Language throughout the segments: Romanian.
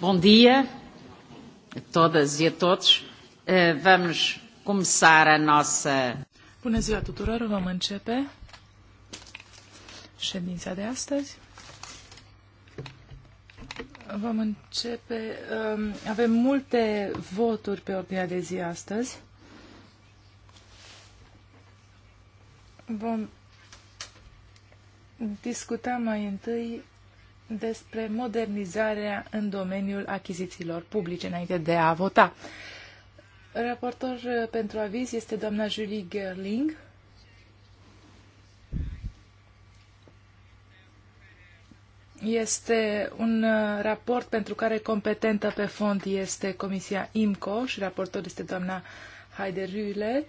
Bom dia a todas e a todos. Eh, vamos começar a nossa. Bună ziua tuturor, vom începe ședința de astăzi. Vom începe. Um, avem multe voturi pe ordinea de zi astăzi. Vom discuta mai întâi despre modernizarea în domeniul achizițiilor publice înainte de a vota. Raportor uh, pentru aviz este doamna Julie Gerling. Este un uh, raport pentru care competentă pe fond este Comisia IMCO și raportor este doamna Heide Rühle.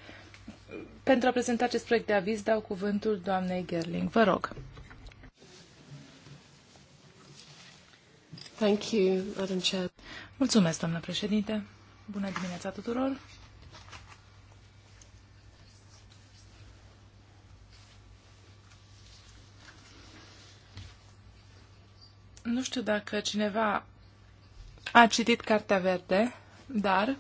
Pentru a prezenta acest proiect de aviz dau cuvântul doamnei Gerling. Vă rog. Thank you, Madam Chair. Mulțumesc, doamnă președinte. Bună dimineața tuturor. Nu știu dacă cineva a citit Cartea Verde, dar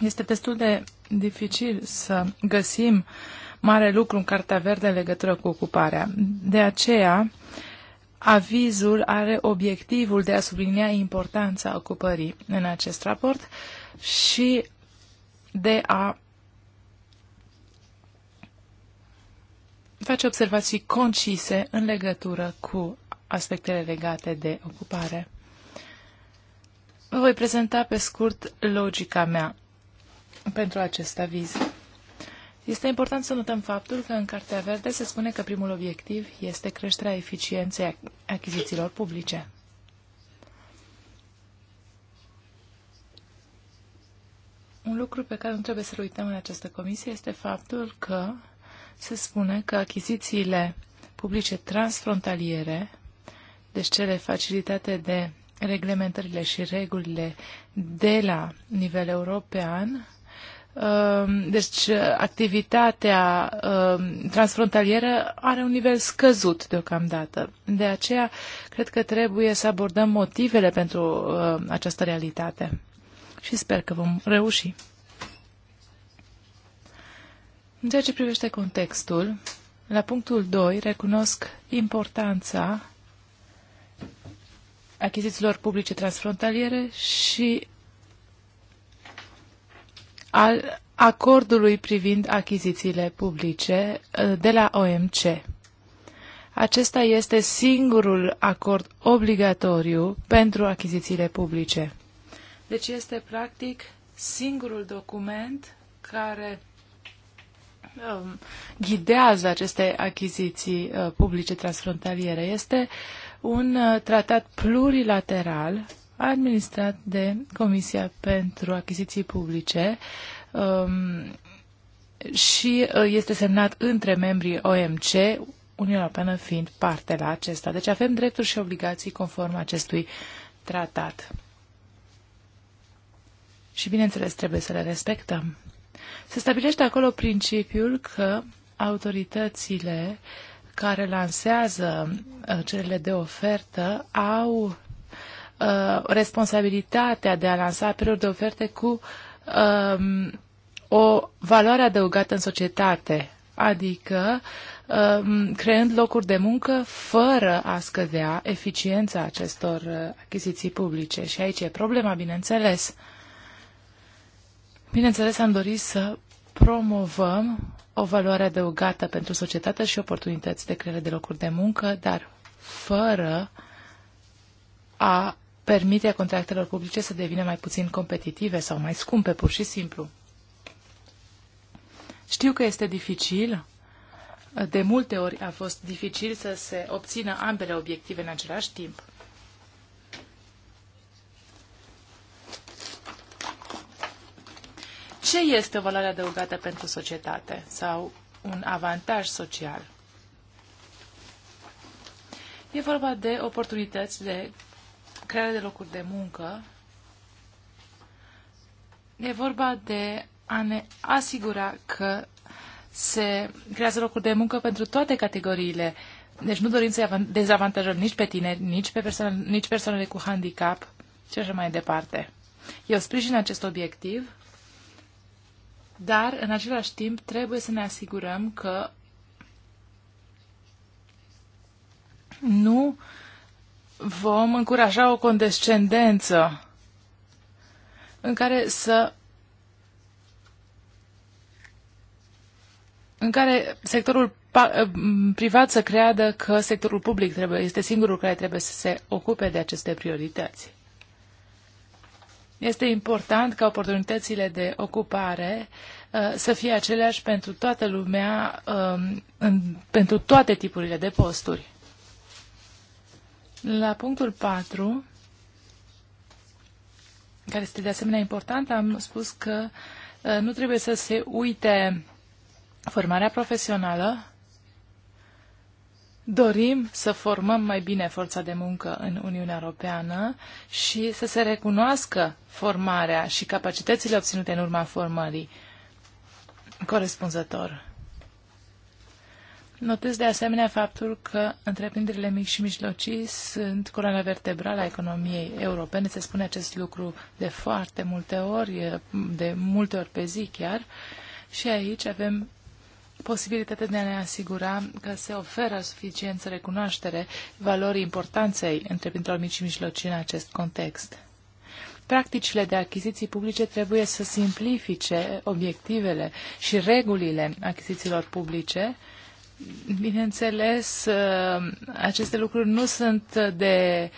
este destul de dificil să găsim mare lucru în Cartea Verde în legătură cu ocuparea. De aceea, uh, avizul are obiectivul de a sublinia importanța ocupării în acest raport și de a face observații concise în legătură cu aspectele legate de ocupare. Vă voi prezenta pe scurt logica mea pentru acest aviz. Este important să notăm faptul că în Cartea Verde se spune că primul obiectiv este creșterea eficienței achizițiilor publice. Un lucru pe care nu trebuie să-l uităm în această comisie este faptul că se spune că achizițiile publice transfrontaliere, deci cele facilitate de reglementările și regulile de la nivel european, Ehm, deci activitatea ehm, transfrontalieră are un nivel scăzut deocamdată. De aceea, cred că trebuie să abordăm motivele pentru ehm, această realitate și sper că vom reuși. În ceea ce privește contextul, la punctul 2 recunosc importanța achizițiilor publice transfrontaliere și al acordului privind achizițiile publice uh, de la OMC. Acesta este singurul acord obligatoriu pentru achizițiile publice. Deci este practic singurul document care um, ghidează aceste achiziții uh, publice transfrontaliere. Este un uh, tratat plurilateral administrat de Comisia pentru Achiziții Publice um, și uh, este semnat între membrii OMC, Uniunea Europeană fiind parte la acesta. Deci avem drepturi și obligații conform acestui tratat. Și bineînțeles trebuie să le respectăm. Se stabilește acolo principiul că autoritățile care lansează uh, cererile de ofertă au Uh, responsabilitatea de a lansa apeluri de oferte cu um, o valoare adăugată în societate, adică um, creând locuri de muncă fără a scădea eficiența acestor uh, achiziții publice. Și aici e problema, bineînțeles. Bineînțeles, am dorit să promovăm o valoare adăugată pentru societate și oportunități de creare de locuri de muncă, dar fără a permite contractelor publice să devină mai puțin competitive sau mai scumpe, pur și simplu. Știu că este dificil, de multe ori a fost dificil să se obțină ambele obiective în același timp. Ce este o valoare adăugată pentru societate sau un avantaj social? E vorba de oportunități de crearea de locuri de muncă. E vorba de a ne asigura că se creează locuri de muncă pentru toate categoriile. Deci nu dorim să dezavantajăm nici pe tine, nici pe persoane, nici persoanele cu handicap și așa mai departe. Eu sprijin acest obiectiv, dar în același timp trebuie să ne asigurăm că nu uh, vom încuraja o condescendență în care să în care sectorul eh, privat să creadă că sectorul public trebuie, este singurul care trebuie să se ocupe de aceste priorități. Este important ca oportunitățile de ocupare eh, să fie aceleași pentru toată lumea, eh, pentru toate tipurile de posturi. La punctul 4, care este de asemenea important, am spus că uh, nu trebuie să se uite formarea profesională. Dorim să formăm mai bine forța de muncă în Uniunea Europeană și să se recunoască formarea și capacitățile obținute în urma formării corespunzător. Notez de asemenea faptul că întreprinderile mici și mijlocii sunt coloana vertebrală a economiei europene. Se spune acest lucru de foarte multe ori, de multe ori pe zi chiar. Și aici avem posibilitatea de a ne asigura că se oferă suficientă recunoaștere valorii importanței întreprinderilor mici și mijlocii în acest context. Practicile de achiziții publice trebuie să simplifice obiectivele și regulile achizițiilor publice, Bineînțeles, uh, aceste lucruri nu sunt de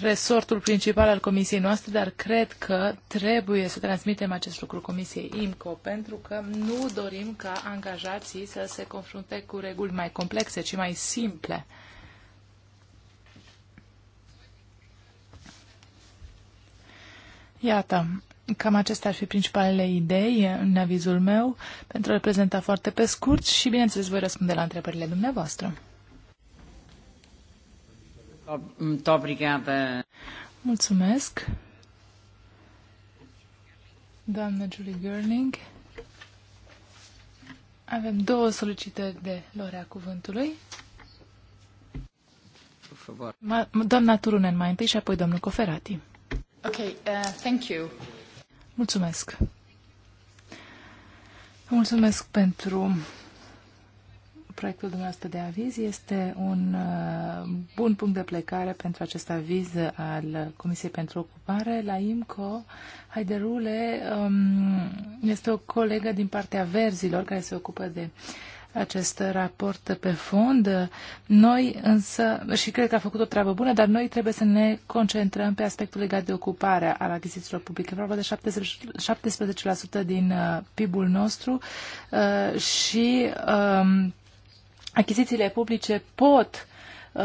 resortul principal al comisiei noastre, dar cred că trebuie să transmitem acest lucru comisiei IMCO, pentru că nu dorim ca angajații să se confrunte cu reguli mai complexe, ci mai simple. Iată, Cam acestea ar fi principalele idei în avizul meu pentru a reprezenta foarte pe scurt și, bineînțeles, voi răspunde la întrebările dumneavoastră. Mulțumesc. Doamna Julie Gerling. Avem două solicitări de lorea cuvântului. Doamna Turunen mai întâi și apoi domnul Coferati. Ok, uh, thank you. Mulțumesc! Mulțumesc pentru proiectul dumneavoastră de aviz. Este un uh, bun punct de plecare pentru acest aviz al Comisiei pentru Ocupare. La IMCO, Haiderule um, este o colegă din partea verzilor care se ocupă de uh, acest raport pe fond. Noi însă, și cred că a făcut o treabă bună, dar noi trebuie să ne concentrăm pe aspectul legat de ocuparea al achizițiilor publice. Vorba de 17% din uh, PIB-ul nostru uh, și um, achizițiile publice pot uh,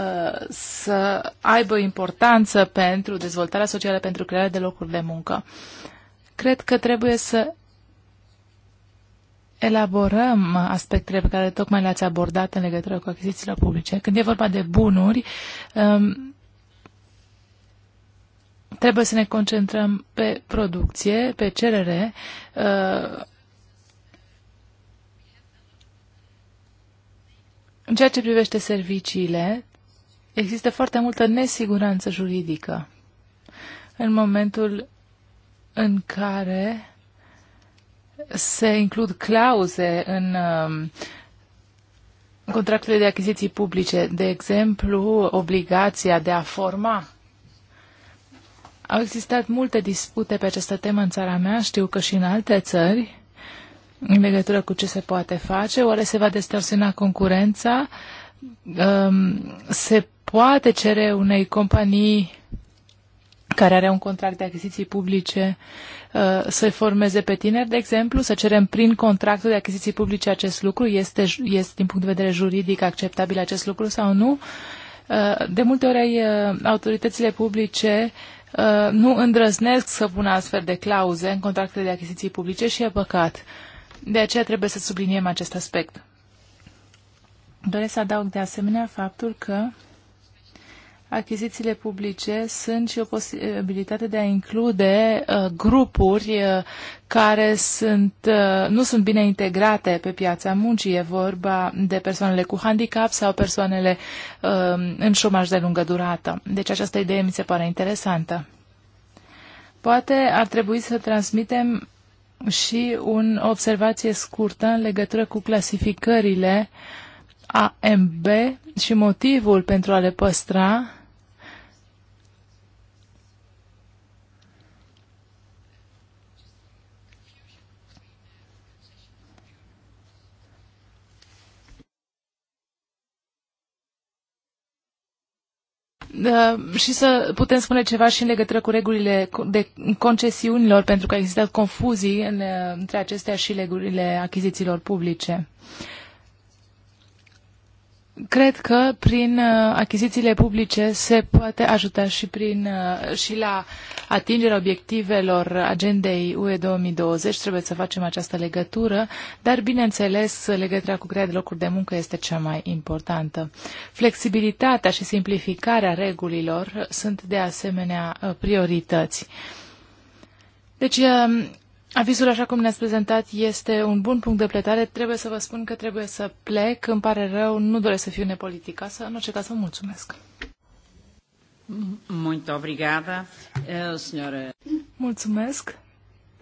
să aibă importanță pentru dezvoltarea socială, pentru crearea de locuri de muncă. Cred că trebuie să elaborăm aspectele pe care tocmai le-ați abordat în legătură cu achizițiile publice. Când e vorba de bunuri, um, trebuie să ne concentrăm pe producție, pe cerere, uh, În ceea ce privește serviciile, există foarte multă nesiguranță juridică în momentul în care se includ clauze în um, contractele de achiziții publice, de exemplu, obligația de a forma. Au existat multe dispute pe această temă în țara mea, știu că și în alte țări, în legătură cu ce se poate face, oare se va distorsiona concurența, um, se poate cere unei companii care are un contract de achiziții publice uh, să formeze pe tineri, de exemplu, să cerem prin contractul de achiziții publice acest lucru, este, este din punct de vedere juridic acceptabil acest lucru sau nu. Uh, de multe ori uh, autoritățile publice nu îndrăznesc să pună astfel de clauze în contractele de achiziții publice și e păcat. De aceea trebuie să subliniem acest aspect. Doresc să adaug de asemenea faptul că achizițiile publice sunt și o posibilitate de a include uh, grupuri uh, care sunt, uh, nu sunt bine integrate pe piața muncii. E vorba de persoanele cu handicap sau persoanele uh, în șomaj de lungă durată. Deci această idee mi se pare interesantă. Poate ar trebui să transmitem și un observație scurtă în legătură cu clasificările AMB și motivul pentru a le păstra Uh, și să putem spune ceva și în legătură cu regulile de concesiunilor, pentru că există confuzii în, uh, între acestea și regulile achizițiilor publice. Uh, Cred că prin uh, achizițiile publice se poate ajuta și, prin, uh, și la atingerea obiectivelor agendei UE 2020. Trebuie să facem această legătură, dar, bineînțeles, legătura cu crearea de locuri de muncă este cea mai importantă. Flexibilitatea și simplificarea regulilor sunt, de asemenea, uh, priorități. Deci, um, Avizul, așa cum ne-ați prezentat, este un bun punct de plecare. Trebuie să vă spun că trebuie să plec. Îmi pare rău, nu doresc să fiu Să, În orice caz, vă mulțumesc. Muito obrigada, eh, senhora. Mulțumesc.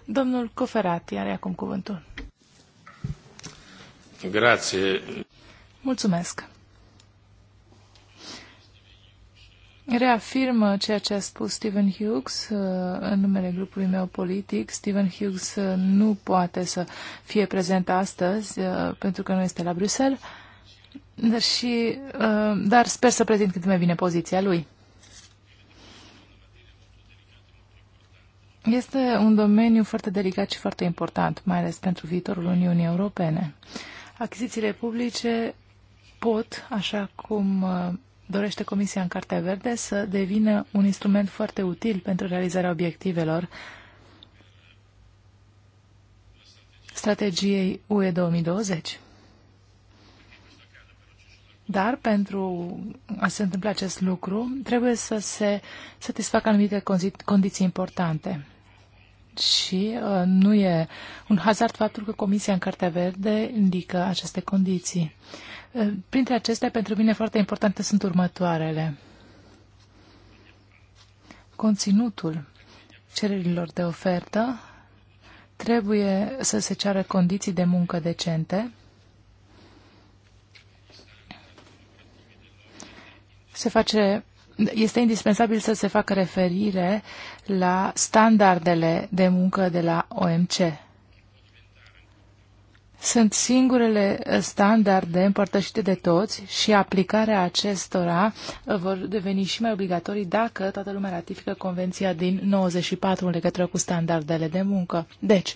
Domnul Coferati are acum cuvântul. Grazie. Mulțumesc. reafirmă ceea ce a spus Stephen Hughes uh, în numele grupului meu politic. Stephen Hughes uh, nu poate să fie prezent astăzi uh, pentru că nu este la Bruxelles, dar, și, dar sper să prezint cât mai bine poziția lui. Este un domeniu foarte delicat și foarte important, mai ales pentru viitorul Uniunii Europene. Achizițiile publice pot, așa cum dorește Comisia în Cartea Verde să devină un instrument foarte util pentru realizarea obiectivelor strategiei UE 2020. Dar pentru a se întâmpla acest lucru, trebuie să se satisfacă anumite condiții importante. Și uh, nu e un hazard faptul că Comisia în Cartea Verde indică aceste condiții. Uh, Printre acestea, pentru mine foarte importante sunt următoarele. Conținutul cererilor de ofertă trebuie să se ceară condiții de muncă decente, se face este indispensabil să se facă referire la standardele de muncă de la OMC sunt singurele uh, standarde împărtășite de toți și aplicarea acestora uh, vor deveni și mai obligatorii dacă toată lumea ratifică Convenția din 94 în legătură cu standardele de muncă. Deci,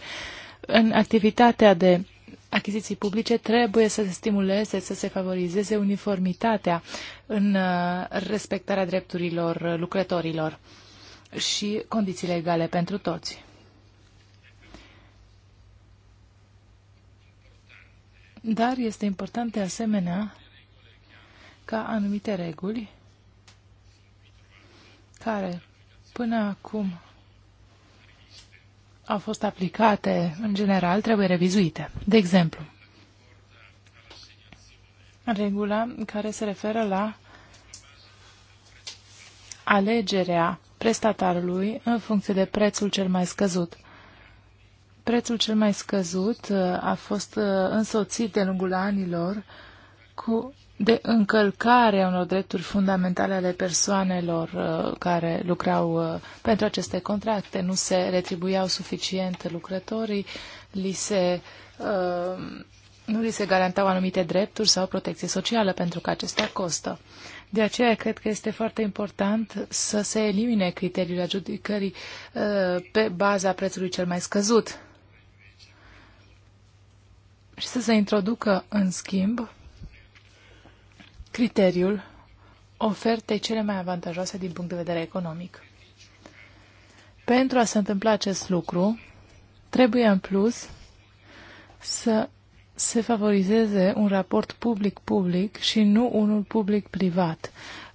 în activitatea de achiziții publice trebuie să se stimuleze, să se favorizeze uniformitatea în uh, respectarea drepturilor lucrătorilor și condițiile egale pentru toți. Dar este important de asemenea ca anumite reguli care până acum au fost aplicate în general trebuie revizuite. De exemplu, regula care se referă la alegerea prestatarului în funcție de prețul cel mai scăzut. Prețul cel mai scăzut uh, a fost uh, însoțit de lungul anilor cu de încălcarea unor drepturi fundamentale ale persoanelor uh, care lucrau pentru aceste contracte. Nu se retribuiau suficient lucrătorii, li se, nu li se garantau anumite drepturi sau protecție socială pentru că acestea costă. De aceea cred că este foarte important să se elimine criteriul adjudicării pe baza prețului cel mai scăzut și să se introducă, în schimb, criteriul ofertei cele mai avantajoase din punct de vedere economic. Pentru a se întâmpla acest lucru, trebuie în plus să se favorizeze un raport public-public și nu unul public-privat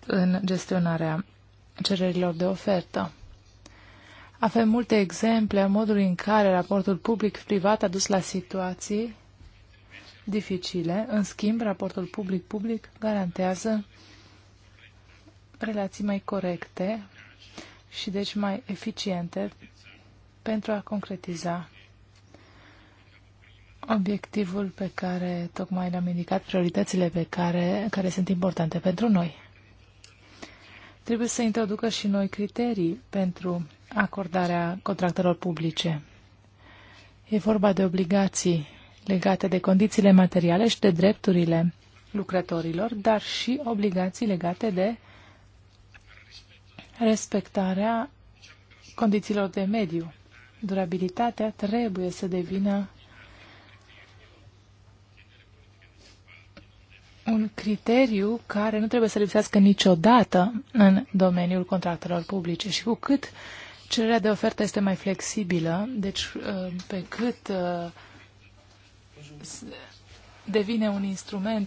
în gestionarea cererilor de ofertă. Avem multe exemple a modului în care raportul public-privat a dus la situații dificile. În schimb, raportul public-public garantează relații mai corecte și deci mai eficiente pentru a concretiza obiectivul pe care tocmai l-am indicat, prioritățile pe care, care sunt importante pentru noi. Trebuie să introducă și noi criterii pentru acordarea contractelor publice. E vorba de obligații legate de condițiile materiale și de drepturile lucrătorilor, dar și obligații legate de respectarea condițiilor de mediu. Durabilitatea trebuie să devină un criteriu care nu trebuie să lipsească niciodată în domeniul contractelor publice și cu cât cererea de ofertă este mai flexibilă, deci uh, pe cât uh, devine un instrument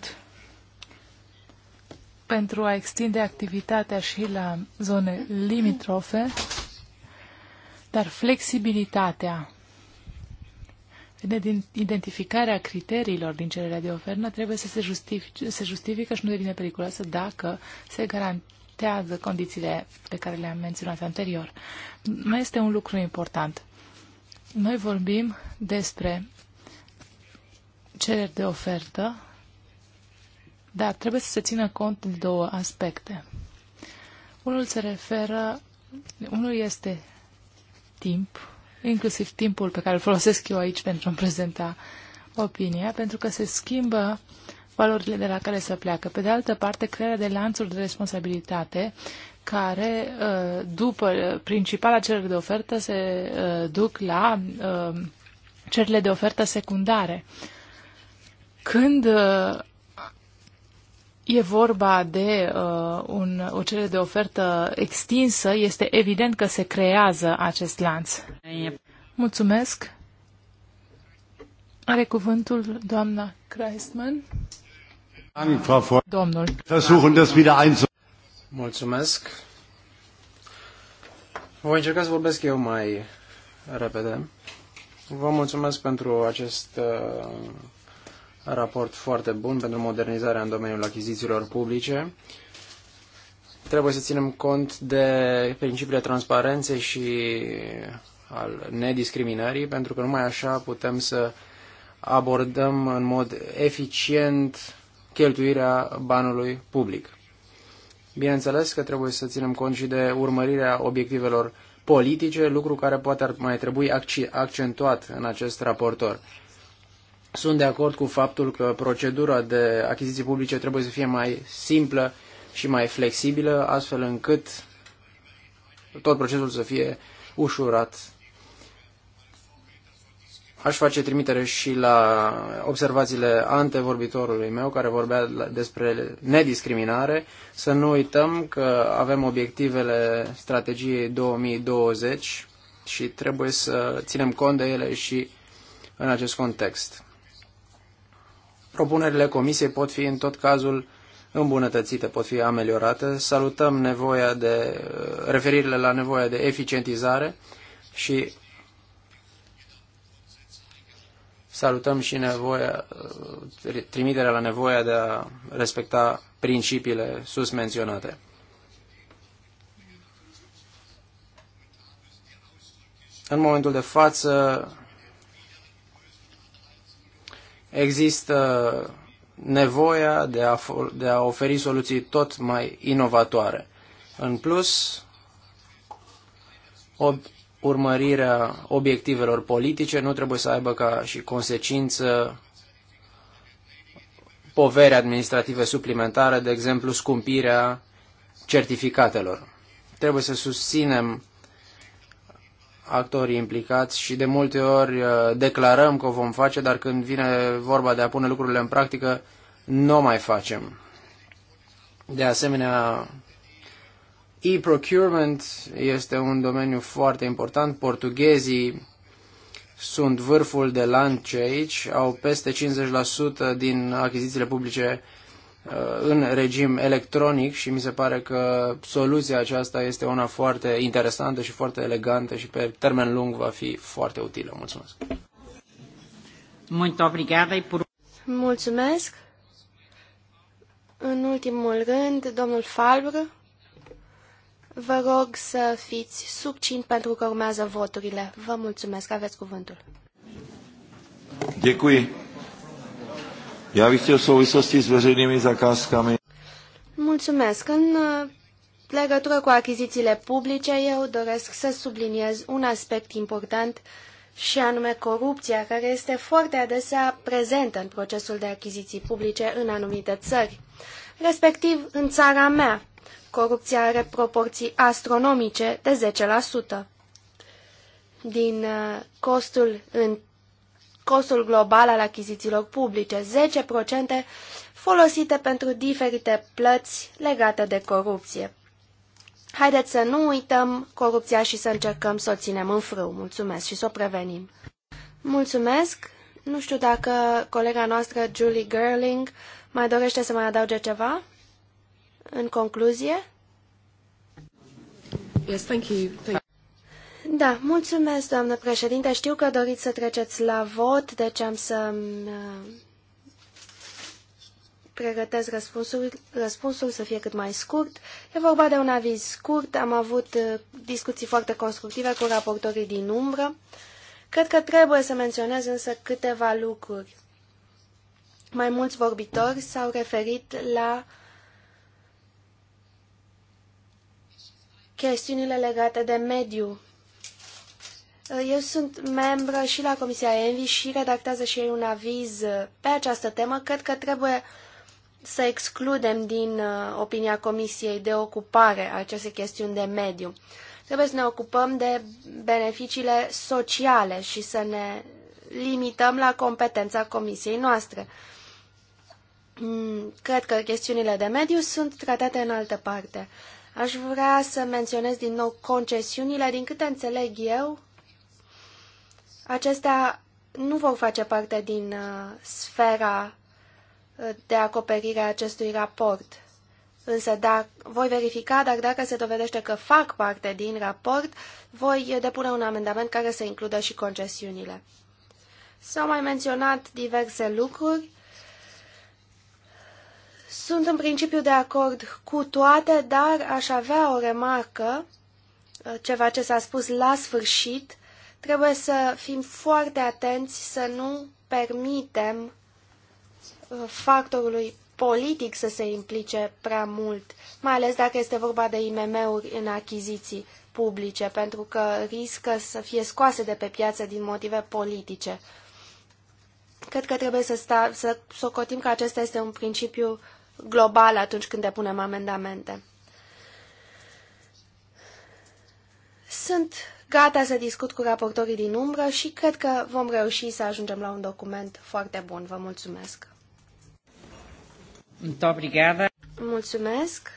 pentru a extinde activitatea și la zone limitrofe, dar flexibilitatea din identificarea criteriilor din cererea de ofernă trebuie să se, justifice, se justifică și nu devine periculoasă dacă se garantează condițiile pe care le-am menționat anterior. Mai este un lucru important. Noi vorbim despre cereri de ofertă, dar trebuie să se țină cont de două aspecte. Unul se referă, unul este timp, inclusiv timpul pe care îl folosesc eu aici pentru a-mi prezenta opinia, pentru că se schimbă valorile de la care se pleacă. Pe de altă parte, crearea de lanțuri de responsabilitate care, uh, după uh, principala cerere de ofertă, se uh, duc la cererile de ofertă secundare. Când uh, e vorba de uh, un, o cerere de ofertă extinsă, este evident că se creează acest lanț. Mulțumesc. Are cuvântul doamna Kreisman. Domnul. Mulțumesc. Voi încerca să vorbesc eu mai repede. Vă mulțumesc pentru acest uh, raport foarte bun pentru modernizarea în domeniul achizițiilor publice. Trebuie să ținem cont de principiile transparenței și al nediscriminării, pentru că numai așa putem să abordăm în mod eficient cheltuirea banului public. Bineînțeles că trebuie să ținem cont și de urmărirea obiectivelor politice, lucru care poate ar mai trebui accentuat în acest raportor. Sunt de acord cu faptul că procedura de achiziții publice trebuie să fie mai simplă și mai flexibilă, astfel încât tot procesul să fie ușurat. Aș face trimitere și la observațiile antevorbitorului meu, care vorbea despre nediscriminare. Să nu uităm că avem obiectivele strategiei 2020 și trebuie să ținem cont de ele și în acest context. Propunerile comisiei pot fi în tot cazul îmbunătățite, pot fi ameliorate. Salutăm nevoia de referirile la nevoia de eficientizare și salutăm și nevoia, trimiterea la nevoia de a respecta principiile sus menționate. În momentul de față, există nevoia de a, de a oferi soluții tot mai inovatoare. În plus, ob, urmărirea obiectivelor politice nu trebuie să aibă ca și consecință povere administrative suplimentare, de exemplu scumpirea certificatelor. Trebuie să susținem actorii implicați și de multe ori uh, declarăm că o vom face, dar când vine vorba de a pune lucrurile în practică, nu o mai facem. De asemenea, e-procurement este un domeniu foarte important. Portughezii sunt vârful de lanț aici, au peste 50% din achizițiile publice Uh, în regim electronic și mi se pare că soluția aceasta este una foarte interesantă și foarte elegantă și pe termen lung va fi foarte utilă. Mulțumesc! Mulțumesc! În ultimul rând, domnul Falbr, vă rog să fiți succint pentru că urmează voturile. Vă mulțumesc, aveți cuvântul. Děkuji. Já bych chtěl v souvislosti s veřejnými zakázkami. Mulțumesc. În uh, legătură cu achizițiile publice, eu doresc să subliniez un aspect important și anume corupția, care este foarte adesea prezentă în procesul de achiziții publice în anumite țări. Respectiv, în țara mea, corupția are proporții astronomice de 10%. Din uh, costul în costul global al achizițiilor publice, 10% folosite pentru diferite plăți legate de corupție. Haideți să nu uităm corupția și să încercăm să o ținem în frâu. Mulțumesc și să o prevenim. Mulțumesc. Nu știu dacă colega noastră, Julie Gerling, mai dorește să mai adauge ceva în concluzie. Yes, thank you. Thank da, mulțumesc, doamnă președinte. Știu că doriți să treceți la vot, deci am să uh, pregătesc răspunsul, răspunsul să fie cât mai scurt. E vorba de un aviz scurt, am avut uh, discuții foarte constructive cu raportorii din umbră. Cred că trebuie să menționez însă câteva lucruri. Mai mulți vorbitori s-au referit la chestiunile legate de mediu eu sunt membră și la Comisia Envi și redactează și ei un aviz pe această temă. Cred că trebuie să excludem din uh, opinia Comisiei de ocupare aceste chestiuni de mediu. Trebuie să ne ocupăm de beneficiile sociale și să ne limităm la competența Comisiei noastre. Mm, cred că chestiunile de mediu sunt tratate în altă parte. Aș vrea să menționez din nou concesiunile. Din câte înțeleg eu, Acestea nu vor face parte din uh, sfera uh, de acoperire a acestui raport. Însă da, voi verifica, dar dacă se dovedește că fac parte din raport, voi depune un amendament care să includă și concesiunile. S-au mai menționat diverse lucruri. Sunt în principiu de acord cu toate, dar aș avea o remarcă, uh, ceva ce s-a spus la sfârșit, Trebuie să fim foarte atenți să nu permitem uh, factorului politic să se implice prea mult, mai ales dacă este vorba de IMM-uri în achiziții publice, pentru că riscă să fie scoase de pe piață din motive politice. Cred că trebuie să, sta, să socotim că acesta este un principiu global atunci când depunem amendamente. Sunt gata să discut cu raportorii din umbră și cred că vom reuși să ajungem la un document foarte bun. Vă mulțumesc! Mulțumesc!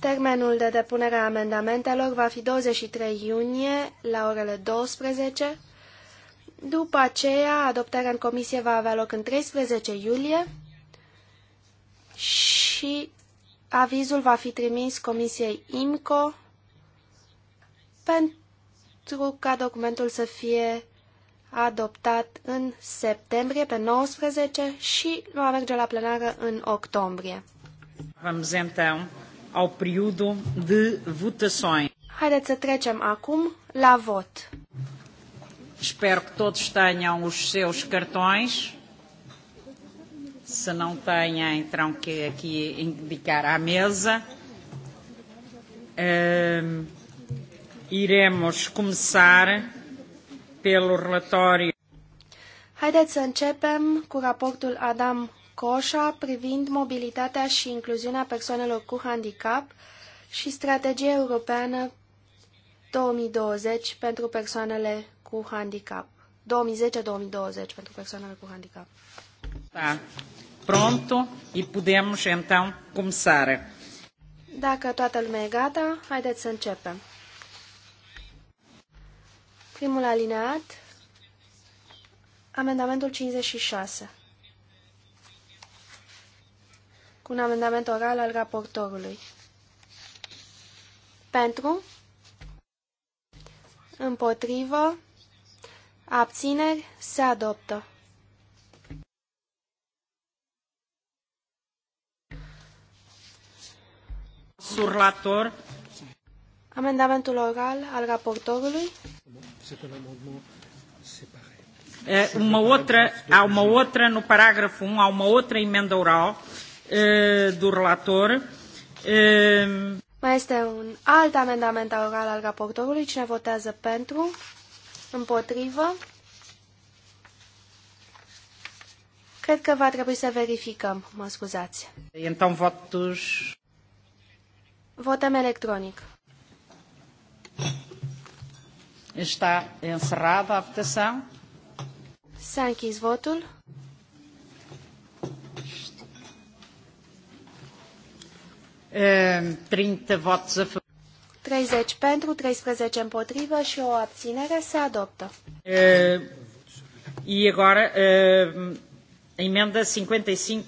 Termenul de depunere a amendamentelor va fi 23 iunie la orele 12. După aceea, adoptarea în comisie va avea loc în 13 iulie și Avizul va fi trimis Comisiei IMCO pentru ca documentul să fie adoptat în septembrie, pe 19, și va merge la plenară în octombrie. Vamos então ao período de votações. Haideți să trecem acum la vot. Espero que todos tenham os seus cartões. Se não têm, terão que aqui indicar à mesa. Uh, iremos começar pelo relatório. Haideți să începem cu raportul Adam Coșa privind mobilitatea și incluziunea persoanelor cu handicap și strategia europeană 2020 pentru persoanele cu handicap. 2010-2020 pentru persoanele cu handicap. Da. Pronto și putem então começar. Dacă toată lumea e gata, haideți să începem. Primul alineat, amendamentul 56. Cu un amendament oral al raportorului. Pentru, împotrivă, abțineri, se adoptă. surlator. Amendamentul oral al raportorului. É, uma outra, há uma outra no parágrafo 1, há uma outra emenda oral uh, do relator. Uh... Mai este un alt amendament oral al raportorului. Cine votează pentru? Împotrivă? Cred că va trebui să verificăm, mă scuzați. Então votos Votăm electronic. Está encerrada a votação. S-a închis votul. Uh, 30 votos a 30 pentru, 13 împotrivă și o abținere se adoptă. Uh, e agora uh, emenda 55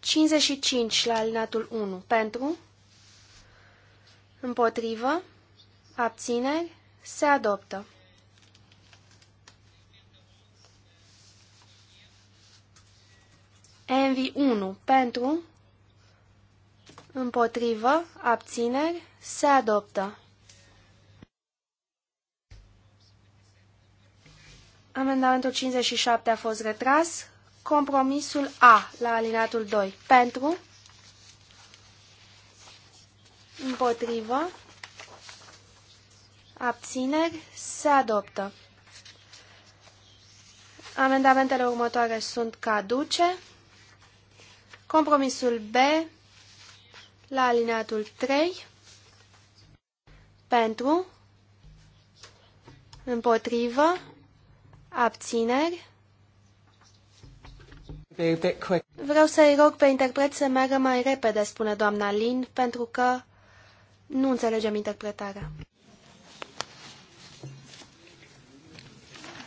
55 la alinatul 1 pentru Împotrivă. Abțineri. Se adoptă. Envi 1. Pentru. Împotrivă. Abțineri. Se adoptă. Amendamentul 57 a fost retras. Compromisul A la alinatul 2. Pentru împotrivă, abțineri, se adoptă. Amendamentele următoare sunt caduce. Compromisul B la alineatul 3 pentru, împotrivă, abțineri. Vreau să-i rog pe interpret să meargă mai repede, spune doamna Lin, pentru că nu înțelegem interpretarea.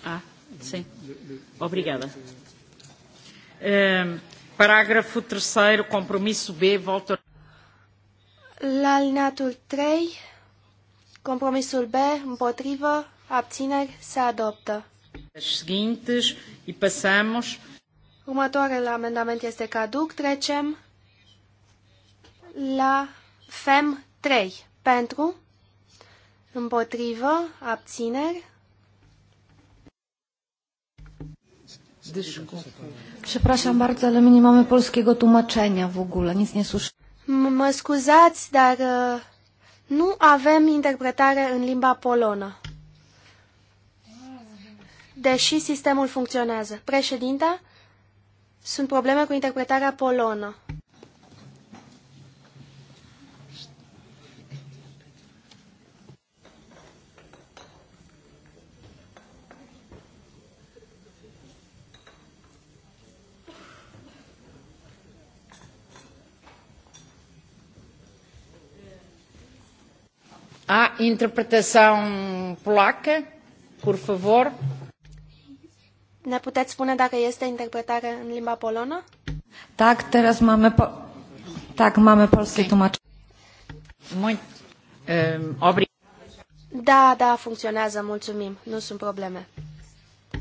Ah, sim. Obrigada. Um, parágrafo 3 compromisso B, volta... La alineatul 3, compromisul B, împotrivă, abțineri, se adoptă. Seguintes e passamos... Următoarele amendament este caduc. Trecem la FEM 3. Pentru, împotrivă, abțineri. Deci, przepraszam bardzo, ale my nie mamy polskiego tłumaczenia w ogóle, nic nie słyszymy. Mă scuzați, dar uh, nu avem interpretare în limba polonă. Deși sistemul funcționează. Președinte, sunt probleme cu interpretarea polonă. Há interpretação polaca, por favor? Ne puteți spune dacă este interpretare în limba polonă? Tak, teraz mamy po... tak, mamy polskie okay. tłumaczenie. Muito. Um, da, da, funcționează, mulțumim. Nu sunt probleme.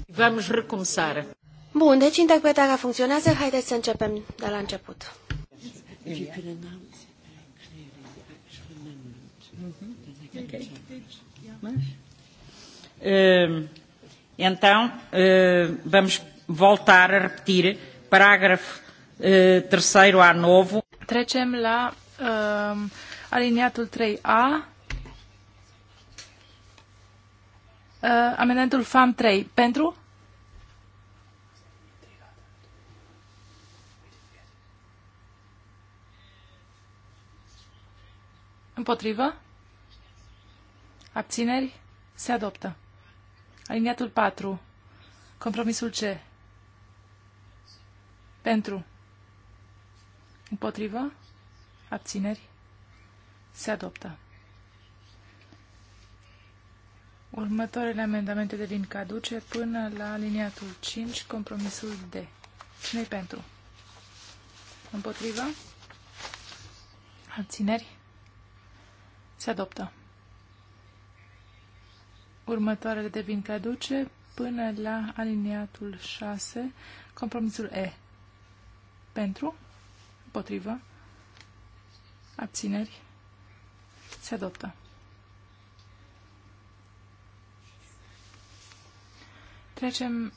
Vamos recomeçar. Bun, deci interpretarea funcționează. Haideți să începem de la început. If Okay. Uh, então, uh, vamos voltar a repetir parágrafo uh, terceiro A novo. Trecem la uh, aliniatul 3A. Uh, eh, amendamentul FAM 3. Pentru? Împotrivă? Abțineri? Se adoptă. Aliniatul 4. Compromisul C. Pentru. Împotrivă? Abțineri? Se adoptă. Următoarele amendamente devin caduce până la aliniatul 5, compromisul D. cine pentru? Împotriva? Abțineri? Se adoptă. Următoarele devin traduce până la aliniatul 6, compromisul E. Pentru, potrivă, abțineri, se adoptă. Trecem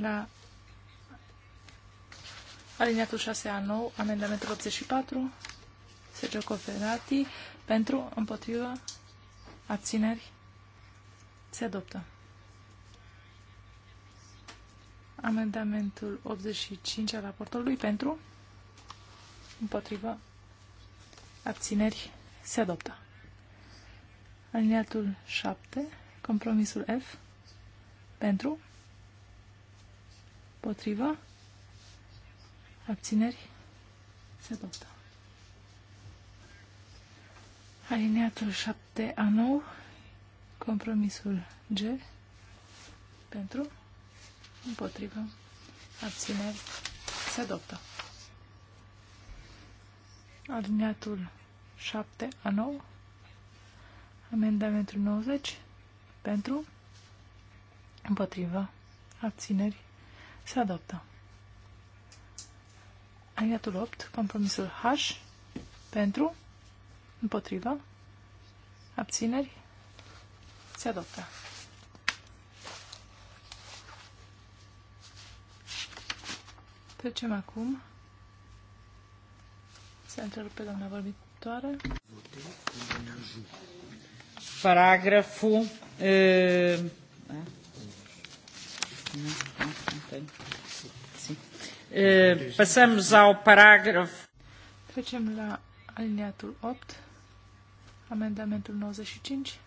la aliniatul 6A9, amendamentul 84, Sergio Coferati, pentru, împotrivă, abțineri, se adoptă. Amendamentul 85 al raportului pentru, împotrivă, abțineri, se adoptă. Aliniatul 7, compromisul F, pentru, împotrivă, abțineri, se adoptă. aliniatul 7 a 9 Compromisul G pentru, împotrivă, abțineri, se adoptă. Aliniatul 7 a 9, amendamentul 90 pentru, împotrivă, abțineri, se adoptă. Aliniatul 8, compromisul H pentru, împotrivă, abțineri, se adoptă. Trecem acum. Se întrerupe doamna vorbitoare. Paragraful... Uh, la passamos ao Trecem la alineatul 8, amendamentul 95.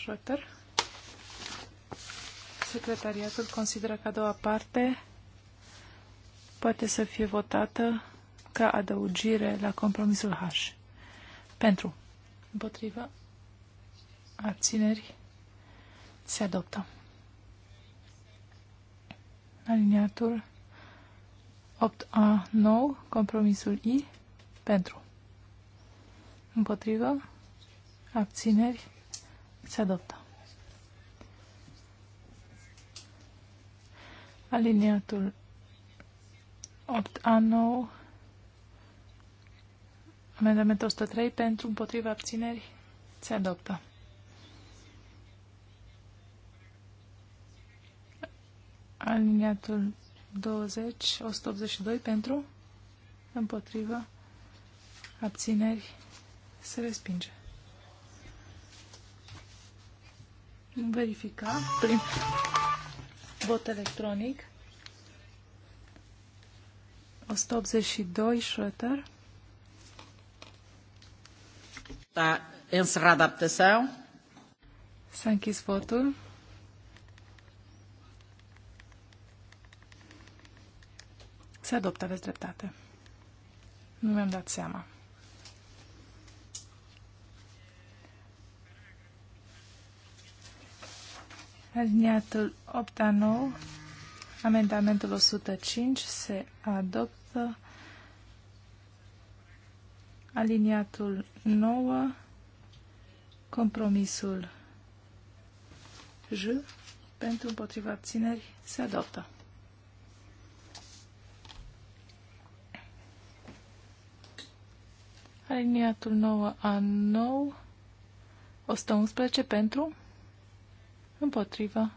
Schroeter. Secretariatul consideră că a doua parte poate să fie votată ca adăugire la compromisul H. Pentru. Împotriva. Abțineri. Se adoptă. Aliniatul 8A9, compromisul I, pentru. Împotrivă, abțineri, se adoptă. Aliniatul 8A9 Amendamentul 103 pentru împotriva abțineri se adoptă. Aliniatul 20, 182 pentru împotriva abțineri se respinge. verifica prin vot electronic. 182 Schröter Está encerrada a votação. S-a închis votul. Se adoptă, aveți dreptate. Nu mi-am dat seama. Aliniatul 8 a 9, amendamentul 105 se adoptă. Aliniatul 9, compromisul J pentru împotriva abțineri se adoptă. Aliniatul 9 a 9, 111 pentru împotrivă,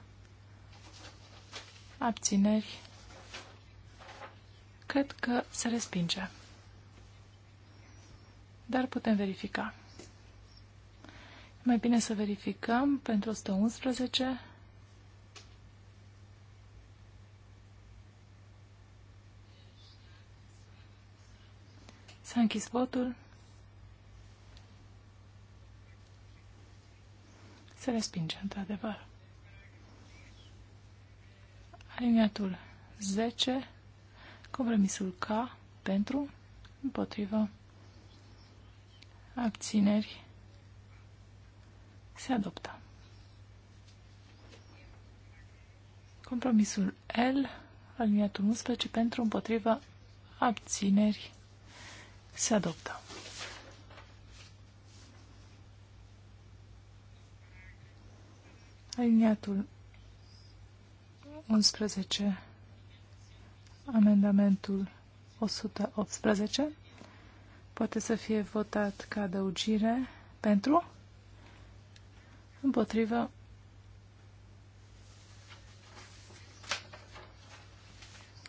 abțineri, cred că se respinge. Dar putem verifica. Mai bine să verificăm pentru 111. S-a închis votul. Se respinge, într-adevăr. Aliniatul 10, compromisul K, pentru, împotrivă, abțineri, se adoptă. Compromisul L, aliniatul 11, pentru, împotrivă, abțineri, se adoptă. Aliniatul 11, amendamentul 118 poate să fie votat ca adăugire pentru, împotrivă,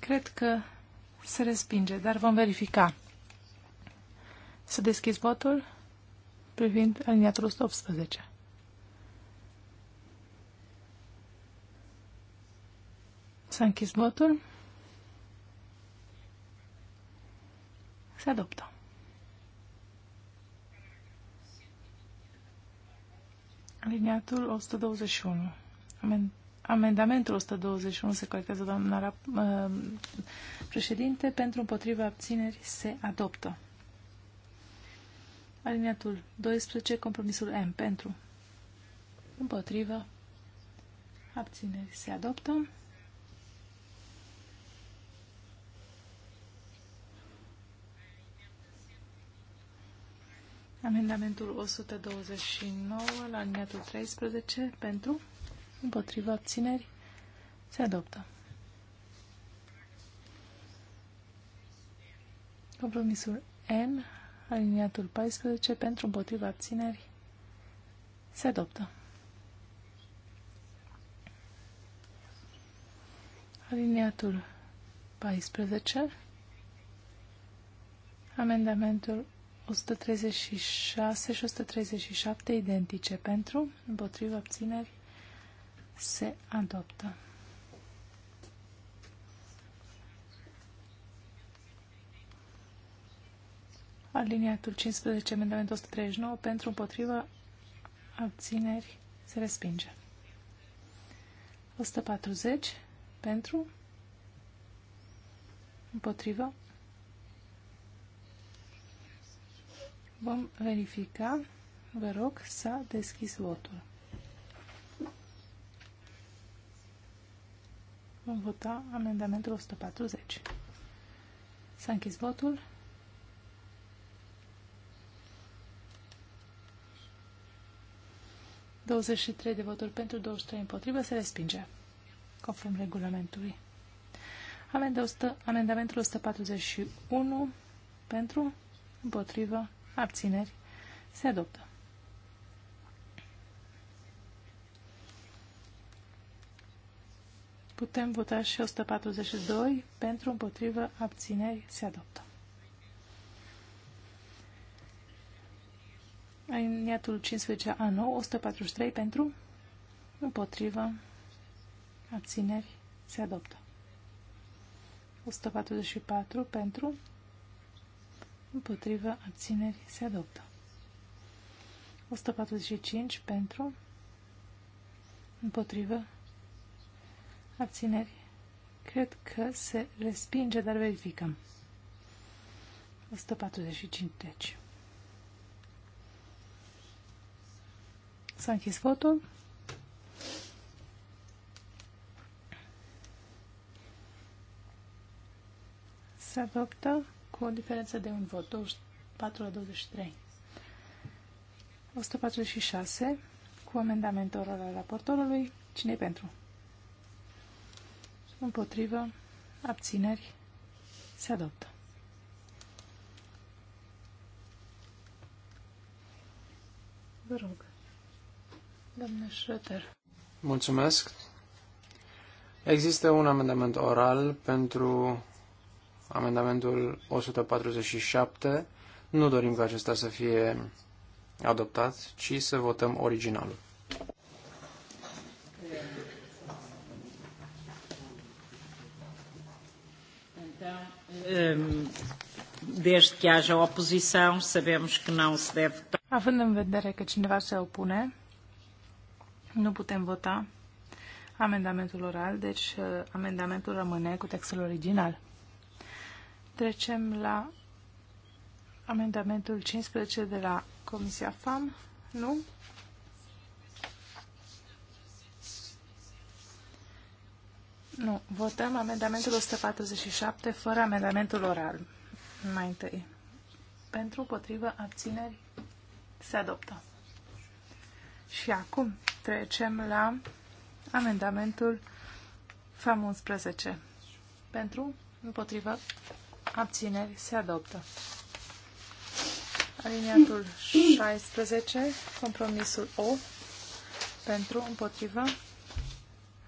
cred că se respinge, dar vom verifica. Să deschizi votul privind aliniatul 118. S-a închis votul. Se adoptă. Aliniatul 121. Amen. Amendamentul 121 se corectează, doamna uh, președinte, pentru împotriva abțineri se adoptă. Aliniatul 12, compromisul M, pentru împotriva abțineri se adoptă. Amendamentul 129 la alineatul 13 pentru, împotriva abțineri, se adoptă. Compromisul N, aliniatul 14, pentru împotriva abțineri, se adoptă. Aliniatul 14, amendamentul 136 și 137 identice pentru, împotriva obțineri, se adoptă. Aliniatul 15, amendamentul 139 pentru, împotriva abțineri se respinge. 140 pentru, împotriva Vom verifica. Vă rog, s-a deschis votul. Vom vota amendamentul 140. S-a închis votul. ...23 de voturi pentru, 23 împotrivă, se respinge, conform regulamentului. Amendamentul 141 pentru, împotrivă, Abțineri. Se adoptă. Putem vota și 142 pentru împotrivă abțineri se adoptă. Aliniatul 15 A9, 143 pentru împotrivă abțineri se adoptă. 144 pentru împotriva abțineri se adoptă. 145 pentru, împotriva abțineri. Cred că se respinge, dar verificăm. 145 deci. S-a închis votul. Se adoptă cu o diferență de un vot, 24 la 23. 146, cu amendamentul oral al raportorului. cine pentru? Împotrivă, abțineri, se adoptă. Vă rog, domnule Schröter. Mulțumesc. Există un amendament oral pentru Amendamentul 147. Nu dorim ca acesta să fie adoptat, ci să votăm originalul. Desde que haja oposição, sabemos que não se deve votar. Având în vedere că cineva se opune, nu putem vota amendamentul oral, deci eh, amendamentul rămâne cu textul original. Trecem la amendamentul 15 de la Comisia FAM. Nu? Nu. Votăm amendamentul 147 fără amendamentul oral. Mai întâi. Pentru, potrivă, abțineri, se adoptă. Și acum trecem la amendamentul FAM 11. Pentru, împotrivă, abțineri, se adoptă. Aliniatul 16, compromisul O, pentru, împotriva,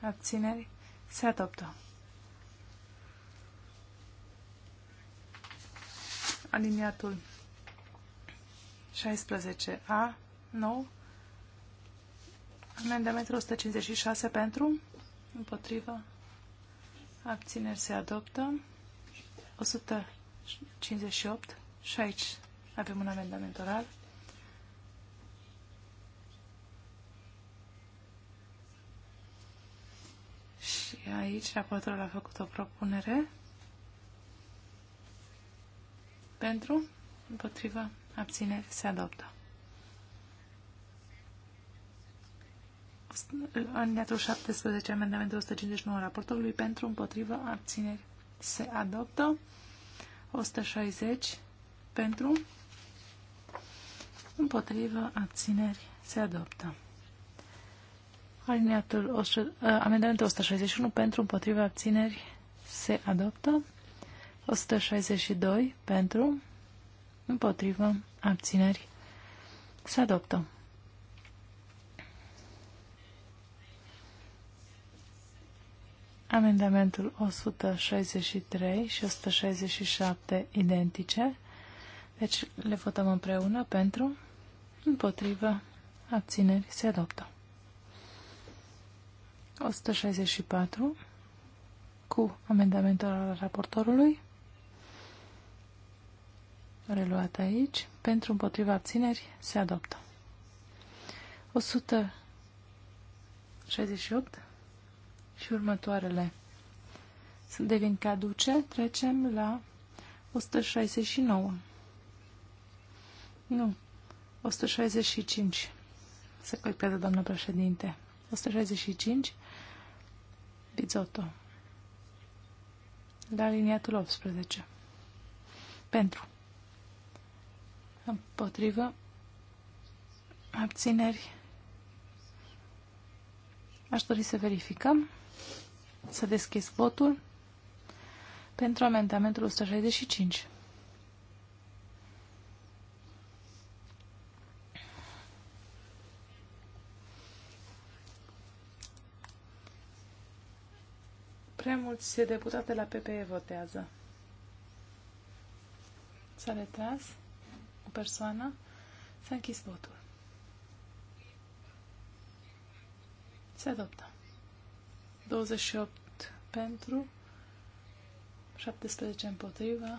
abțineri, se adoptă. Aliniatul 16A, 9, amendamentul 156 pentru, împotriva, abțineri, se adoptă. 158 și aici avem un amendament oral. Și aici raportorul a făcut o propunere pentru, împotriva, abțineri, se adoptă. În 17, amendamentul 159 raportorului pentru, împotriva, abțineri, se adoptă. 160 pentru, împotrivă, abțineri, se adoptă. Alineatul, uh, amendamentul 161 pentru, împotrivă, abțineri, se adoptă. 162 pentru, împotrivă, abțineri, se adoptă. Amendamentul 163 și 167 identice. Deci le votăm împreună pentru, împotrivă, abțineri, se adoptă. 164 cu amendamentul al raportorului reluat aici, pentru împotriva abțineri se adoptă. 168 și următoarele sunt devin caduce, trecem la 169. Nu, 165. Să colpează, doamnă președinte. 165. Bizotto. La liniatul 18. Pentru. Împotrivă. Abțineri. Aș dori să verificăm. Să deschis votul pentru amendamentul 165. Prea mulți deputate la PPE votează. S-a retras o persoană. S-a închis votul. Se adoptă. 28 pentru, 17 împotriva.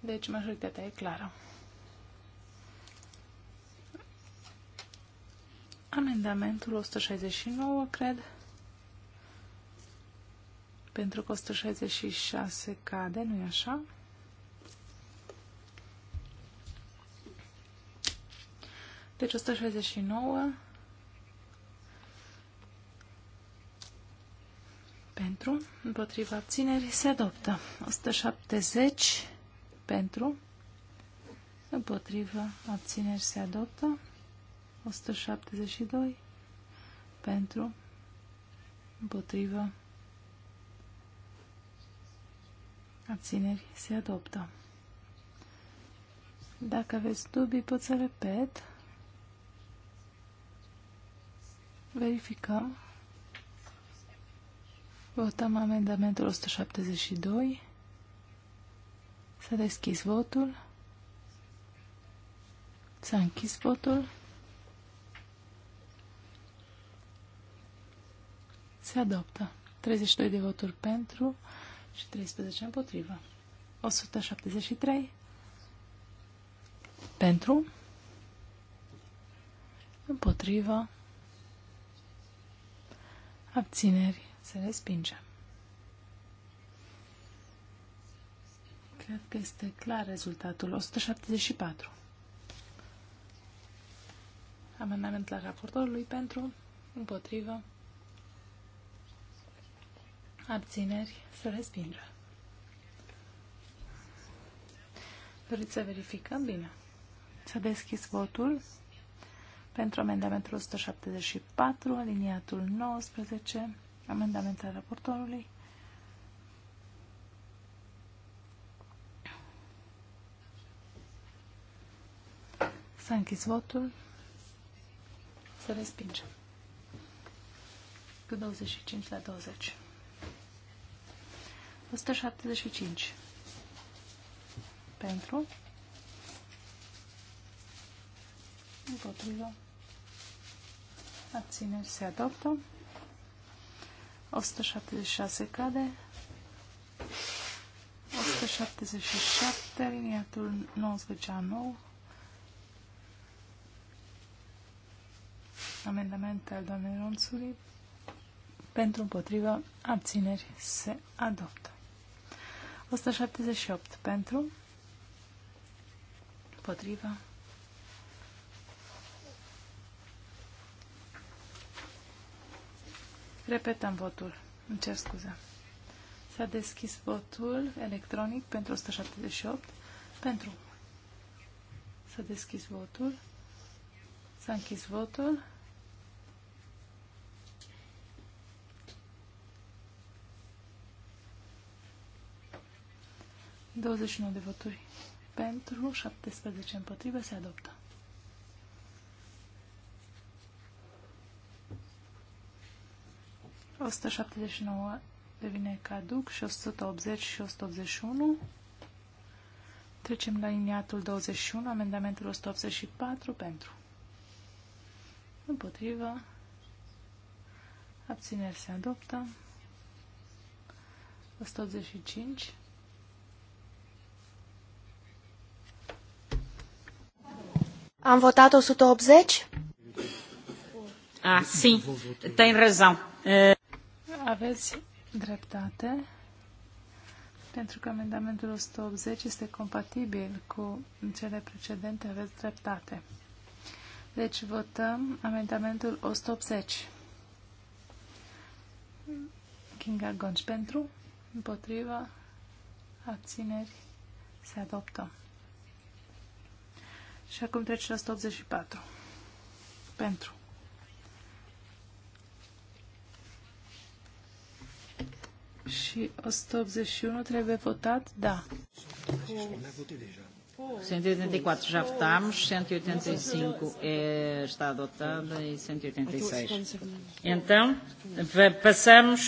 Deci majoritatea e clară. Amendamentul 169, cred. Pentru că 166 cade, nu e așa? Deci 169 pentru, împotriva abținerii se adoptă. 170 pentru, împotriva abținerii se adoptă. 172 pentru, împotriva abținerii se adoptă. Dacă aveți dubii, pot să repet. Verificăm. Votăm amendamentul 172. S-a deschis votul. S-a închis votul. Se adoptă. 32 de voturi pentru și 13 împotrivă. 173 pentru, împotrivă, abțineri. Se respinge. Cred că este clar rezultatul. 174. Amendament la raportorului pentru, împotrivă, abțineri, se respinge. Doriți să verificăm? Bine. S-a deschis votul pentru amendamentul 174, aliniatul 19. Amendamente raportorului. S-a închis votul. Se respinge. Cu 25 la 20. 175. Pentru. Împotrivă. Abțineri se adoptă. 176 cade. 177, liniatul 19 a 9. Amendamente al doamnei Ronțului. Pentru împotriva abțineri se adoptă. 178 pentru împotriva Repetăm votul. Îmi cer scuze. S-a deschis votul electronic pentru 178. Pentru. S-a deschis votul. S-a închis votul. Douăzeci de voturi pentru, 17 împotrivă, se adoptă. 179 devine caduc și 180 și 181. Trecem la liniatul 21, amendamentul 184 pentru. Împotrivă. Abțineri se adoptă. 185. Am votat 180? Ah, sim, tem razão. Uh... Aveți dreptate, pentru că amendamentul 180 este compatibil cu cele precedente, aveți dreptate. Deci votăm amendamentul 180. Kinga Gonci pentru, împotriva, abțineri, se adoptă. Și acum trece la 184. Pentru. și 181 trebuie votat? Da. 184 já votámos, 185 é, está adotada e 186. Então, passamos,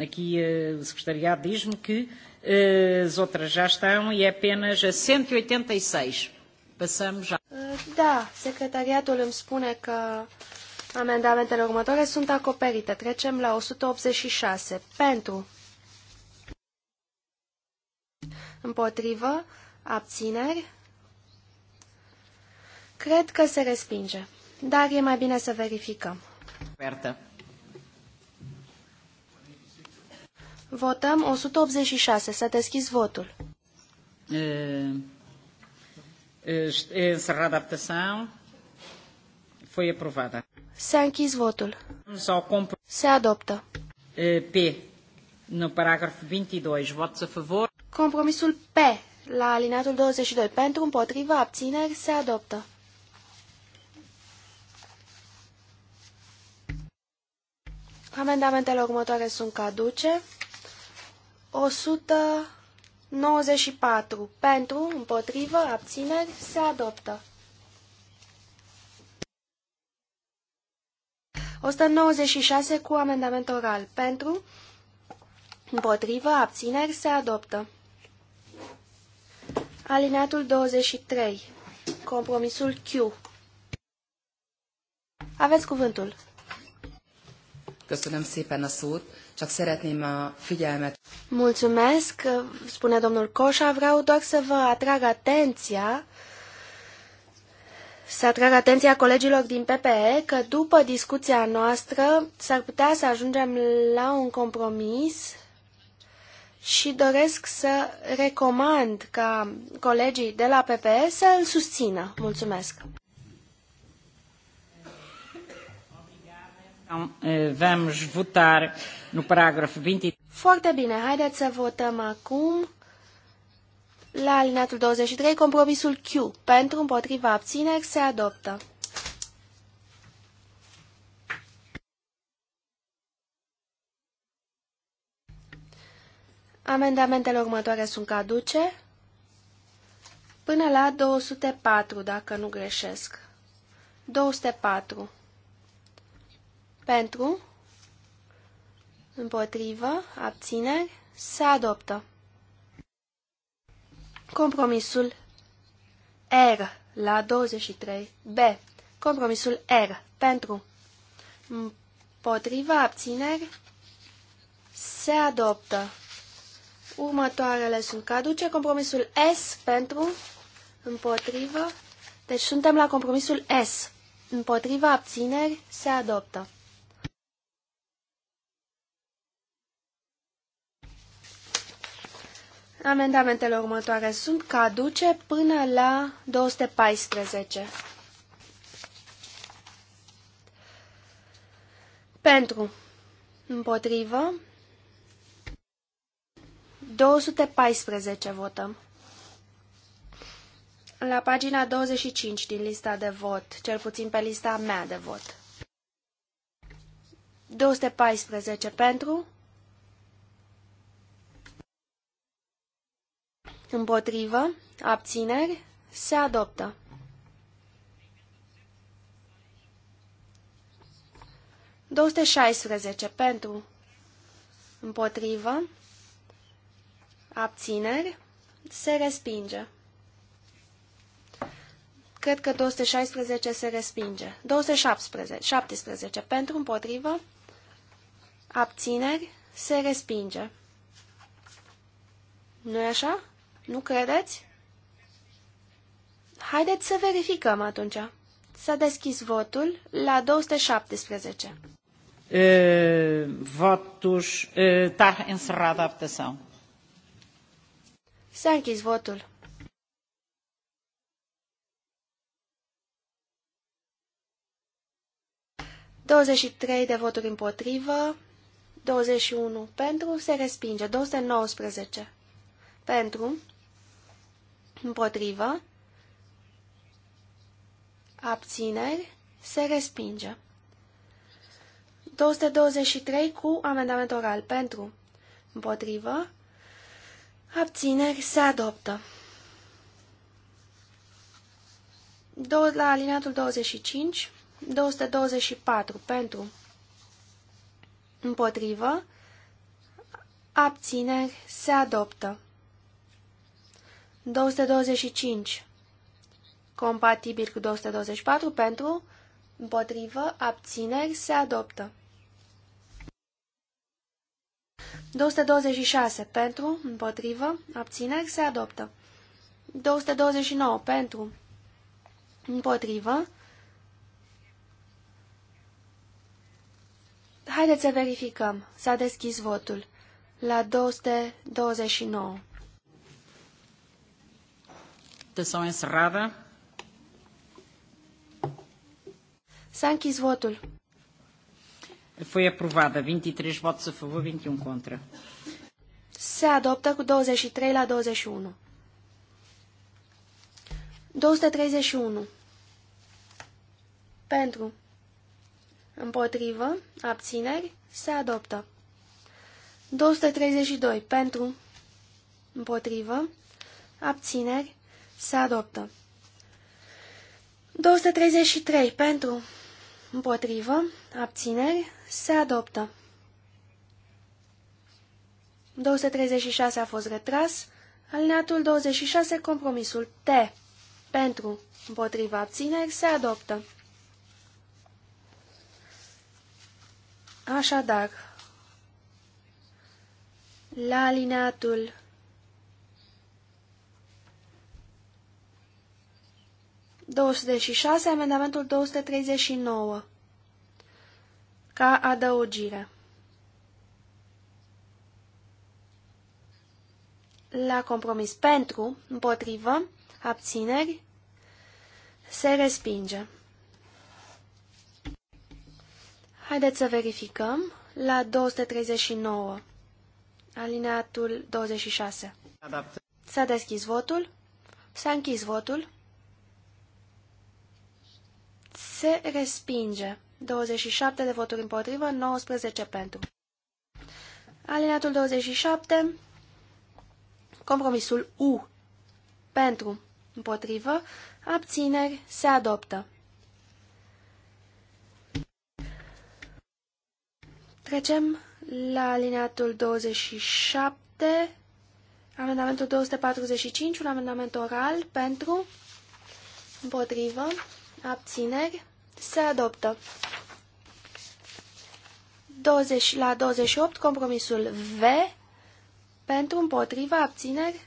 aqui eh, o secretariado diz-me que eh, as outras já estão e é apenas a 186. Passamos já. Da, secretariatul îmi spune că amendamentele următoare sunt acoperite. Trecem la 186. Pentru Împotrivă? Abțineri? Cred că se respinge, dar e mai bine să verificăm. Vertă. Votăm 186. S-a deschis votul. Encerrada adaptação. Foi aprovada. S-a închis votul. Se adoptă. P. No parágrafo 22, votos a favor. Compromisul P la alineatul 22 pentru împotriva abțineri se adoptă. Amendamentele următoare sunt caduce. 194 pentru, împotrivă, abțineri, se adoptă. 196 cu amendament oral pentru, împotrivă, abțineri, se adoptă. Alineatul 23. Compromisul Q. Aveți cuvântul. Köszönöm szépen a szót, csak szeretném a figyelmet. Mulțumesc, spune domnul Coșa, vreau doar să vă atrag atenția să atrag atenția colegilor din PPE că după discuția noastră s-ar putea să ajungem la un compromis și doresc să recomand ca colegii de la PPE să îl susțină. Mulțumesc! Eh, vamos votar no parágrafo 23. Foarte bine, haideți să votăm acum la alineatul 23, compromisul Q. Pentru împotriva abțineri se adoptă. Amendamentele următoare sunt caduce până la 204, dacă nu greșesc. 204. Pentru, împotrivă, abțineri, se adoptă. Compromisul R la 23B. Compromisul R pentru împotrivă, abțineri se adoptă. Următoarele sunt caduce. Compromisul S pentru împotrivă. Deci suntem la compromisul S. Împotriva abțineri se adoptă. Amendamentele următoare sunt caduce până la 214. Pentru. Împotrivă. 214 votăm. La pagina 25 din lista de vot, cel puțin pe lista mea de vot. 214 pentru. Împotrivă. Abțineri. Se adoptă. șaisprezece pentru. Împotrivă abțineri, se respinge. Cred că 216 se respinge. 217 17, pentru împotrivă, abțineri, se respinge. nu e așa? Nu credeți? Haideți să verificăm atunci. S-a deschis votul la 217. Votul votos. Uh, tá encerrada S-a închis votul. Douăzeci trei de voturi împotrivă, 21 pentru, se respinge, 219 pentru, împotrivă, abțineri, se respinge. 223 cu amendament oral pentru, împotrivă, Abțineri se adoptă. Do la alineatul 25, 224 pentru împotrivă, abțineri se adoptă. 225 compatibil cu 224 pentru împotrivă, abțineri se adoptă. 226 pentru, împotrivă, abțineri, se adoptă. 229 pentru, împotrivă. Haideți să verificăm. S-a deschis votul. La 229. Votação encerrada. S-a închis votul. Foi aprovada. 23 votos a favor, 21 um contra. Se adoptă cu 23 la 21. 231. Pentru. Împotrivă. Abțineri. Se adoptă. 232. Pentru. Împotrivă. Abțineri. Se adoptă. 233. Pentru. Împotrivă. Abțineri se adoptă. 236 a fost retras. Alineatul 26, compromisul T. Pentru, împotriva abțineri, se adoptă. Așadar, la alineatul 206, amendamentul 239 ca adăugire. La compromis pentru, împotrivă, abțineri, se respinge. Haideți să verificăm la 239, alineatul 26. S-a deschis votul, s-a închis votul, se respinge. 27 de voturi împotrivă, 19 pentru. Alineatul 27, compromisul U, pentru, împotrivă, abțineri, se adoptă. Trecem la alineatul 27, amendamentul 245, un amendament oral, pentru, împotrivă, abțineri, se adoptă. 20 la 28, compromisul V, pentru împotriva abțineri,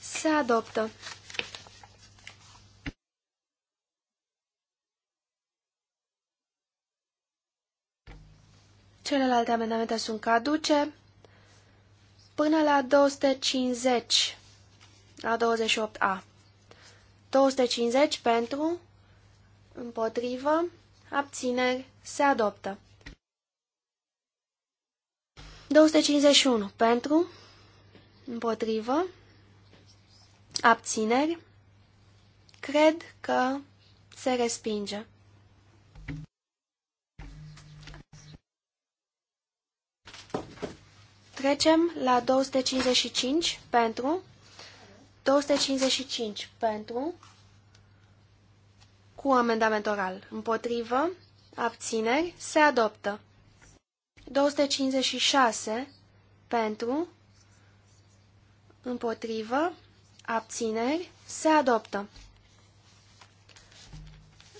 se adoptă. Celelalte amendamente sunt caduce până la 250 la 28A. 250 pentru Împotrivă. Abțineri. Se adoptă. 251. Pentru. Împotrivă. Abțineri. Cred că se respinge. Trecem la 255 pentru 255 pentru cu amendament oral. Împotrivă, abțineri, se adoptă. 256 pentru, împotrivă, abțineri, se adoptă.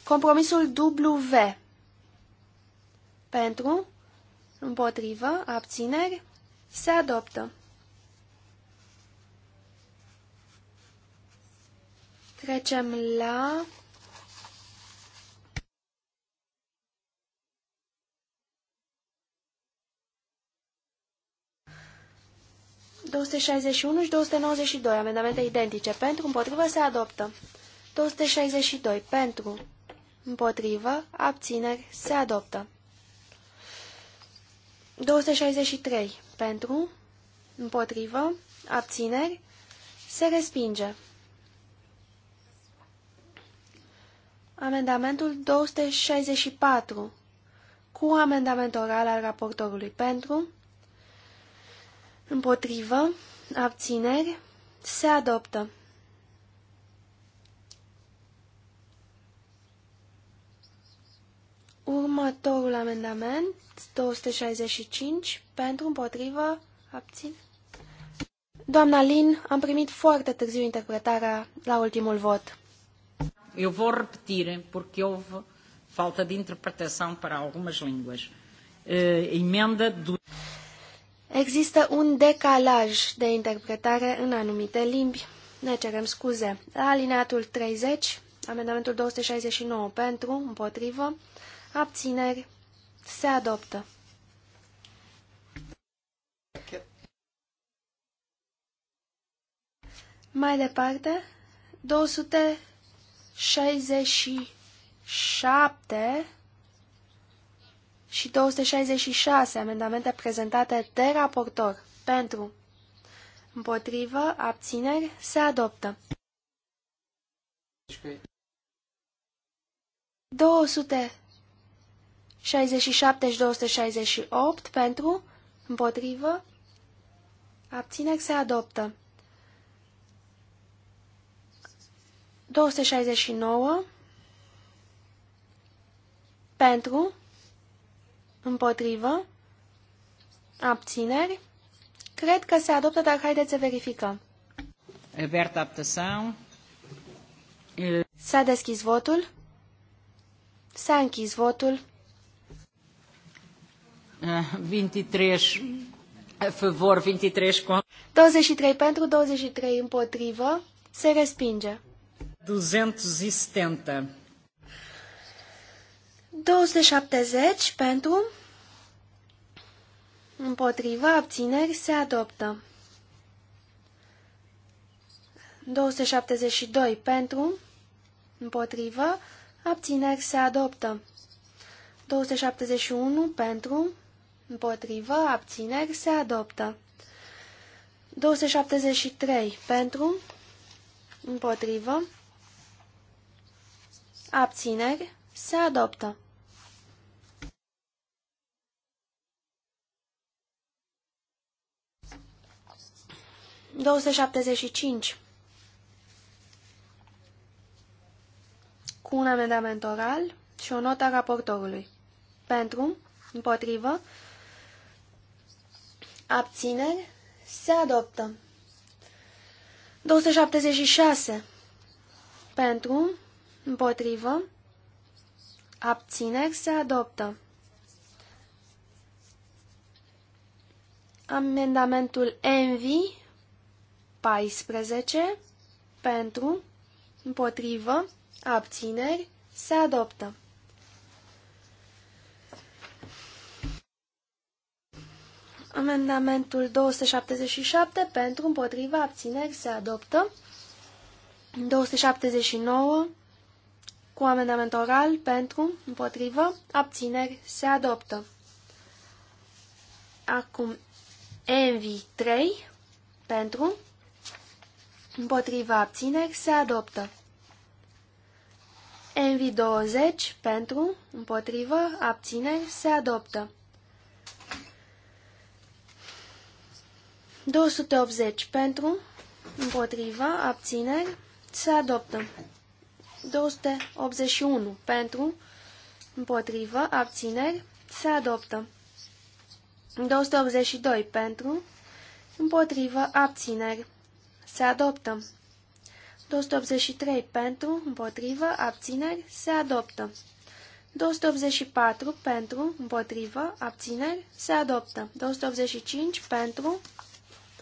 Compromisul W pentru, împotrivă, abțineri, se adoptă. Trecem la 261 și 292, amendamente identice. Pentru, împotrivă, se adoptă. 262, pentru, împotrivă, abțineri, se adoptă. 263, pentru, împotrivă, abțineri, se respinge. Amendamentul 264, cu amendament oral al raportorului pentru, Împotrivă. Abțineri. Se adoptă. Următorul amendament, 265, pentru, împotrivă, abțin. Doamna Lin, am primit foarte târziu interpretarea la ultimul vot. Eu vou repetir, porque houve falta de interpretação para algumas línguas. Uh, emenda do... Există un decalaj de interpretare în anumite limbi. Ne cerem scuze. La alineatul 30, amendamentul 269 pentru, împotrivă, abțineri, se adoptă. Mai departe, 267 și 266 amendamente prezentate de raportor pentru, împotrivă, abțineri, se adoptă. 267 și 268 pentru, împotrivă, abțineri, se adoptă. 269 pentru, Împotrivă? Abțineri? Cred că se adoptă, dar haideți să verificăm. S-a deschis votul. S-a închis votul. 23 eh, favor, 23 contra. 23 pentru, 23 împotrivă. Se respinge. 270. 270 pentru, împotriva, abțineri, se adoptă. 272 pentru, împotriva abțineri se adoptă. 271 pentru, împotriva abțineri se adoptă. 273 pentru, împotriva abțineri se adoptă. 275. Cu un amendament oral și o notă a raportorului. Pentru, împotrivă, abțineri, se adoptă. 276. Pentru, împotrivă, abțineri, se adoptă. Amendamentul Envi 14 pentru, împotrivă, abțineri, se adoptă. Amendamentul 277 pentru, împotriva, abțineri, se adoptă. 279 cu amendament oral pentru, împotrivă, abțineri, se adoptă. Acum, Envi 3 pentru, Împotriva abțineri se adoptă. Envi 20 pentru, împotrivă, abțineri se adoptă. 280 pentru, împotrivă, abțineri se adoptă. 281 pentru, împotrivă, abțineri se adoptă. 282 pentru, împotrivă, abțineri se adoptă. 283 pentru, împotrivă, abțineri, se adoptă. 284 pentru, împotrivă, abțineri, se adoptă. 285 pentru,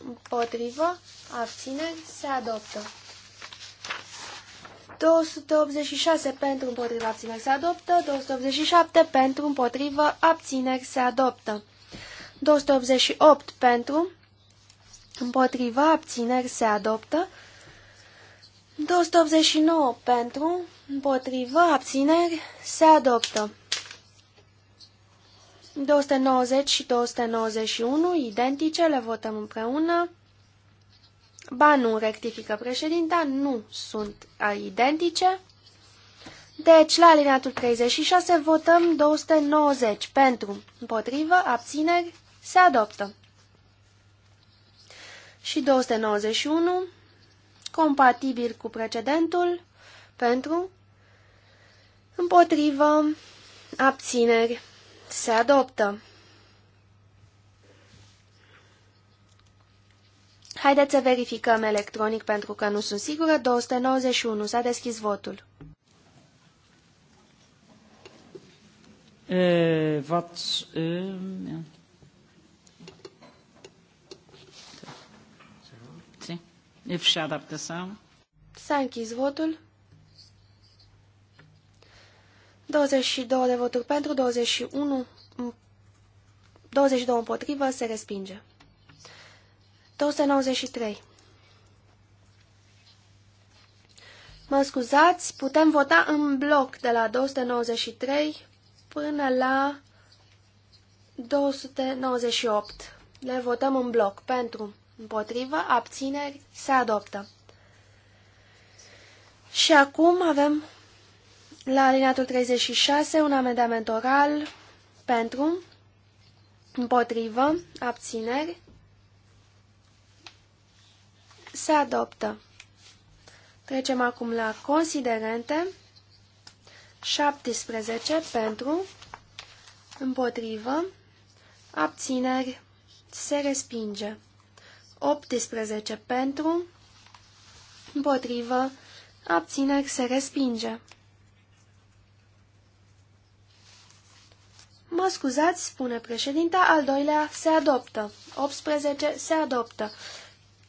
împotrivă, abțineri, se adoptă. 286 pentru, împotrivă, abțineri, se adoptă. 287 pentru, împotrivă, abțineri, se adoptă. 288 pentru, Împotriva abțineri se adoptă. 289 pentru, împotriva abțineri se adoptă. 290 și 291, identice, le votăm împreună. Ba nu, rectifică președinta, nu sunt identice. Deci, la alineatul 36 votăm 290 pentru, împotrivă, abțineri, se adoptă și 291, compatibil cu precedentul, pentru, împotrivă, abțineri, se adoptă. Haideți să verificăm electronic pentru că nu sunt sigură. 291. S-a deschis votul. E, vat, e, If shut up the sound. S-a închis votul. 22 de voturi pentru, 21, 22 împotrivă, se respinge. 293. Mă scuzați, putem vota în bloc de la 293 până la 298. Le votăm în bloc pentru Împotrivă, abțineri, se adoptă. Și acum avem la alineatul 36 un amendament oral pentru, împotrivă, abțineri, se adoptă. Trecem acum la considerente. 17 pentru, împotrivă, abțineri, se respinge. 18 pentru, împotrivă, abțineri se respinge. Mă scuzați, spune președinta, al doilea se adoptă. 18 se adoptă.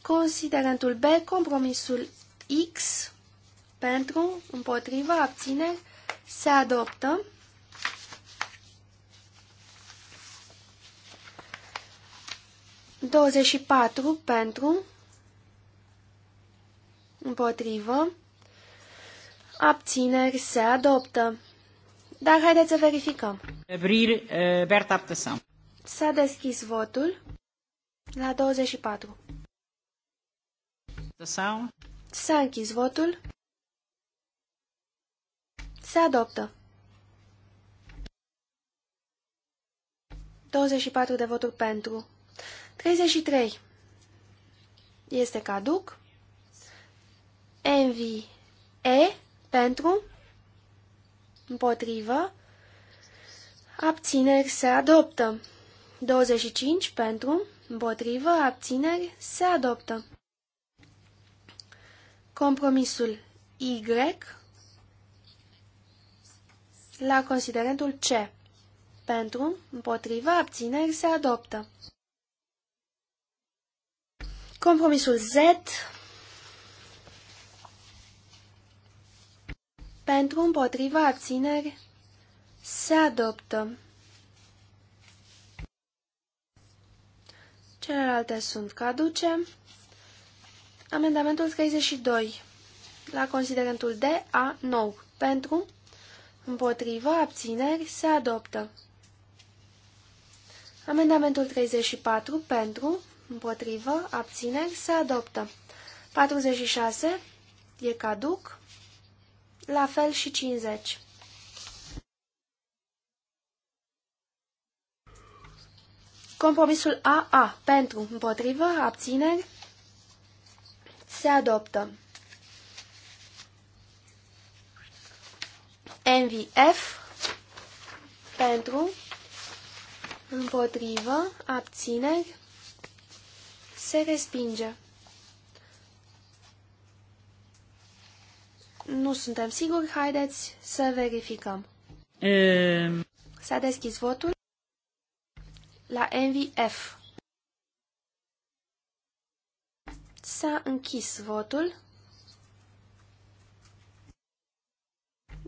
Considerentul B, compromisul X, pentru, împotrivă, abțineri, se adoptă. 24 pentru, împotrivă, abțineri se adoptă. Dar haideți să verificăm. Abril, eh, Berta S-a deschis votul la 24. S-a închis votul. Se adoptă. 24 de voturi pentru, 33. Este caduc. Envy E pentru împotrivă. Abțineri se adoptă. 25 pentru împotrivă. Abțineri se adoptă. Compromisul Y la considerentul C. Pentru, Împotrivă. abțineri se adoptă. Compromisul Z pentru împotriva abțineri se adoptă. Celelalte sunt caduce. Amendamentul 32 la considerentul D a 9 pentru împotriva abțineri se adoptă. Amendamentul 34 pentru împotrivă, abțineri, se adoptă. 46 e caduc, la fel și 50. Compromisul AA pentru, împotrivă, abțineri, se adoptă. NVF pentru, împotrivă, abțineri, se respinge. Nu suntem siguri, haideți să verificăm. E... Ehm. S-a deschis votul la NVF. S-a închis votul.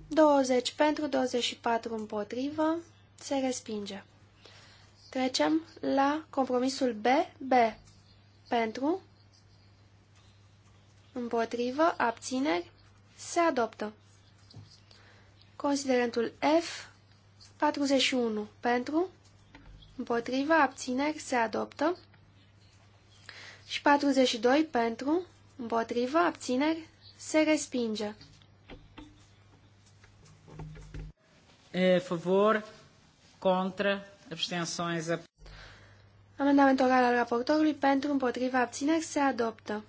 20 pentru, 24 împotrivă, se respinge. Trecem la compromisul B, B, pentru. Împotrivă. Abțineri. Se adoptă. Considerentul F. 41. Pentru. Împotrivă. Abțineri. Se adoptă. Și 42. Pentru. Împotrivă. Abțineri. Se respinge. A favor, contra, abstenções, Amendamentul oral al raportorului pentru împotriva abțineri se adoptă.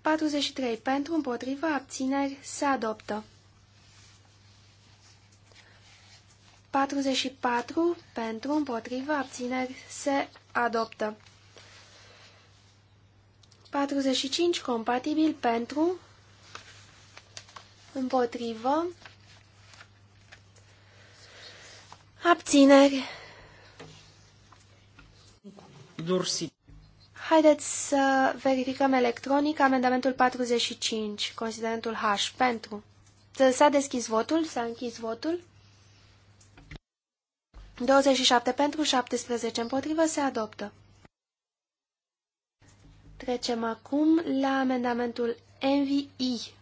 43. Pentru împotriva abțineri se adoptă. 44. Pentru împotriva abțineri se adoptă. 45. Compatibil pentru împotrivă Abțineri. Dursi. Haideți să verificăm electronic amendamentul 45, considerentul H, pentru. S-a deschis votul, s-a închis votul. 27 pentru, 17 împotrivă, se adoptă. Trecem acum la amendamentul NVI.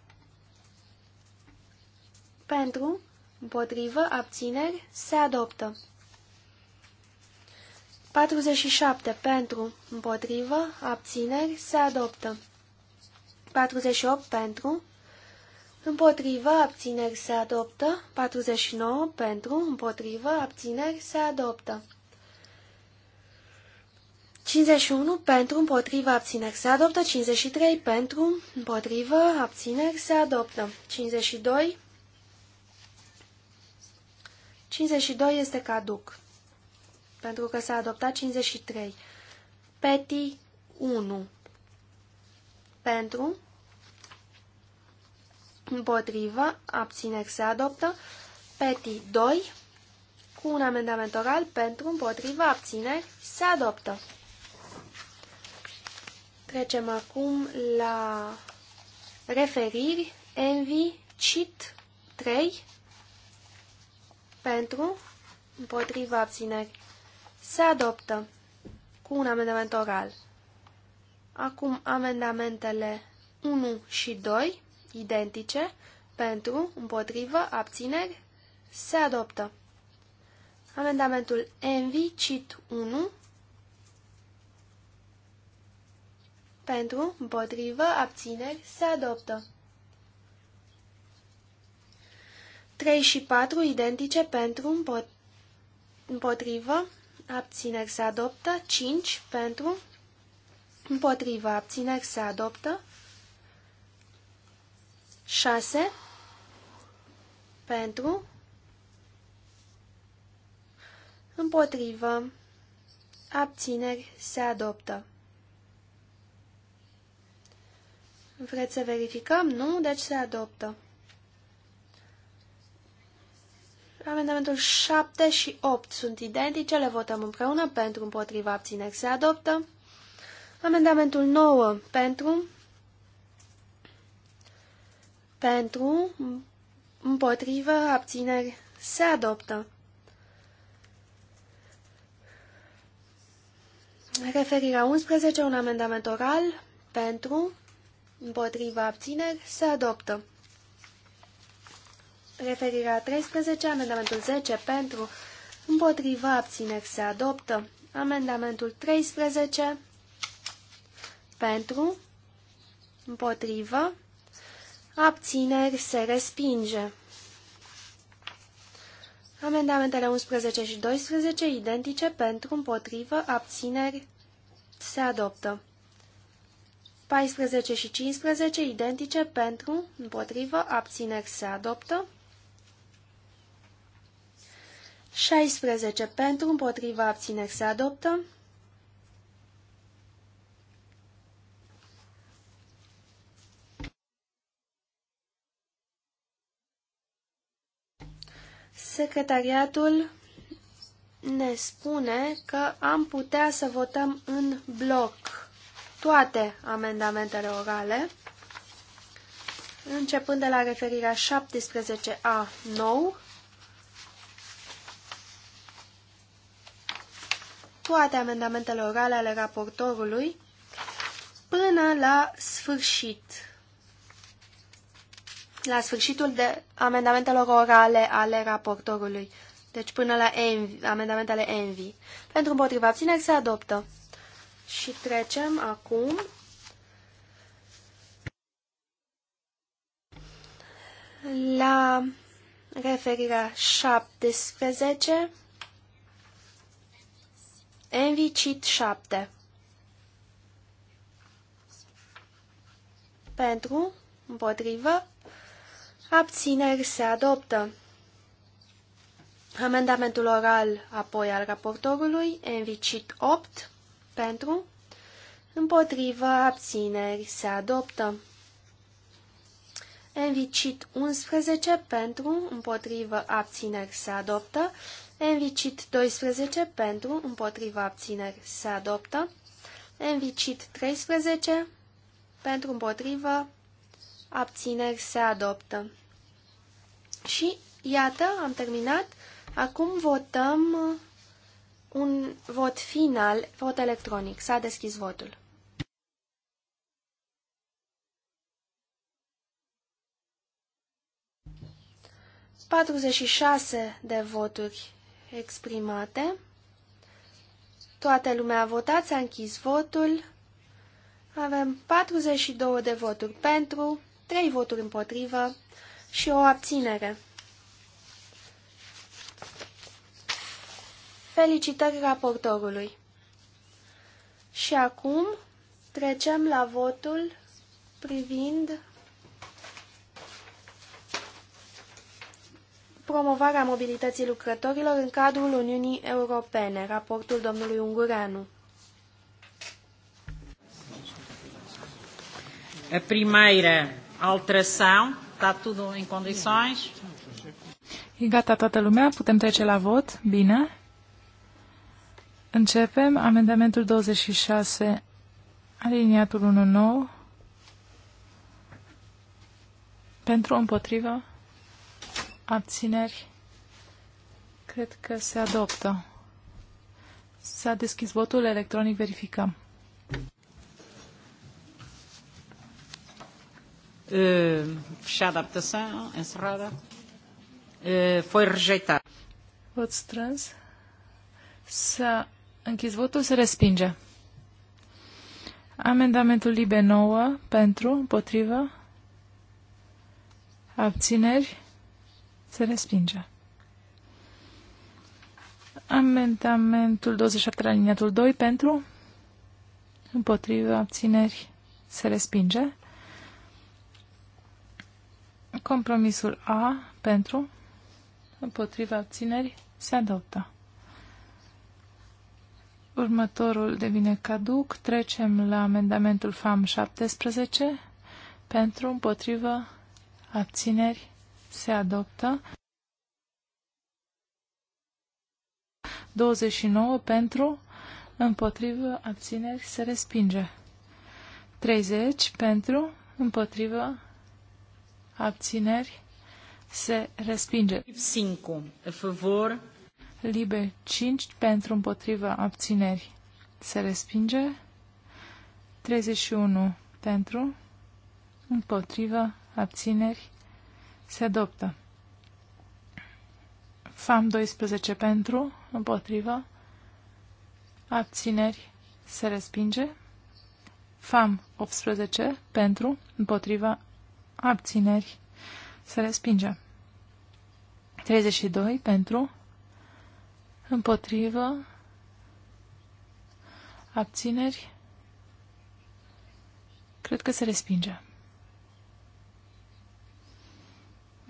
Pentru, Împotrivă, abțineri, se adoptă. 47. Pentru, împotrivă, abțineri, se adoptă. 48. Pentru, împotrivă, abțineri, se adoptă. 49. Pentru, împotrivă, abțineri, se adoptă. 51. Pentru, împotrivă, abțineri, se adoptă. 53. Pentru, împotrivă, abțineri, se adoptă. 52. 52 este caduc, pentru că s-a adoptat 53. Peti 1. Pentru, împotrivă, abțineri se adoptă. Peti 2. Cu un amendament oral, pentru, împotrivă, abțineri se adoptă. Trecem acum la referiri. Envy, Cit 3 pentru, împotriva abțineri, se adoptă cu un amendament oral. Acum amendamentele 1 și 2, identice, pentru, împotrivă, abțineri, se adoptă. Amendamentul Envi Cit 1 pentru, împotrivă, abțineri, se adoptă. 3 și 4 identice pentru împotrivă, abțineri se adoptă, 5 pentru împotrivă, abțineri se adoptă, 6 pentru împotrivă, abțineri se adoptă. Vreți să verificăm? Nu, deci se adoptă. Amendamentul 7 și 8 sunt identice, le votăm împreună, pentru, împotriva, abțineri se adoptă. Amendamentul 9 pentru, pentru, împotrivă, abțineri se adoptă. Referirea 11, un amendament oral, pentru, împotriva, abțineri se adoptă. Referirea 13, amendamentul 10 pentru, împotriva abțineri se adoptă. Amendamentul 13 pentru, împotrivă, abțineri se respinge. Amendamentele 11 și 12 identice pentru, împotrivă, abțineri se adoptă. 14 și 15 identice pentru, împotrivă, abțineri se adoptă. 16 pentru, împotriva abțineri se adoptă. 16. Secretariatul ne spune că am putea să votăm în bloc toate amendamentele orale, începând de la referirea 17A nou, toate amendamentele orale ale raportorului până la sfârșit. La sfârșitul de amendamentelor orale ale raportorului. Deci până la envi, amendamentele envi. Pentru împotriva abțineri se adoptă. Și trecem acum la referirea 17 Envicit 7. Pentru, împotrivă, abțineri se adoptă. Amendamentul oral apoi al raportorului, Envicit 8. Pentru, împotrivă, abțineri se adoptă. Envicit 11 pentru, împotrivă, abțineri se adoptă. Envicit 12 pentru, împotriva abțineri se adoptă. Envicit 13 pentru, împotriva abțineri se adoptă. Și iată, am terminat. Acum votăm un vot final, vot electronic. S-a deschis votul. Patruzeci și șase de voturi exprimate. Toată lumea a votat, s-a închis votul. Avem 42 de voturi pentru, 3 voturi împotrivă și o abținere. Felicitări raportorului. Și acum trecem la votul privind promovarea mobilității lucrătorilor în cadrul Uniunii Europene, raportul domnului Ungureanu. A primeira alteração, está tudo em condições? E gata a lumea, putem trece la vot, bine. Începem amendamentul 26, aliniatul 1.9. Pentru, împotriva, abțineri, cred că se adoptă. S-a deschis votul electronic, verificăm. și adaptação encerrada foi rejeitada. Vot strâns. Să închis votul, se respinge. Amendamentul Libe 9 pentru, împotrivă, abțineri, se respinge. Amendamentul 27 la liniatul 2 pentru, împotriva abțineri, se respinge. Compromisul A pentru, împotriva abțineri, se adoptă. Următorul devine caduc. Trecem la amendamentul FAM 17 pentru, împotriva abțineri, se adoptă. 29 pentru, împotrivă, abțineri, se respinge. 30 pentru, împotrivă, abțineri, se respinge. 5. Favor. Libe 5 pentru, împotrivă, abțineri, se respinge. 31 pentru, împotrivă, abțineri, se adoptă. FAM 12 pentru, împotrivă, abțineri, se respinge. FAM 18 pentru, împotrivă, abțineri, se respinge. 32 pentru, împotrivă, abțineri, cred că se respinge.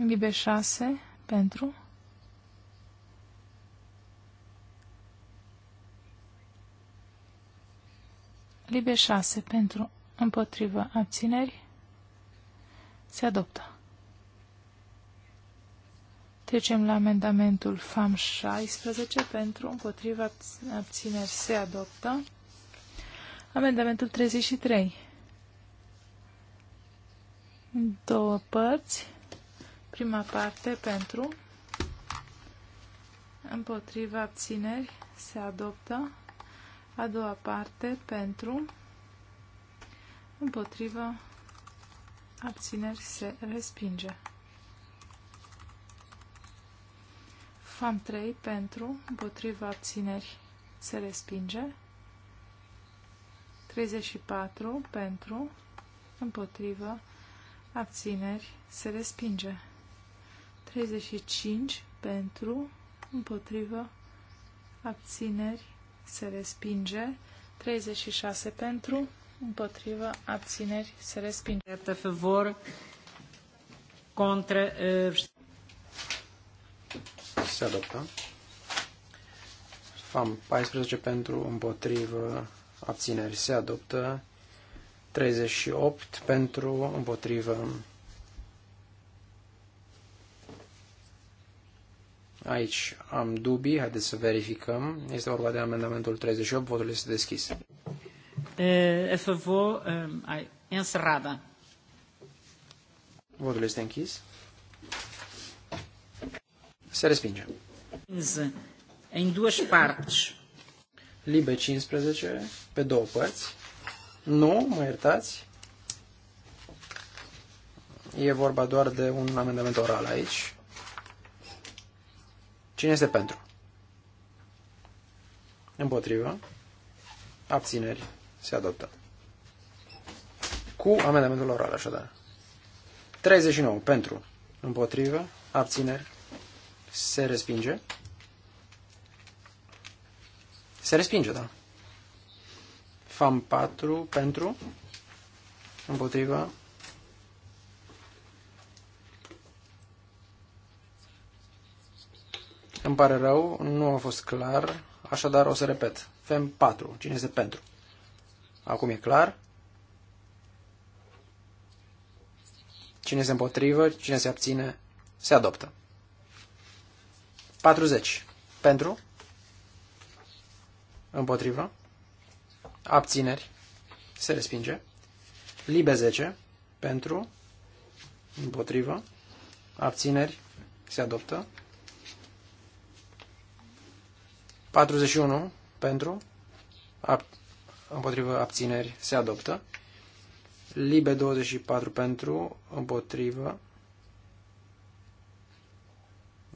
Libe 6 pentru. liber 6 pentru împotrivă abțineri se adoptă. Trecem la amendamentul FAM 16 pentru împotrivă abțineri se adoptă. Amendamentul 33. Două părți. Prima parte pentru, împotriva abțineri se adoptă. A doua parte pentru, împotriva abțineri se respinge. FAM 3 pentru, împotriva abțineri se respinge. 34 pentru, împotriva abțineri se respinge. 35 pentru, împotrivă, abțineri, se respinge. 36 pentru, împotrivă, abțineri, se respinge. Pe favor, contra... Eh, se adoptă. FAM 14 pentru, împotrivă, abțineri, se adoptă. 38 pentru, împotrivă, Aici am dubii, haideți să verificăm. Este vorba de amendamentul 38, votul este deschis. E favor, um, ai înserrada. Votul este închis. Se respinge. În două părți. Libe 15, pe două părți. Nu, mă iertați. E vorba doar de un amendament oral aici. Cine este pentru? Împotrivă. Abțineri. Se adoptă. Cu amendamentul oral, așadar. 39. Pentru. Împotrivă. Abțineri. Se respinge. Se respinge, da. FAM 4 pentru. Împotrivă. Îmi pare rău, nu a fost clar, așadar o să repet. FEM 4. Cine este pentru? Acum e clar. Cine se împotrivă, cine se abține, se adoptă. 40. Pentru? Împotrivă? Abțineri? Se respinge. Libe 10. Pentru? Împotrivă? Abțineri? Se adoptă. 41 pentru, ab, împotrivă abțineri se adoptă. Libe 24 pentru, împotrivă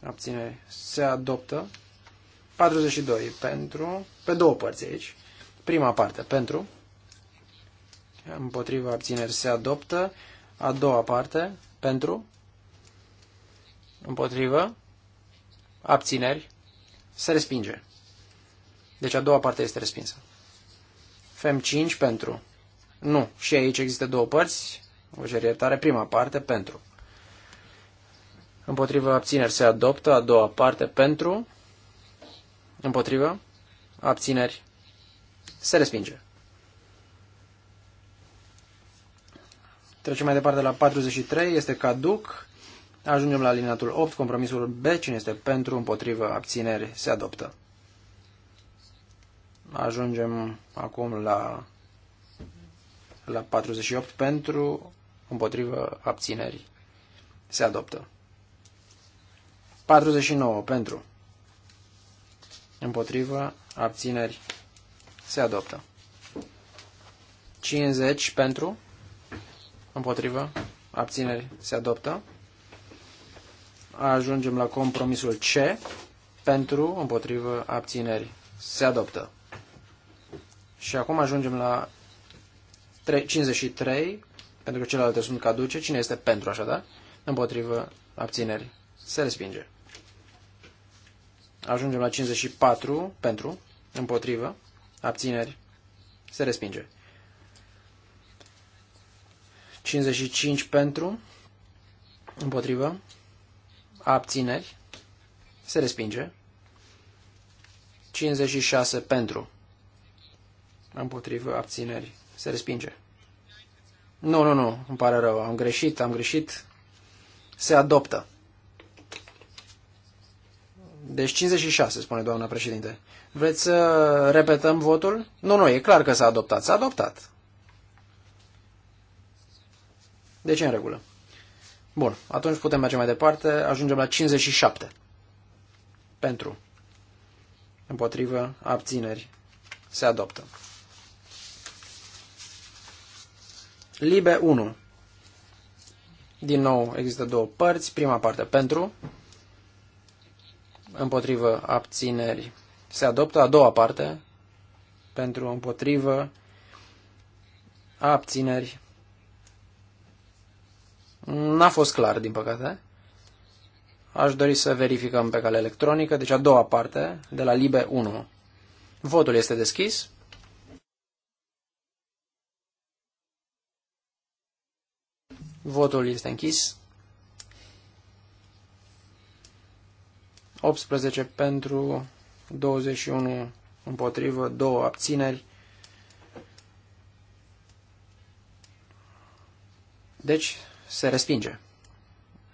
abțineri se adoptă. 42 pentru, pe două părți aici. Prima parte pentru, împotrivă abțineri se adoptă. A doua parte pentru, împotrivă abțineri se respinge. Deci a doua parte este respinsă. Fem 5 pentru. Nu. Și aici există două părți. O cer iertare. Prima parte pentru. Împotrivă abțineri se adoptă. A doua parte pentru. Împotrivă. Abțineri. Se respinge. Trecem mai departe la 43. Este caduc. Ajungem la alineatul 8. Compromisul B. Cine este pentru, împotrivă, abțineri, se adoptă. Ajungem acum la, la 48 pentru, împotrivă, abțineri. Se adoptă. 49 pentru, împotrivă, abțineri. Se adoptă. 50 pentru, împotrivă, abțineri. Se adoptă. Ajungem la compromisul C pentru, împotrivă, abțineri. Se adoptă. Și acum ajungem la 3, 53, pentru că celelalte sunt caduce. Cine este pentru așadar? Împotrivă abțineri. Se respinge. Ajungem la 54, pentru, împotrivă, abțineri, se respinge. 55 pentru, împotrivă, abțineri, se respinge. 56 pentru, Împotrivă, abțineri, se respinge. Nu, nu, nu, îmi pare rău, am greșit, am greșit. Se adoptă. Deci 56, spune doamna președinte. Vreți să repetăm votul? Nu, nu, e clar că s-a adoptat. S-a adoptat. Deci în regulă. Bun, atunci putem merge mai departe. Ajungem la 57. Pentru. Împotrivă, abțineri. Se adoptă. Libe 1. Din nou există două părți. Prima parte pentru, împotrivă abțineri. Se adoptă a doua parte pentru împotrivă abțineri. N-a fost clar, din păcate. Aș dori să verificăm pe cale electronică, deci a doua parte de la Libe 1. Votul este deschis. Votul este închis. 18 pentru, 21 împotrivă, 2 abțineri. Deci, se respinge.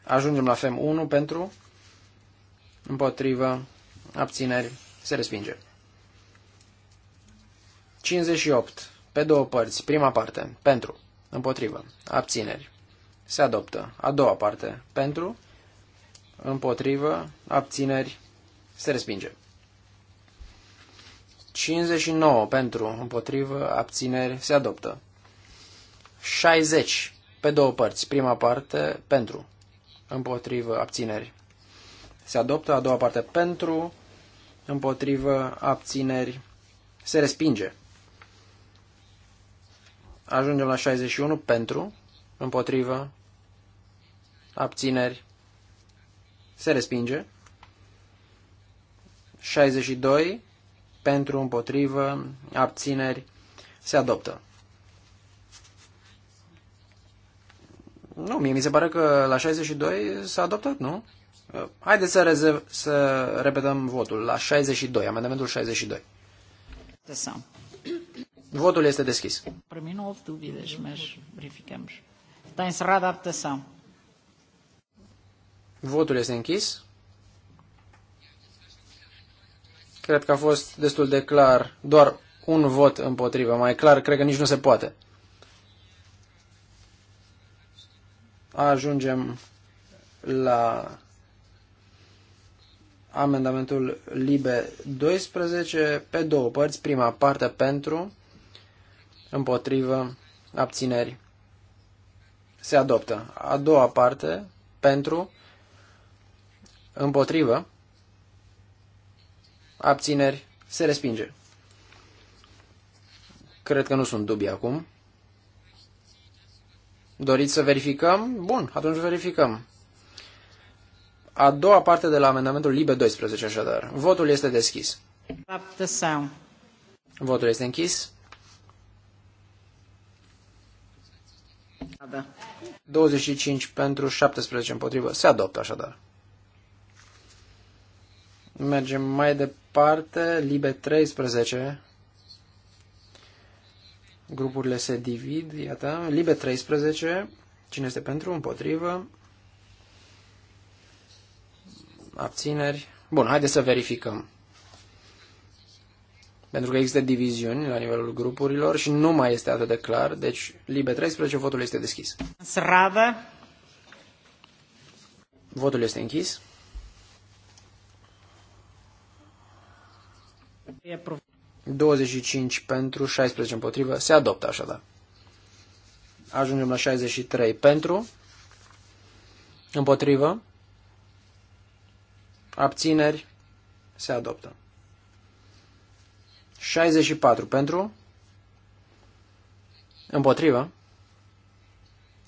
Ajungem la FEM 1 pentru, împotrivă, abțineri, se respinge. 58. Pe două părți. Prima parte. Pentru. Împotrivă. Abțineri. Se adoptă. A doua parte. Pentru, împotrivă, abțineri, se respinge. 59 pentru, împotrivă, abțineri, se adoptă. 60 pe două părți. Prima parte pentru, împotrivă, abțineri. Se adoptă a doua parte pentru, împotrivă, abțineri, se respinge. Ajungem la 61 pentru, împotrivă, abțineri, se respinge. 62 pentru, împotrivă, abțineri, se adoptă. Nu, mie mi se pare că la 62 s-a adoptat, nu? Haideți să, rezerv, să repetăm votul la 62, amendamentul 62. Votul este deschis. Para mim não houve dúvidas, mas verificamos. Está encerrada a votação. Votul este închis. Cred că a fost destul de clar, doar un vot împotrivă. Mai clar, cred că nici nu se poate. Ajungem la amendamentul LIBE 12 pe două părți. Prima parte pentru, împotrivă, abțineri. Se adoptă. A doua parte pentru, Împotrivă. Abțineri. Se respinge. Cred că nu sunt dubii acum. Doriți să verificăm? Bun, atunci verificăm. A doua parte de la amendamentul Libe 12, așadar. Votul este deschis. Votul este închis. 25 da. pentru 17 împotrivă. Se adoptă așadar. Mergem mai departe, libe 13. Grupurile se divid, iată, libe 13. Cine este pentru, împotrivă? Abțineri. Bun, haideți să verificăm. Pentru că există diviziuni la nivelul grupurilor și nu mai este atât de clar, deci libe 13, votul este deschis. Sravă. Votul este închis. 25 pentru, 16 împotrivă. Se adoptă așadar. Ajungem la 63 pentru, împotrivă, abțineri, se adoptă. 64 pentru, împotrivă,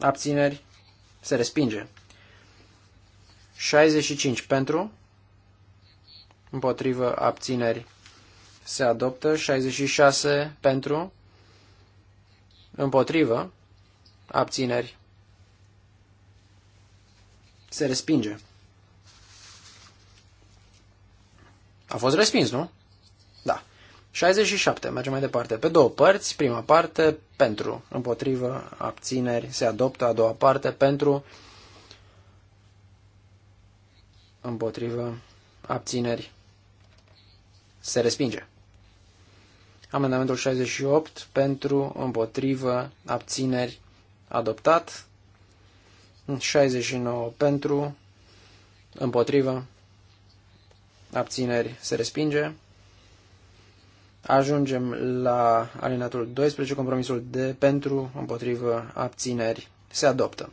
abțineri, se respinge. 65 pentru, împotrivă, abțineri, se adoptă, 66 pentru, împotrivă, abțineri, se respinge. A fost respins, nu? Da. 67. Mergem mai departe. Pe două părți. Prima parte pentru, împotrivă, abțineri, se adoptă. A doua parte pentru, împotrivă, abțineri, se respinge. Amendamentul 68 pentru, împotrivă, abțineri, adoptat. 69 pentru, împotrivă, abțineri, se respinge. Ajungem la alinatul 12, compromisul de pentru, împotrivă, abțineri, se adoptă.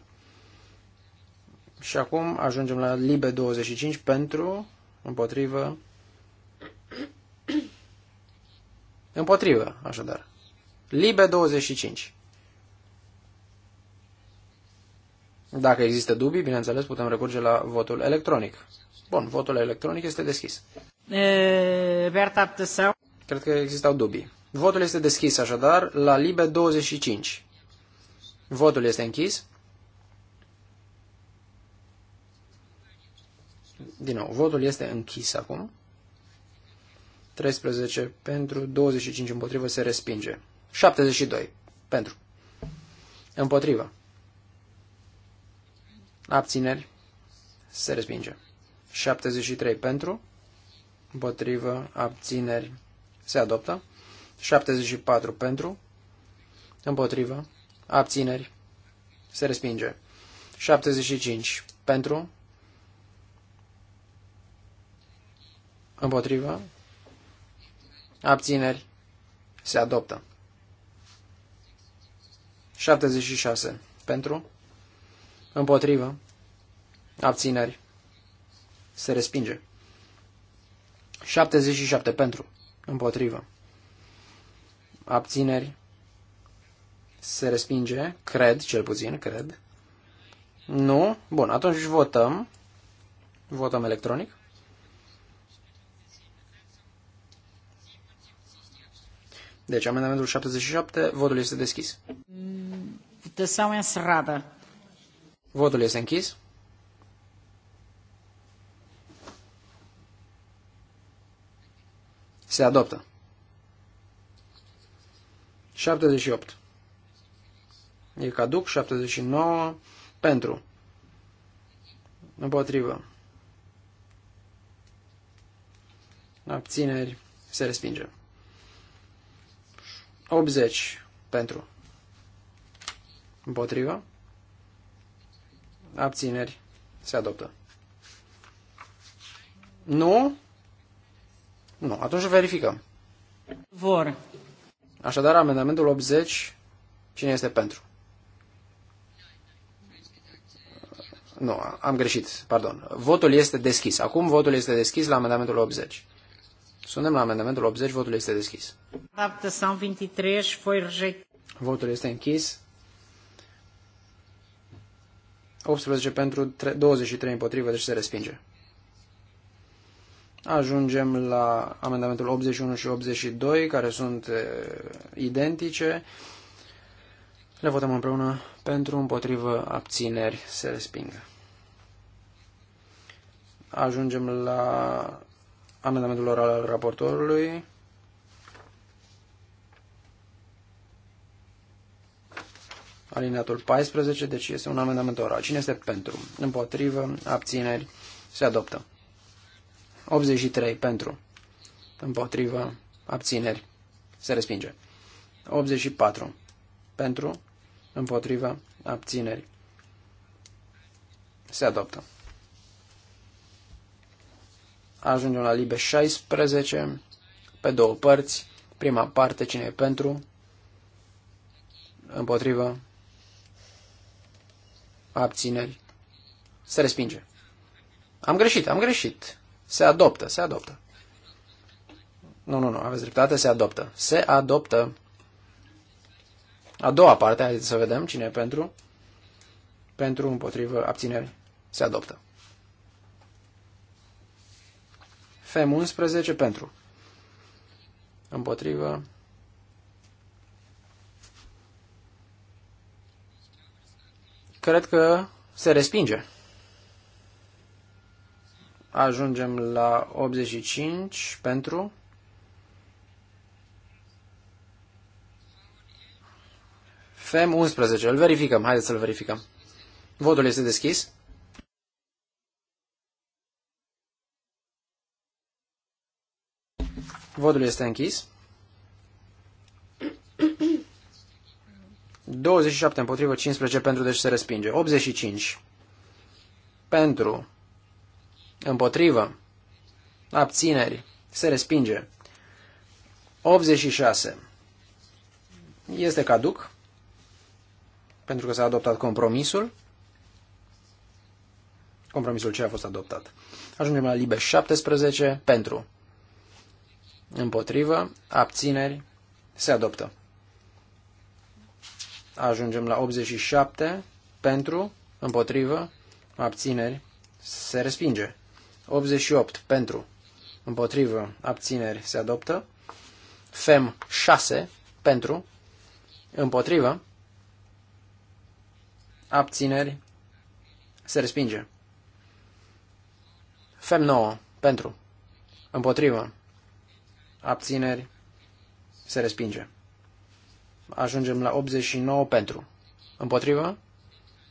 Și acum ajungem la libe 25 pentru, împotrivă, Împotrivă, așadar. Libe 25. Dacă există dubii, bineînțeles, putem recurge la votul electronic. Bun, votul electronic este deschis. E Cred că existau dubii. Votul este deschis, așadar, la Libe 25. Votul este închis. Din nou, votul este închis acum. 13 pentru, 25 împotrivă, se respinge. 72 pentru. Împotrivă. Abțineri. Se respinge. 73 pentru. Împotrivă. Abțineri. Se adoptă. 74 pentru. Împotrivă. Abțineri. Se respinge. 75 pentru. Împotrivă abțineri, se adoptă. 76. Pentru, împotrivă, abțineri, se respinge. 77. Pentru, împotrivă, abțineri, se respinge, cred, cel puțin, cred. Nu? Bun, atunci votăm. Votăm electronic. Deci, amendamentul 77, votul este deschis. este encerrada. Votul este închis. Se adoptă. 78. E caduc. 79. Pentru. Împotrivă. Abțineri. Se respinge. 80 pentru. Împotrivă. Abțineri. Se adoptă. Nu? Nu. Atunci verificăm. Vor. Așadar, amendamentul 80, cine este pentru? Nu, am greșit, pardon. Votul este deschis. Acum votul este deschis la amendamentul 80. Sunem la amendamentul 80, votul este deschis. Adaptação 23 foi rejeitada. Votul este închis. 18 pentru 23 împotrivă, deci se respinge. Ajungem la amendamentul 81 și 82, care sunt identice. Le votăm împreună pentru, împotrivă, abțineri, se respingă. Ajungem la amendamentul oral al raportorului. alineatul 14, deci este un amendament oral. Cine este pentru? Împotrivă, abțineri, se adoptă. 83 pentru, împotrivă, abțineri, se respinge. 84 pentru, împotrivă, abțineri, se adoptă. Ajungem la libe 16, pe două părți. Prima parte, cine e pentru, împotrivă, abțineri, se respinge. Am greșit, am greșit. Se adoptă, se adoptă. Nu, nu, nu, aveți dreptate, se adoptă. Se adoptă. A doua parte, haideți să vedem cine e pentru. Pentru, împotrivă, abțineri, se adoptă. FEM 11 pentru. Împotrivă, cred că se respinge. Ajungem la 85 pentru FEM 11. Îl verificăm. Haideți să-l verificăm. Votul este deschis. Votul este închis. 27 împotrivă, 15 pentru, deci se respinge. 85 pentru, împotrivă, abțineri, se respinge. 86 este caduc, pentru că s-a adoptat compromisul. Compromisul ce a fost adoptat. Ajungem la libe 17 pentru, împotrivă, abțineri, se adoptă. Ajungem la 87 pentru, împotrivă, abțineri, se respinge. 88 pentru, împotrivă, abțineri, se adoptă. FEM 6 pentru, împotrivă, abțineri, se respinge. FEM 9 pentru, împotrivă, abțineri, se respinge. Ajungem la 89 pentru. Împotrivă?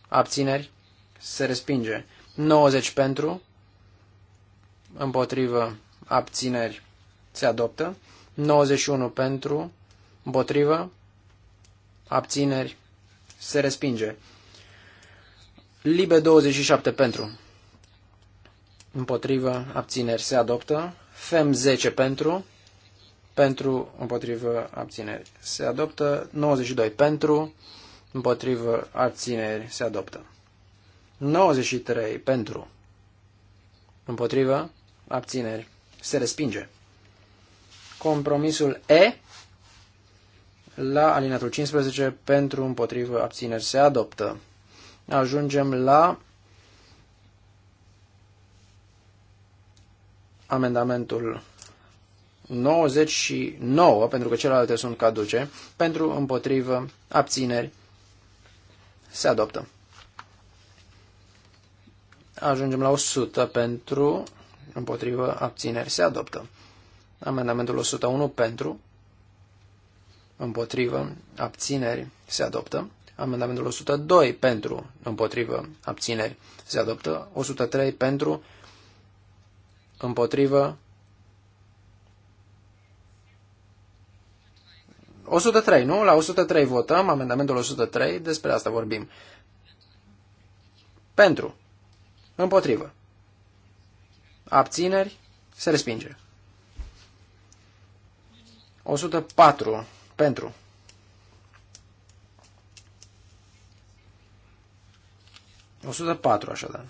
Abțineri? Se respinge. 90 pentru. Împotrivă? Abțineri? Se adoptă. 91 pentru. Împotrivă? Abțineri? Se respinge. Libe 27 pentru. Împotrivă? Abțineri? Se adoptă. FEM 10 pentru pentru, împotrivă, abțineri. Se adoptă 92 pentru, împotrivă, abțineri. Se adoptă 93 pentru, împotrivă, abțineri. Se respinge. Compromisul E la alinatul 15 pentru, împotrivă, abțineri. Se adoptă. Ajungem la amendamentul 99, pentru că celelalte sunt caduce, pentru, împotrivă, abțineri, se adoptă. Ajungem la 100 pentru, împotrivă, abțineri, se adoptă. Amendamentul 101 pentru, împotrivă, abțineri, se adoptă. Amendamentul 102 pentru, împotrivă, abțineri, se adoptă. 103 pentru, împotrivă, 103, nu? La 103 votăm, amendamentul 103, despre asta vorbim. Pentru. Împotrivă. Abțineri. Se respinge. 104. Pentru. O patru așadar.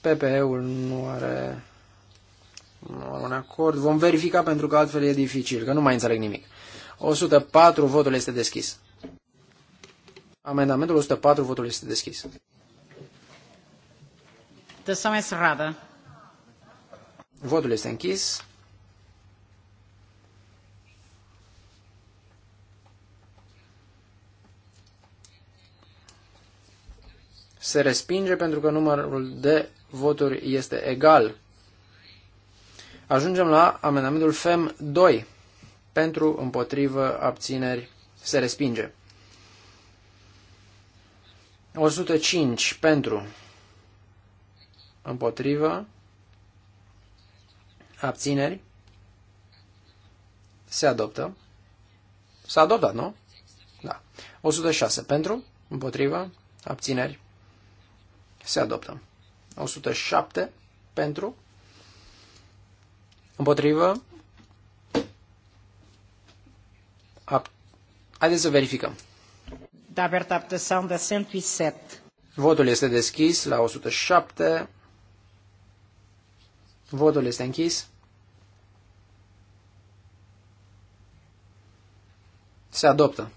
PPE-ul nu are nu un acord, vom verifica pentru că altfel e dificil, că nu mai înțeleg nimic. 104, votul este deschis. Amendamentul 104, votul este deschis. Votul este închis. Se respinge pentru că numărul de voturi este egal Ajungem la amendamentul FEM 2. Pentru, împotrivă, abțineri, se respinge. 105 pentru, împotrivă, abțineri, se adoptă. S-a adoptat, nu? Da. 106 pentru, împotrivă, abțineri, se adoptă. 107 pentru, Împotrivă. Haideți să verificăm. Da, 107. Votul este deschis la 107. Votul este închis. Se adoptă.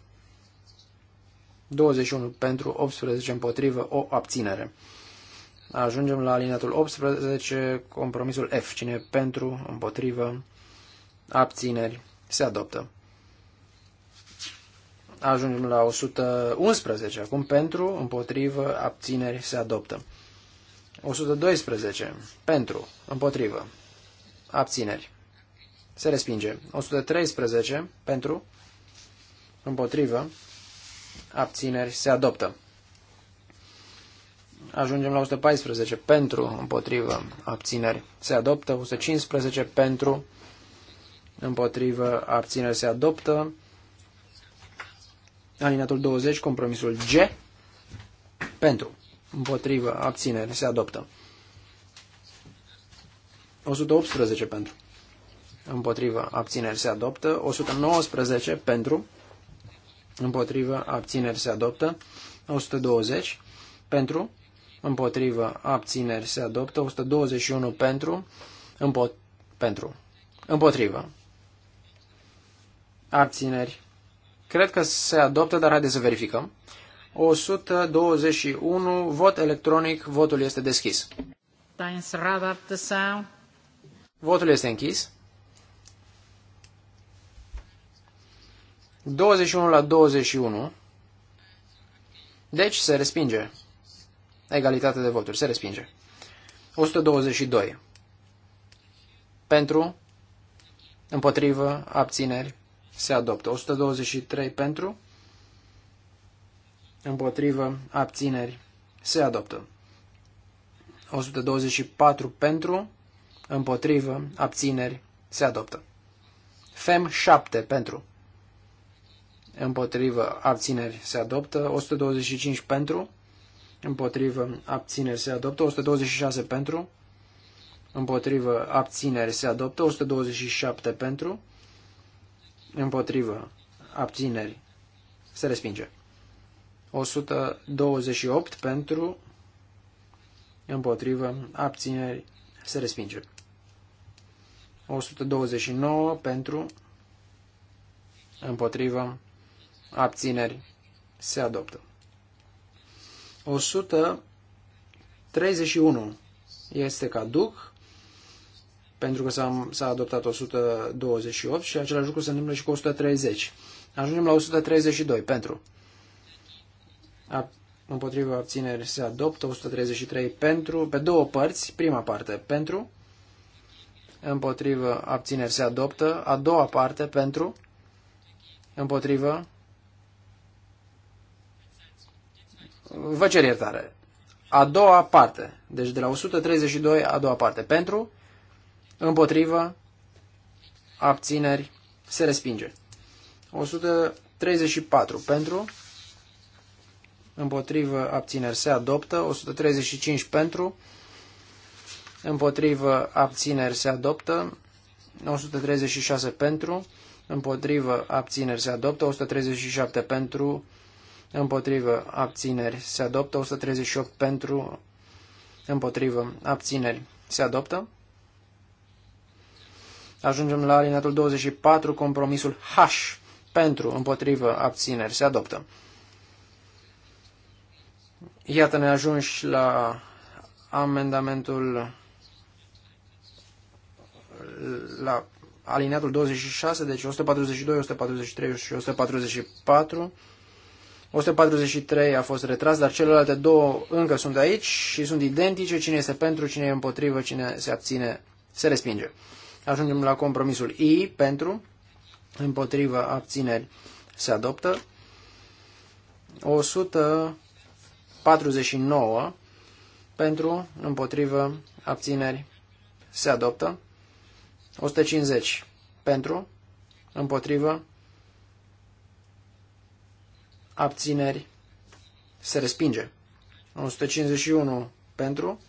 21 pentru, 18 împotrivă, o abținere. Ajungem la alineatul 18, compromisul F. Cine e pentru, împotrivă, abțineri, se adoptă. Ajungem la 111, acum pentru, împotrivă, abțineri, se adoptă. 112, pentru, împotrivă, abțineri, se respinge. 113, pentru, împotrivă, abțineri, se adoptă. Ajungem la 114 pentru, împotrivă, abțineri. Se adoptă 115 pentru, împotrivă, abțineri. Se adoptă alineatul 20, compromisul G, pentru, împotrivă, abțineri. Se adoptă 118 pentru, împotrivă, abțineri. Se adoptă 119 pentru, împotrivă, abțineri. Se adoptă 120 pentru, împotrivă, abțineri se adoptă, 121 pentru, împo- pentru, împotrivă, abțineri, cred că se adoptă, dar haideți să verificăm. 121, vot electronic, votul este deschis. Votul este închis. 21 la 21. Deci se respinge. Egalitate de voturi. Se respinge. 122. Pentru, împotrivă, abțineri, se adoptă. 123 pentru, împotrivă, abțineri, se adoptă. 124 pentru, împotrivă, abțineri, se adoptă. FEM 7 pentru, împotrivă, abțineri, se adoptă. 125 pentru, împotrivă, abțineri se adoptă, 126 pentru, împotrivă, abțineri se adoptă, 127 pentru, împotrivă, abțineri se respinge. 128 pentru, împotrivă, abțineri se respinge. 129 pentru, împotrivă, abțineri se adoptă. 131 este caduc, pentru că s-a, s-a adoptat 128 și același lucru se întâmplă și cu 130. Ajungem la 132 pentru. A, împotriva abțineri se adoptă 133 pentru, pe două părți, prima parte pentru, împotriva abțineri se adoptă, a doua parte pentru, împotrivă Vă cer iertare. A doua parte. Deci de la 132, a doua parte. Pentru, împotrivă, abțineri, se respinge. 134 pentru, împotrivă, abțineri, se adoptă. 135 pentru, împotrivă, abțineri, se adoptă. 136 pentru, împotrivă, abțineri, se adoptă. 137 pentru, împotrivă, abțineri, se adoptă. 138 pentru, împotrivă, abțineri, se adoptă. Ajungem la alineatul 24, compromisul H, pentru, împotrivă, abțineri, se adoptă. Iată ne ajungi la amendamentul la alineatul 26, deci 142, 143 și 144 143 a fost retras, dar celelalte două încă sunt aici și sunt identice. Cine este pentru, cine e împotrivă, cine se abține, se respinge. Ajungem la compromisul I, pentru, împotrivă, abțineri, se adoptă. 149 pentru, împotrivă, abțineri, se adoptă. 150 pentru, împotrivă, abțineri, se respinge. 151 pentru,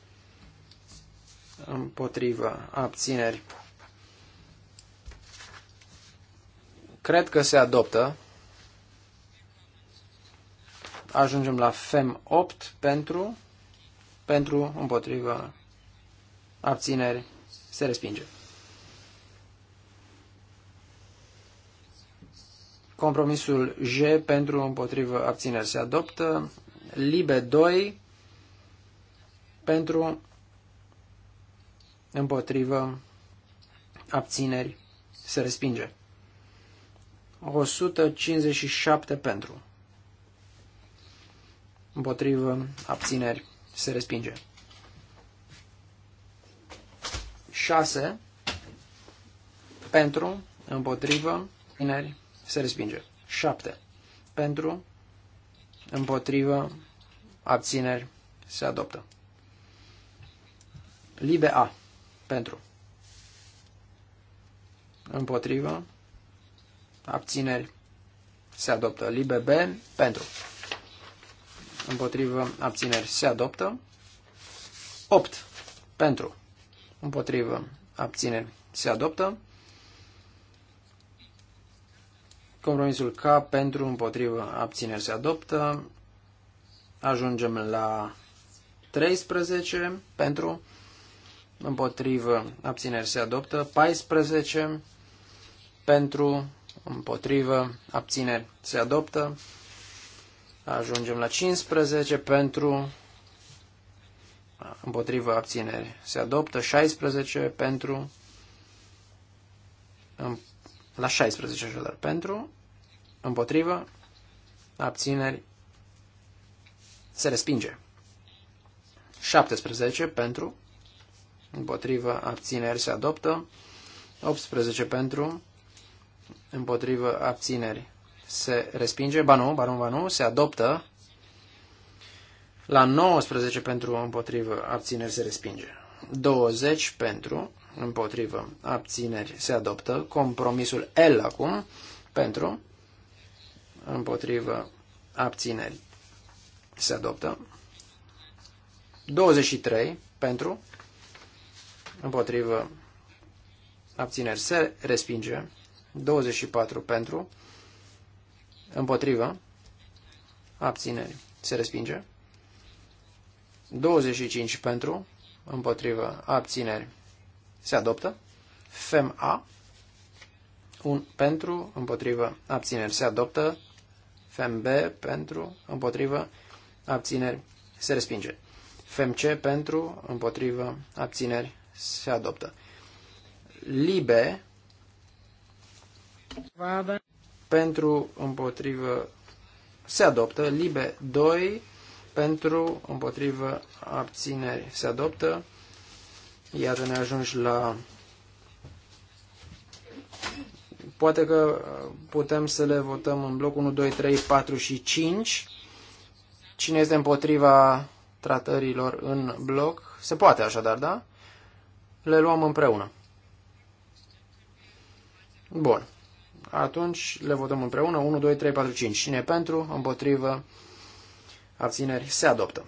împotrivă, abțineri. Cred că se adoptă. Ajungem la FEM 8 pentru, pentru, împotrivă, abțineri, se respinge. Compromisul J pentru împotrivă abțineri se adoptă. Libe 2 pentru împotrivă abțineri se respinge. 157 pentru împotrivă abțineri se respinge. 6 pentru împotrivă abțineri se respinge. 7. Pentru, împotrivă, abțineri, se adoptă. Libe A. Pentru. Împotrivă, abțineri, se adoptă. Libe B. Pentru. Împotrivă, abțineri, se adoptă. 8. Pentru. Împotrivă, abțineri, se adoptă. Compromisul K pentru împotrivă abțineri se adoptă. Ajungem la 13 pentru împotrivă abțineri se adoptă. 14 pentru împotrivă abțineri se adoptă. Ajungem la 15 pentru împotrivă abțineri se adoptă. 16 pentru la 16 așadar pentru, Împotrivă. Abțineri. Se respinge. 17 pentru. Împotrivă. Abțineri. Se adoptă. 18 pentru. Împotrivă. Abțineri. Se respinge. Ba nu, ba nu, ba nu. Se adoptă. La 19 pentru împotrivă, abțineri se respinge. 20 pentru împotrivă, abțineri se adoptă. Compromisul L acum pentru împotrivă, abținerii. se adoptă. 23 pentru, împotrivă, abțineri, se respinge. 24 pentru, împotrivă, abțineri, se respinge. 25 pentru, împotrivă, abțineri, se adoptă. FEMA, un pentru, împotrivă, abțineri, se adoptă. FMB pentru, împotrivă, abțineri, se respinge. FMC pentru, împotrivă, abțineri, se adoptă. Libe Vada. pentru, împotrivă, se adoptă. Libe 2 pentru, împotrivă, abțineri, se adoptă. Iată ne ajungi la Poate că putem să le votăm în bloc 1, 2, 3, 4 și 5. Cine este împotriva tratărilor în bloc? Se poate așadar, da? Le luăm împreună. Bun. Atunci le votăm împreună. 1, 2, 3, 4, 5. Cine pentru? Împotrivă? Abțineri? Se adoptă.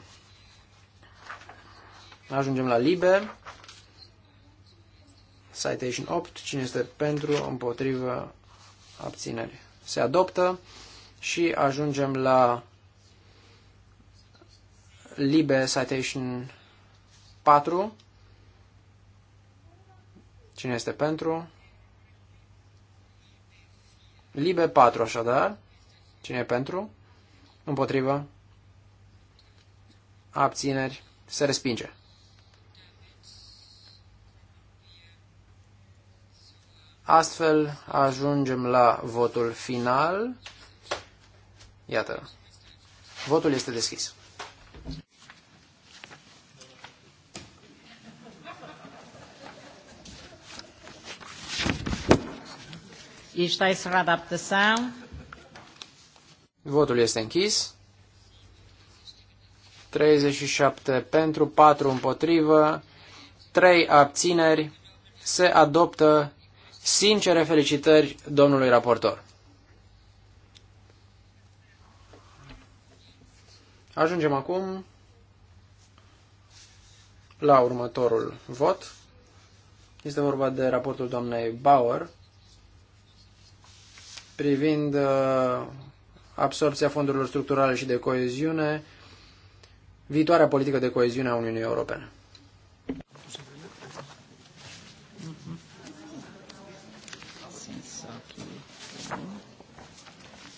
Ajungem la liber. Citation 8, cine este pentru, împotrivă, abținere, Se adoptă și ajungem la Libe Citation 4. Cine este pentru? Libe 4, așadar. Cine e pentru? Împotrivă? Abțineri? Se respinge. Astfel ajungem la votul final. Iată, votul este deschis. Está encerrada a Votul este închis. 37 pentru, 4 împotrivă, 3 abțineri. Se adoptă Sincere felicitări domnului raportor. Ajungem acum la următorul vot. Este vorba de raportul doamnei Bauer privind uh, absorpția fondurilor structurale și de coeziune, viitoarea politică de coeziune a Uniunii Europene.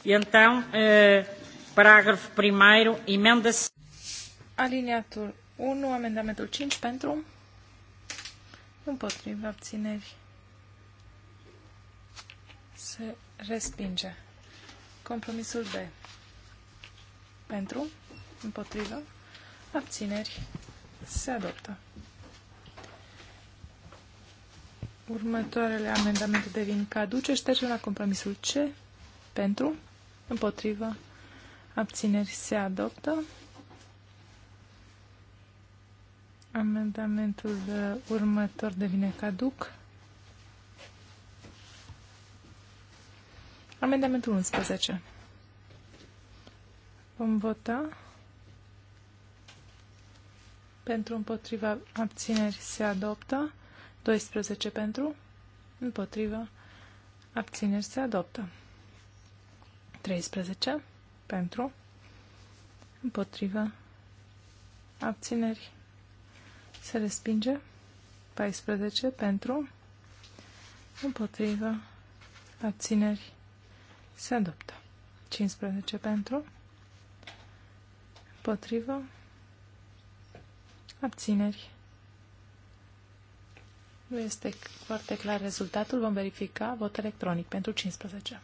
E então, eh, parágrafo 1, emenda... Aliniatul 1, amendamentul 5 pentru, împotriva abțineri, se respinge. Compromisul B. Pentru, împotriva, abțineri, se adoptă. Următoarele amendamente devin caduce. Ștergem la compromisul C. Pentru, Împotrivă. Abțineri se adoptă. Amendamentul uh, următor devine caduc. Amendamentul 11. Vom vota pentru împotriva abțineri se adoptă. 12 pentru împotriva abțineri se adoptă. 13 pentru, împotrivă, abțineri, se respinge, 14 pentru, împotrivă, abțineri, se adoptă, 15 pentru, împotrivă, abțineri. Nu este foarte clar rezultatul, vom verifica vot electronic pentru 15.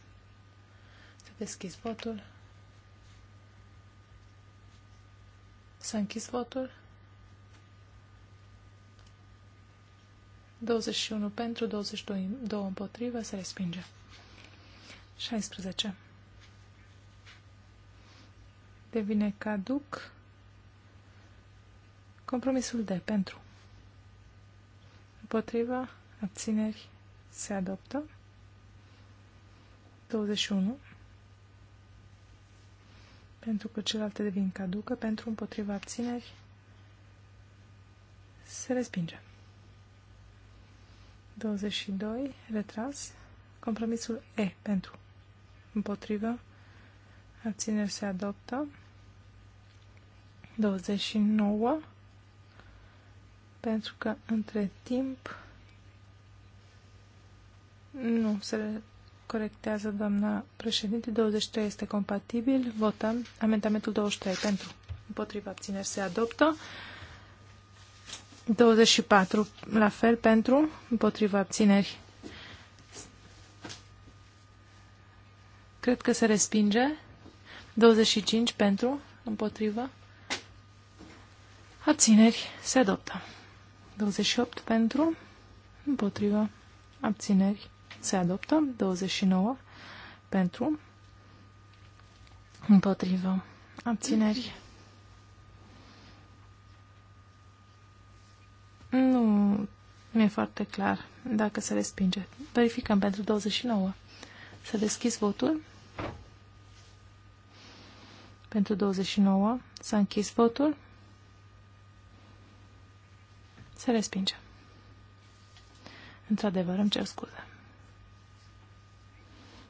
Deschis votul. S-a închis votul. 21 pentru, 22 împotrivă, se respinge. 16. Devine caduc compromisul de pentru. Împotriva, abțineri, se adoptă. 21 pentru că celelalte devin caducă, pentru împotriva abțineri se respinge. 22, retras, compromisul E pentru împotrivă, abțineri se adoptă, 29, pentru că între timp nu se corectează doamna președinte. 23 este compatibil. Votăm amendamentul 23 pentru. Împotriva abțineri se adoptă. 24 la fel pentru. Împotriva abțineri. Cred că se respinge. 25 pentru. Împotriva. Abțineri se adoptă. 28 pentru. Împotriva. Abțineri se adoptă, 29 pentru, împotrivă, abțineri. Nu, mi e foarte clar dacă se respinge. Verificăm pentru 29. Să deschis votul. Pentru 29 s-a închis votul. Se respinge. Într-adevăr, îmi cer scuze.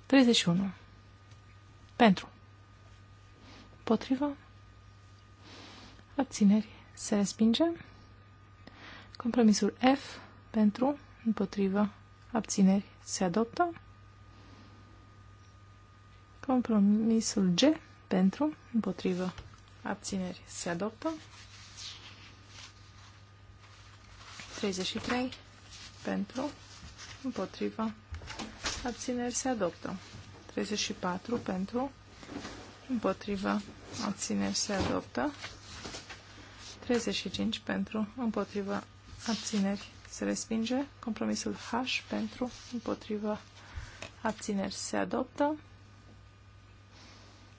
31. Pentru. Potrivă. Abțineri. Se respinge. Compromisul F. Pentru. Împotrivă. Abțineri. Se adoptă. Compromisul G. Pentru. Împotrivă. Abțineri. Se adoptă. 33. Pentru. Împotrivă abțineri se adoptă. 34 pentru, împotrivă, abțineri se adoptă. 35 pentru, împotrivă, abțineri se respinge. Compromisul H pentru, împotrivă, abțineri se adoptă.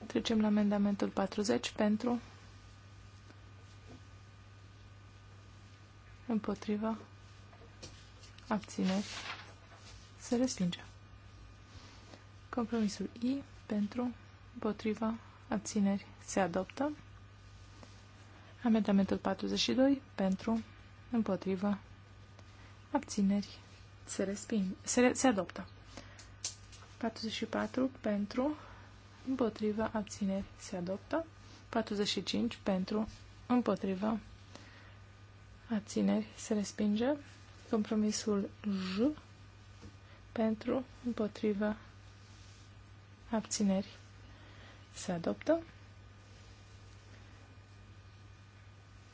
Trecem la amendamentul 40 pentru, împotrivă, abțineri se respinge. Compromisul I pentru, împotriva, abțineri se adoptă. Amendamentul 42 pentru, împotriva, abțineri se, resping, se, se adoptă. 44 pentru, împotriva, abțineri se adoptă. 45 pentru, împotriva, abțineri se respinge. Compromisul J pentru, împotriva, abțineri, se adoptă.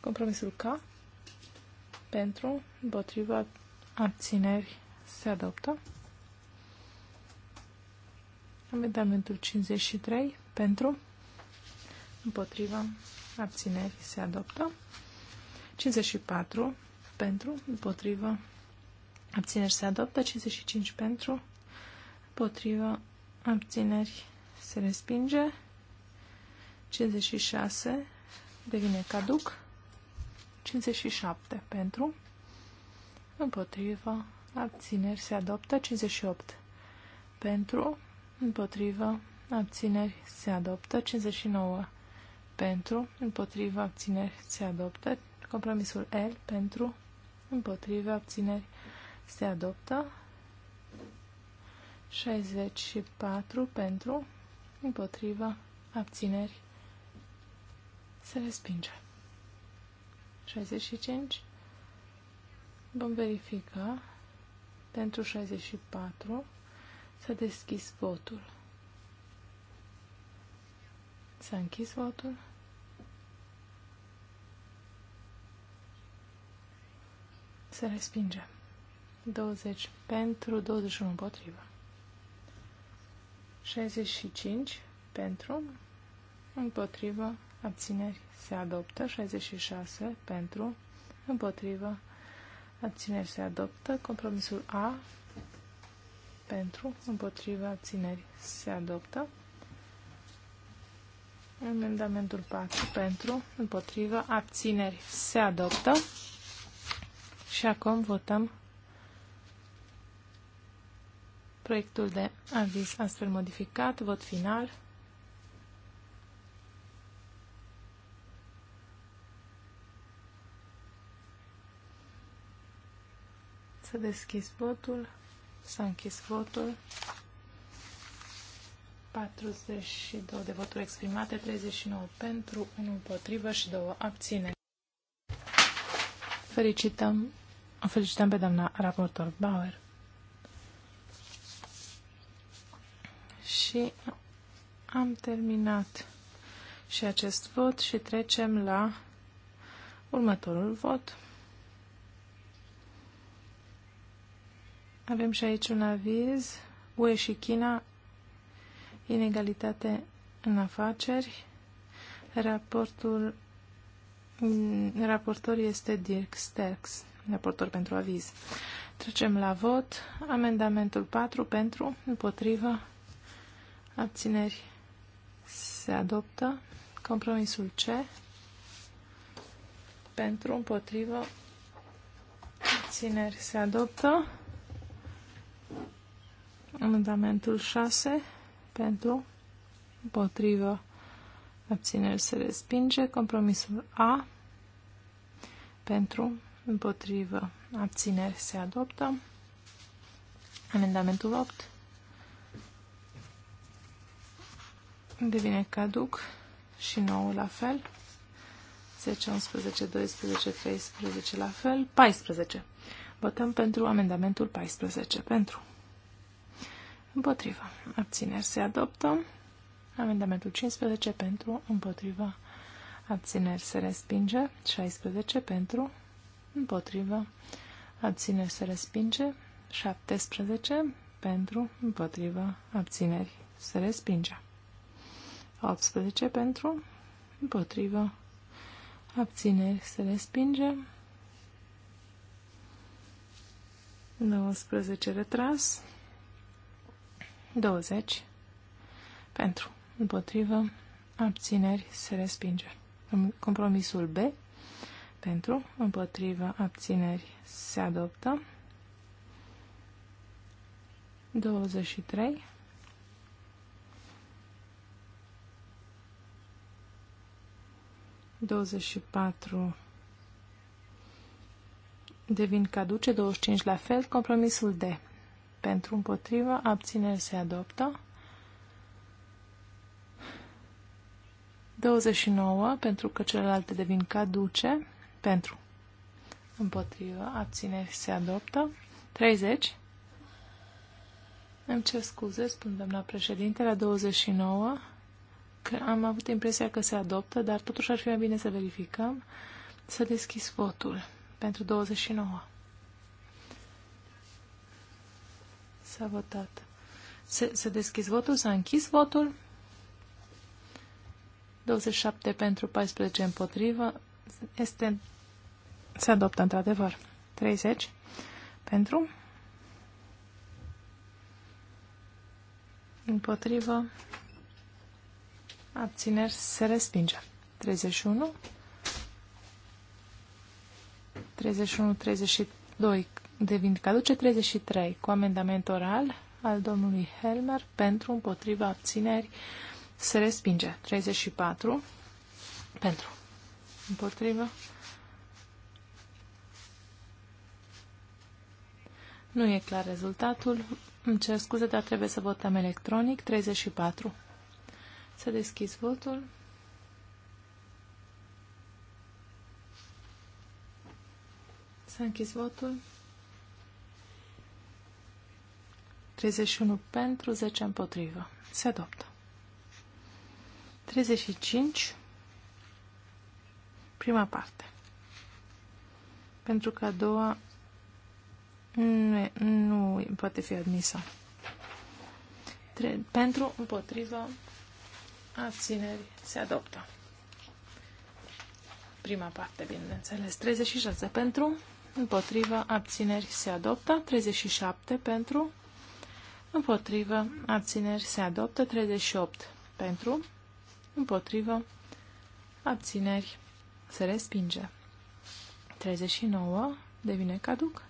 Compromisul K, pentru, împotriva, abțineri, se adoptă. Amendamentul 53, pentru, împotriva, abțineri, se adoptă. 54, pentru, împotriva, abțineri, se adoptă. 55, pentru, împotriva, abțineri se respinge. 56 devine caduc. 57 pentru, împotriva, abțineri se adoptă. 58 pentru, împotriva, abțineri se adoptă. 59 pentru, împotriva, abțineri se adoptă. Compromisul L pentru, împotriva, abțineri se adoptă. 64 pentru, împotriva, abțineri, se respinge. 65 vom verifica pentru 64 s-a deschis votul. S-a închis votul. Se respinge. 20 pentru, 21 împotriva. 65 pentru, împotrivă, abțineri se adoptă. 66 pentru, împotrivă, abțineri se adoptă. Compromisul A pentru, împotrivă, abțineri se adoptă. Amendamentul 4 pentru, împotrivă, abțineri se adoptă. Și acum votăm Proiectul de aviz astfel modificat, vot final. S-a deschis votul, s-a închis votul. 42 de voturi exprimate, 39 pentru, 1 împotrivă și 2 abține. Felicităm, felicităm pe doamna raportor Bauer. și am terminat și acest vot și trecem la următorul vot. Avem și aici un aviz, UE și China, inegalitate în afaceri. Raportul, raportor este Dirk Sterks, raportor pentru aviz. Trecem la vot. Amendamentul 4 pentru, împotrivă, Abțineri se adoptă. Compromisul C. Pentru, împotrivă, abțineri se adoptă. Amendamentul 6. Pentru, împotrivă, abțineri se respinge. Compromisul A. Pentru, împotrivă, abțineri se adoptă. Amendamentul 8 devine caduc și 9 la fel. 10, 11, 12, 13 la fel. 14. Votăm pentru amendamentul 14. Pentru. Împotriva. Abțineri se adoptă. Amendamentul 15 pentru. Împotriva. Abțineri se respinge. 16 pentru. Împotriva. Abțineri se respinge. 17 pentru. Împotriva. Abțineri se respinge. 18 pentru, împotrivă, abțineri se respinge. 19 retras. 20 pentru, împotrivă, abțineri se respinge. Compromisul B pentru, împotrivă, abțineri se adoptă. 23 24 devin caduce, 25 la fel, compromisul D. Pentru împotrivă, abțineri se adoptă. 29, pentru că celelalte devin caduce, pentru împotrivă, abțineri se adoptă. 30. Îmi cer scuze, spun doamna președinte, la 29 că am avut impresia că se adoptă, dar totuși ar fi mai bine să verificăm. Să deschis votul pentru 29. S-a votat. Să deschis votul, s-a închis votul. 27 pentru 14 împotrivă. Este... Se adoptă într-adevăr. 30 pentru împotrivă Abțineri se respinge. 31. 31, 32 devin caduce. 33 cu amendament oral al domnului Helmer pentru împotriva abțineri se respinge. 34 pentru împotriva Nu e clar rezultatul. Îmi cer scuze, dar trebuie să votăm electronic. 34. Să a deschis votul. S-a închis votul. 31 pentru, 10 împotrivă. Se adoptă. 35. Prima parte. Pentru că a doua nu, e, nu poate fi admisă. Tre pentru, împotrivă, abțineri, se adoptă. Prima parte, bineînțeles. 36 pentru, împotrivă, abțineri, se adoptă. 37 pentru, împotrivă, abțineri, se adoptă. 38 pentru, împotrivă, abțineri, se respinge. 39 devine caduc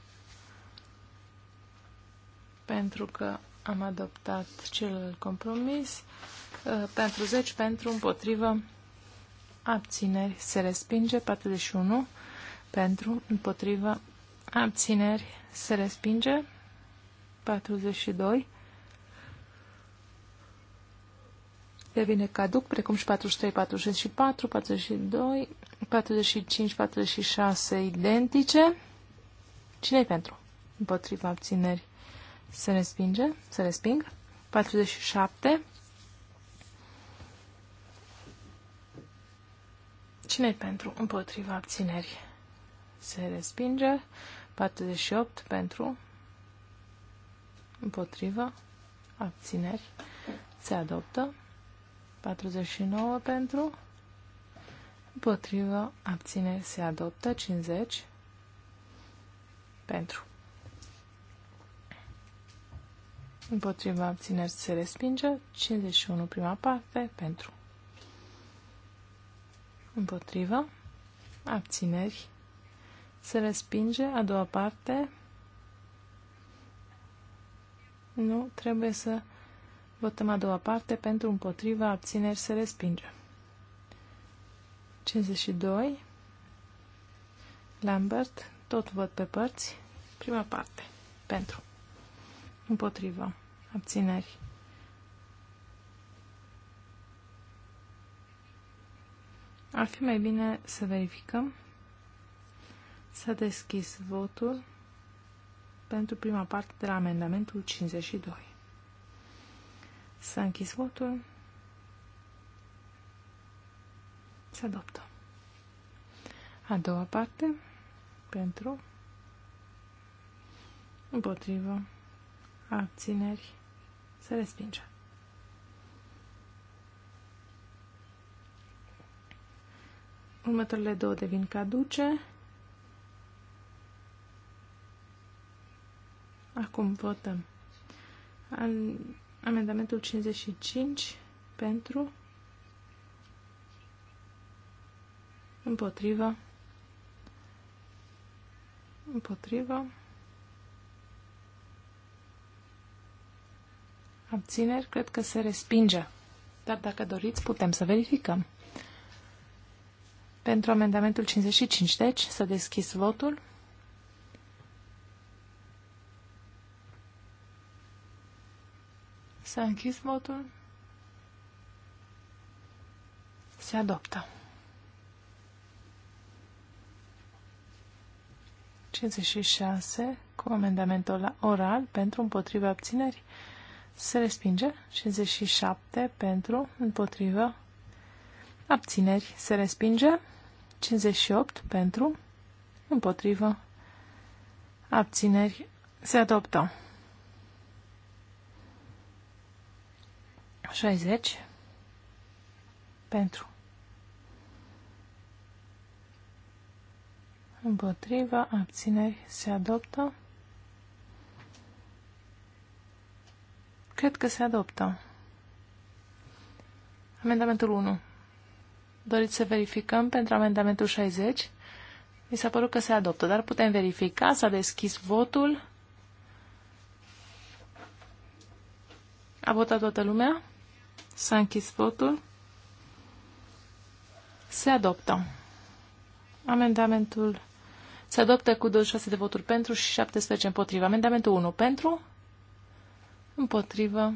pentru că am adoptat cel compromis. Uh, pentru 10, pentru împotrivă, abțineri, se respinge, 41, pentru împotrivă, abțineri, se respinge, 42, devine caduc, precum și 43, 44, 42, 45, 46, identice. cine pentru? Împotriva abțineri. Se respinge, se resping. 47 cine pentru? Împotriva abțineri. Se respinge. 48 pentru. Împotriva abțineri. Se adoptă. 49 pentru. Împotriva abțineri. Se adoptă. 50 pentru. Împotriva abțineri se respinge. 51 prima parte pentru împotrivă, abțineri, se respinge a doua parte. Nu, trebuie să votăm a doua parte pentru împotriva abțineri se respinge. 52. Lambert, tot vot pe părți. Prima parte. Pentru. Împotriva. Abțineri. Ar fi mai bine să verificăm. S-a deschis votul pentru prima parte de la amendamentul 52. S-a închis votul. Se adoptă. A doua parte pentru împotrivă abțineri se respinge. Următoarele două devin caduce. Acum votăm. amendamentul 55 pentru, împotriva, împotriva, abțineri, cred că se respinge. Dar dacă doriți, putem să verificăm. Pentru amendamentul 55, deci, să deschis votul. S-a închis votul. Se adoptă. 56 cu amendamentul oral pentru împotriva abțineri se respinge. 57 pentru împotriva abțineri se respinge. 58 pentru, împotrivă, abțineri, se adoptă. 60 pentru, împotrivă, abțineri, se adoptă. Cred că se adoptă. Amendamentul 1 Doriți să verificăm pentru amendamentul 60? Mi s-a părut că se adoptă, dar putem verifica. S-a deschis votul. A votat toată lumea? S-a închis votul. Se adoptă. Amendamentul se adoptă cu 26 de voturi pentru și 17 împotriva. Amendamentul 1 pentru, împotrivă,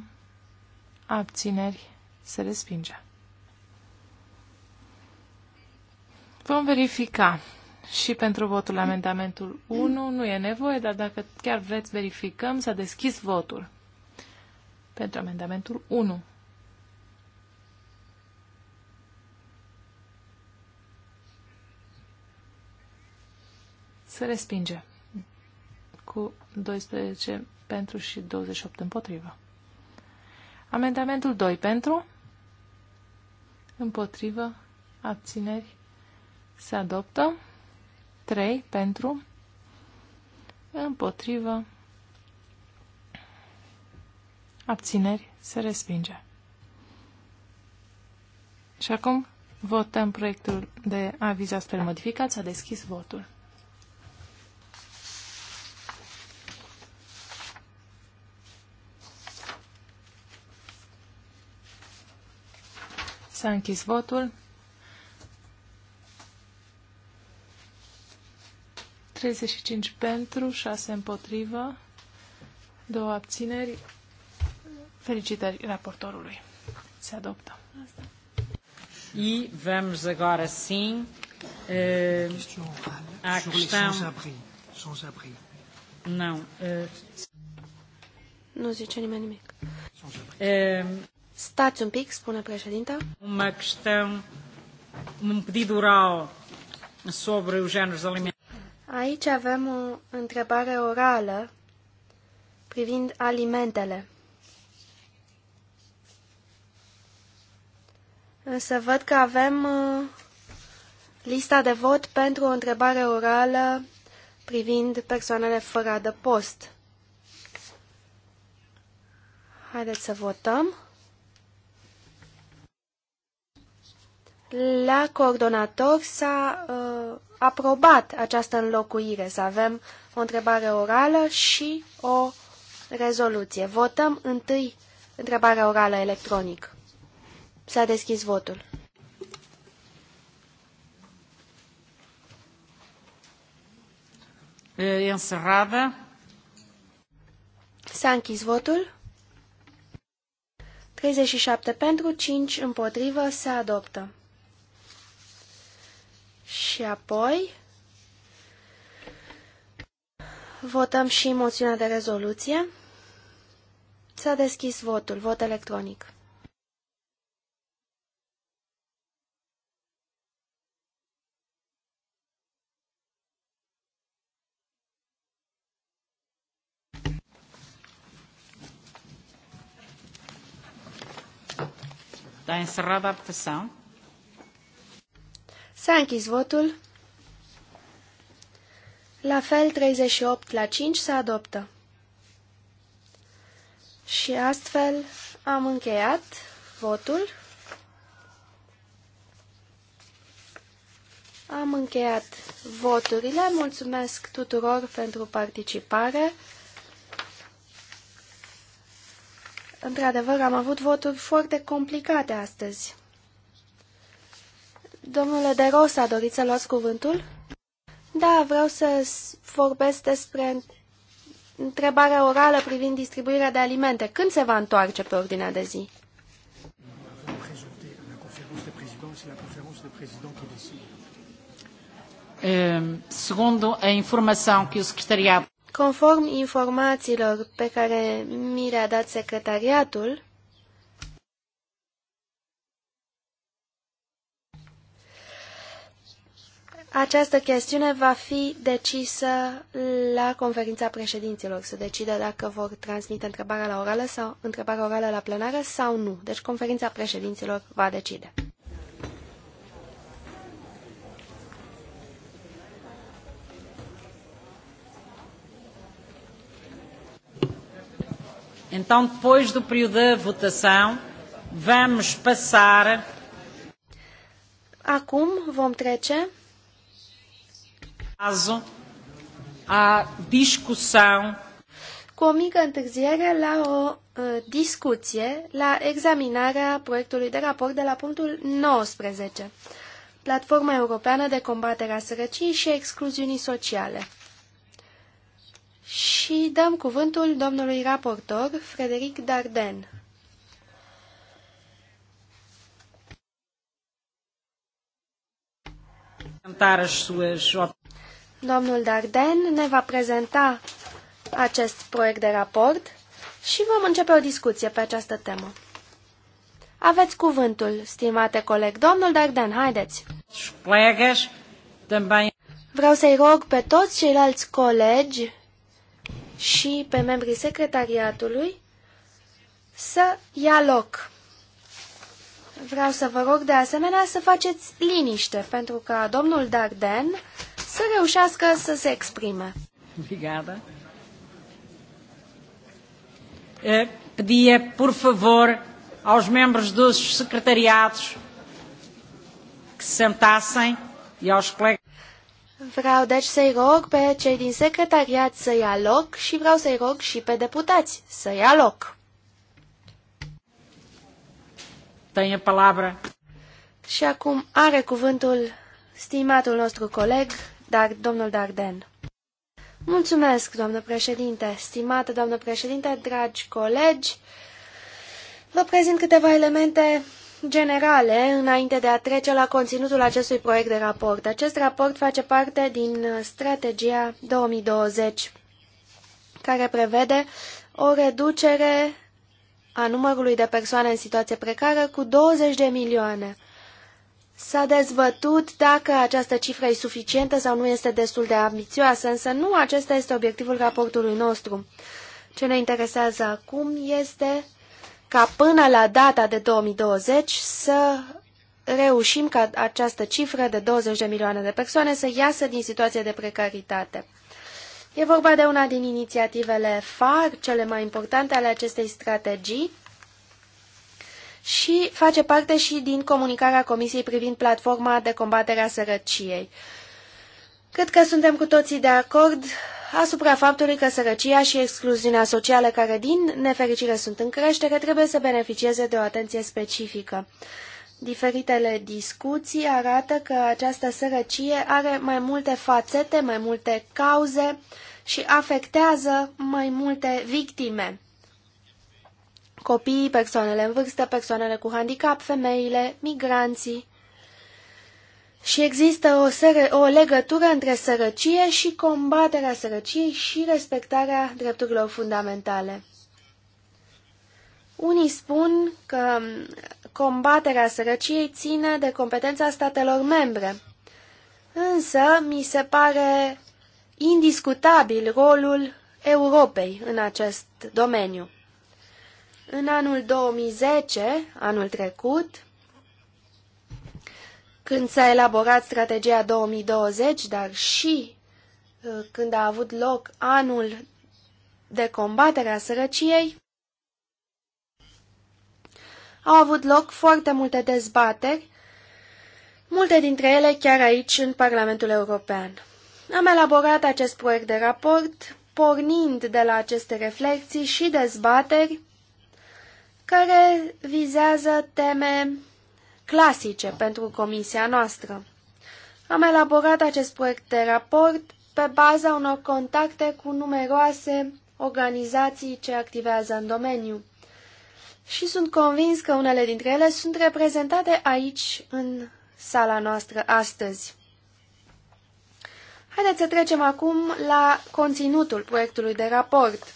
abțineri, se respinge. Vom verifica și pentru votul amendamentul 1. Nu e nevoie, dar dacă chiar vreți, verificăm. S-a deschis votul pentru amendamentul 1. Se respinge cu 12 pentru și 28 împotrivă. Amendamentul 2 pentru, împotrivă, abțineri, se adoptă. 3 pentru, împotrivă, abțineri, se respinge. Și acum votăm proiectul de aviz astfel modificat. S-a deschis votul. S-a închis votul. 35 pentru, 6 împotrivă, 2 abțineri. Felicitări raportorului. Se adoptă. E vamos agora sim uh, à questão. Sans abri. Não. Uh, nu zice nimeni nimic. Uh, Stați un pic, spune președinta. Uma questão, um pedido oral sobre os géneros alimentares. Aici avem o întrebare orală privind alimentele. Însă văd că avem uh, lista de vot pentru o întrebare orală privind persoanele fără adăpost. Haideți să votăm. La coordonator s-a uh, aprobat această înlocuire, să avem o întrebare orală și o rezoluție. Votăm întâi întrebarea orală electronic. S-a deschis votul. E înserrată. S-a închis votul. 37 pentru, 5 împotrivă, se adoptă. Și apoi votăm și moțiunea de rezoluție. S-a deschis votul, vot electronic. Está encerrada a votação. S-a închis votul. La fel, 38 la 5 se adoptă. Și astfel am încheiat votul. Am încheiat voturile. Mulțumesc tuturor pentru participare. Într-adevăr, am avut voturi foarte complicate astăzi. Domnule De Rosa, dorit să luați cuvântul? Da, vreau să vorbesc despre întrebarea orală privind distribuirea de alimente. Când se va întoarce pe ordinea de zi? Ehm, Conform informațiilor pe care mi le-a dat secretariatul, Această chestiune va fi decisă la conferința președinților, să decide dacă vor transmite întrebarea la orală sau întrebarea orală la plenară sau nu. Deci conferința președinților va decide. Então, depois do período de da votação, vamos passar. Acum vom trece Caso a discussão cu o mică întârziere la o uh, discuție la examinarea proiectului de raport de la punctul 19, Platforma Europeană de Combatere a Sărăciei și Excluziunii Sociale. Și dăm cuvântul domnului raportor Frederic Darden. Domnul Darden ne va prezenta acest proiect de raport și vom începe o discuție pe această temă. Aveți cuvântul, stimate coleg. Domnul Darden, haideți! Vreau să-i rog pe toți ceilalți colegi și pe membrii secretariatului să ia loc. Vreau să vă rog de asemenea să faceți liniște, pentru că domnul Darden să reușească să se exprime. Obrigada. Eh, pedia, por favor, aos membros dos secretariados que se sentassem e aos colegas. Vreau deci să-i rog pe cei din secretariat să ia loc și vreau să-i rog și pe deputați să ia loc. Tenha palavra. Și acum are cuvântul stimatul nostru coleg, dar, domnul Darden. Mulțumesc, doamnă președinte, stimată doamnă președinte, dragi colegi. Vă prezint câteva elemente generale înainte de a trece la conținutul acestui proiect de raport. Acest raport face parte din strategia 2020, care prevede o reducere a numărului de persoane în situație precară cu 20 de milioane. S-a dezbătut dacă această cifră e suficientă sau nu este destul de ambițioasă, însă nu acesta este obiectivul raportului nostru. Ce ne interesează acum este ca până la data de 2020 să reușim ca această cifră de 20 de milioane de persoane să iasă din situația de precaritate. E vorba de una din inițiativele FAR, cele mai importante ale acestei strategii, și face parte și din comunicarea Comisiei privind platforma de combatere a sărăciei. Cred că suntem cu toții de acord asupra faptului că sărăcia și excluziunea socială care din nefericire sunt în creștere trebuie să beneficieze de o atenție specifică. Diferitele discuții arată că această sărăcie are mai multe fațete, mai multe cauze și afectează mai multe victime copiii, persoanele în vârstă, persoanele cu handicap, femeile, migranții. Și există o, sără, o legătură între sărăcie și combaterea sărăciei și respectarea drepturilor fundamentale. Unii spun că combaterea sărăciei ține de competența statelor membre, însă mi se pare indiscutabil rolul Europei în acest domeniu. În anul 2010, anul trecut, când s-a elaborat strategia 2020, dar și uh, când a avut loc anul de combatere a sărăciei, au avut loc foarte multe dezbateri, multe dintre ele chiar aici, în Parlamentul European. Am elaborat acest proiect de raport pornind de la aceste reflexii și dezbateri care vizează teme clasice pentru comisia noastră. Am elaborat acest proiect de raport pe baza unor contacte cu numeroase organizații ce activează în domeniu. Și sunt convins că unele dintre ele sunt reprezentate aici, în sala noastră astăzi. Haideți să trecem acum la conținutul proiectului de raport.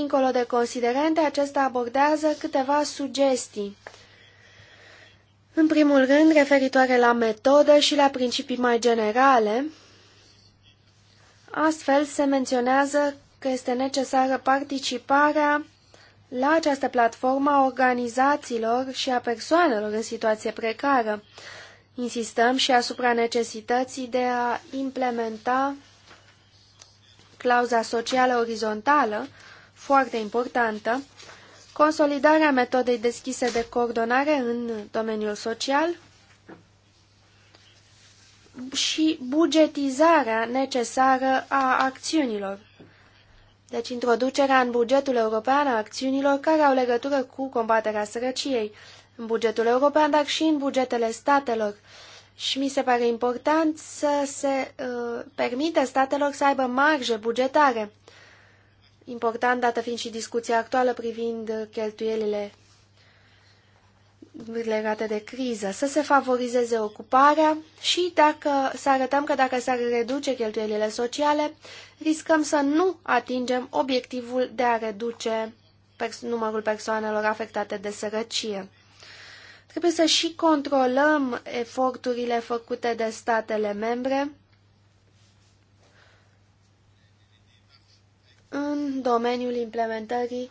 Dincolo de considerente, acesta abordează câteva sugestii. În primul rând, referitoare la metodă și la principii mai generale, astfel se menționează că este necesară participarea la această platformă a organizațiilor și a persoanelor în situație precară. Insistăm și asupra necesității de a implementa clauza socială orizontală foarte importantă, consolidarea metodei deschise de coordonare în domeniul social și bugetizarea necesară a acțiunilor. Deci introducerea în bugetul european a acțiunilor care au legătură cu combaterea sărăciei, în bugetul european, dar și în bugetele statelor. Și mi se pare important să se uh, permite statelor să aibă marje bugetare important, dată fiind și discuția actuală privind cheltuielile legate de criză, să se favorizeze ocuparea și dacă să arătăm că dacă s-ar reduce cheltuielile sociale, riscăm să nu atingem obiectivul de a reduce pers numărul persoanelor afectate de sărăcie. Trebuie să și controlăm eforturile făcute de statele membre în domeniul implementării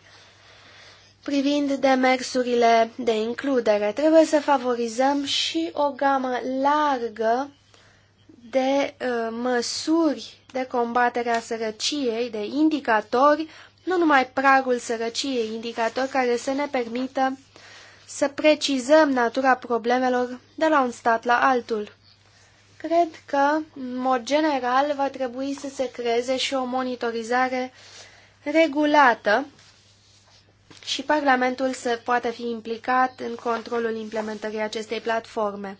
privind demersurile de includere. Trebuie să favorizăm și o gamă largă de uh, măsuri de combatere a sărăciei, de indicatori, nu numai pragul sărăciei, indicatori care să ne permită să precizăm natura problemelor de la un stat la altul. Cred că, în mod general, va trebui să se creeze și o monitorizare uh, regulată și Parlamentul să poată fi implicat în controlul implementării acestei platforme.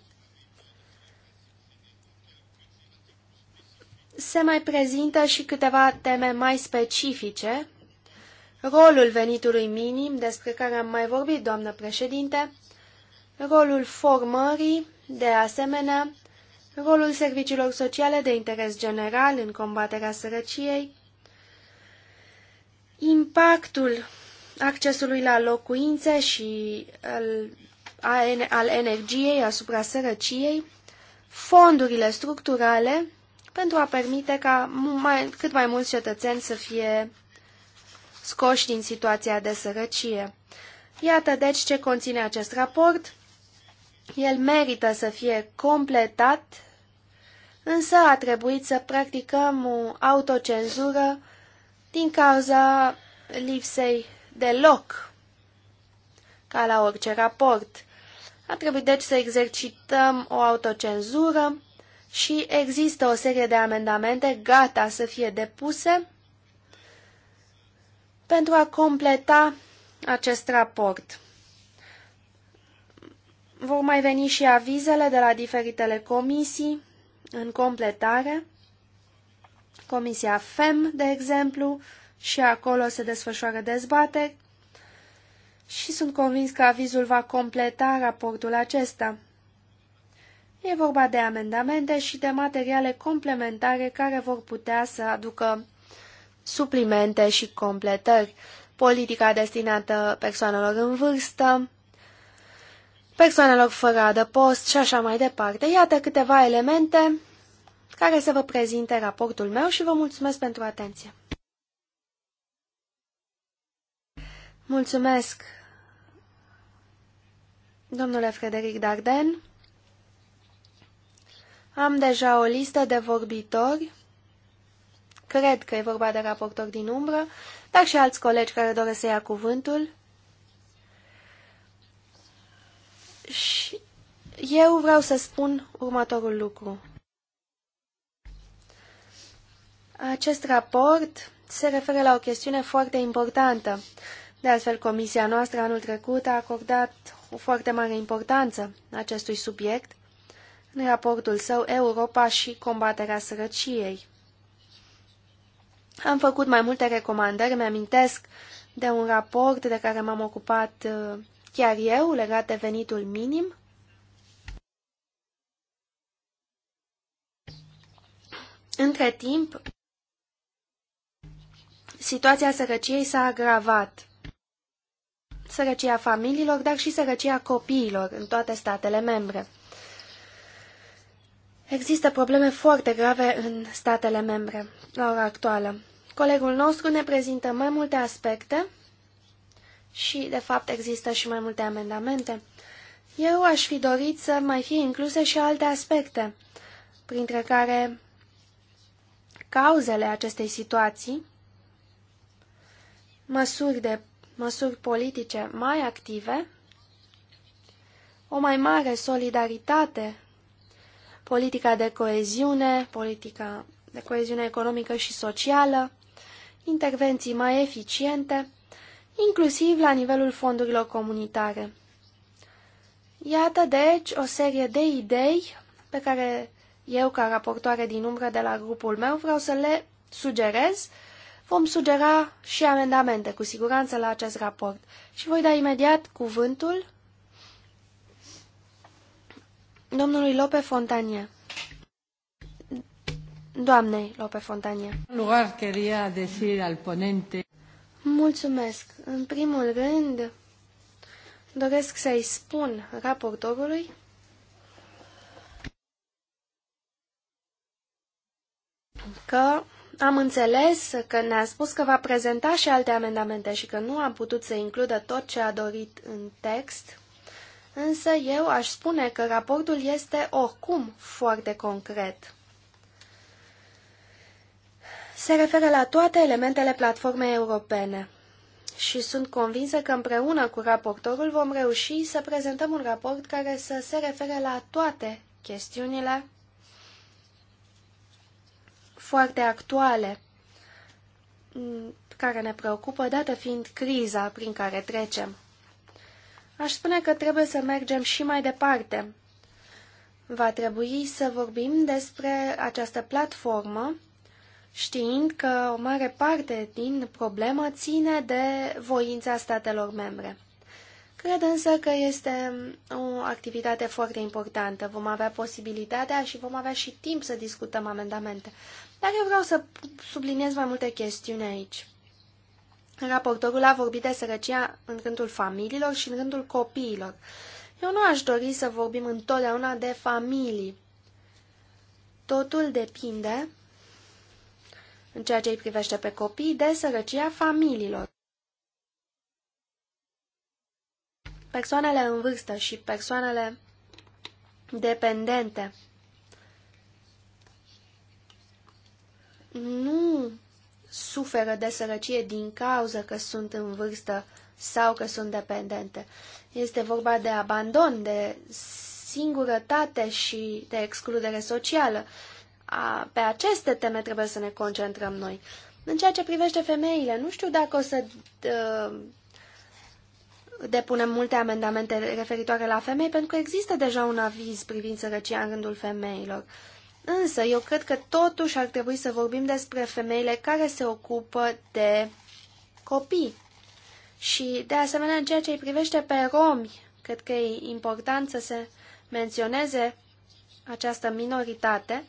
Se mai prezintă și câteva teme mai specifice, rolul venitului minim, despre care am mai vorbit, doamnă președinte, rolul formării, de asemenea, rolul serviciilor sociale de interes general în combaterea sărăciei, impactul accesului la locuințe și al, al energiei asupra sărăciei, fondurile structurale pentru a permite ca mai, cât mai mulți cetățeni să fie scoși din situația de sărăcie. Iată deci ce conține acest raport. El merită să fie completat, însă a trebuit să practicăm o autocenzură din cauza lipsei de loc, ca la orice raport. A trebuit deci să exercităm o autocenzură și există o serie de amendamente gata să fie depuse pentru a completa acest raport. Vor mai veni și avizele de la diferitele comisii în completare. Comisia FEM, de exemplu, și acolo se desfășoară dezbateri și sunt convins că avizul va completa raportul acesta. E vorba de amendamente și de materiale complementare care vor putea să aducă suplimente și completări. Politica destinată persoanelor în vârstă, persoanelor fără adăpost și așa mai departe. Iată câteva elemente care să vă prezinte raportul meu și vă mulțumesc pentru atenție. Mulțumesc, domnule Frederic Darden. Am deja o listă de vorbitori. Cred că e vorba de raportori din umbră, dar și alți colegi care doresc să ia cuvântul. Și eu vreau să spun următorul lucru. Acest raport se referă la o chestiune foarte importantă. De altfel, comisia noastră anul trecut a acordat o foarte mare importanță acestui subiect în raportul său Europa și combaterea sărăciei. Am făcut mai multe recomandări, mi-amintesc de un raport de care m-am ocupat uh, chiar eu, legat de venitul minim. Între timp, situația sărăciei s-a agravat. Sărăcia familiilor, dar și sărăcia copiilor în toate statele membre. Există probleme foarte grave în statele membre, la ora actuală. Colegul nostru ne prezintă mai multe aspecte și, de fapt, există și mai multe amendamente. Eu aș fi dorit să mai fie incluse și alte aspecte, printre care cauzele acestei situații, măsuri, de, măsuri politice mai active, o mai mare solidaritate, politica de coeziune, politica de coeziune economică și socială, intervenții mai eficiente, inclusiv la nivelul fondurilor comunitare. Iată, deci, o serie de idei pe care eu, ca raportoare din umbră de la grupul meu, vreau să le sugerez Vom sugera și amendamente, cu siguranță, la acest raport. Și voi da imediat cuvântul domnului Lope Fontanie. Doamnei Lope Fontanie. Lugar quería decir al ponente. Mulțumesc. În primul rând, doresc să-i spun raportorului că am înțeles că ne-a spus că va prezenta și alte amendamente și că nu am putut să includă tot ce a dorit în text, însă eu aș spune că raportul este oricum foarte concret. Se referă la toate elementele platformei europene și sunt convinsă că împreună cu raportorul vom reuși să prezentăm un raport care să se refere la toate chestiunile foarte actuale mm, care ne preocupă, dată fiind criza prin care trecem. Aș spune că trebuie să mergem și mai departe. Va trebui să vorbim despre această platformă, știind că o mare parte din problemă ține de voința statelor membre. Cred însă că este o activitate foarte importantă. Vom avea posibilitatea și vom avea și timp să discutăm amendamente. Dar eu vreau să subliniez mai multe chestiuni aici. Raportorul a vorbit de sărăcia în rândul familiilor și în rândul copiilor. Eu nu aș dori să vorbim întotdeauna de familii. Totul depinde, în ceea ce îi privește pe copii, de sărăcia familiilor. Persoanele în vârstă și persoanele dependente nu suferă de sărăcie din cauza că sunt în vârstă sau că sunt dependente. Este vorba de abandon, de singurătate și de excludere socială. A, pe aceste teme trebuie să ne concentrăm noi. În ceea ce privește femeile, nu știu dacă o să uh, depunem multe amendamente referitoare la femei, pentru că există deja un aviz privind sărăcia în rândul femeilor. Însă, eu cred că totuși ar trebui să vorbim despre femeile care se ocupă de copii. Și, de asemenea, în ceea ce îi privește pe romi, cred că e important să se menționeze această minoritate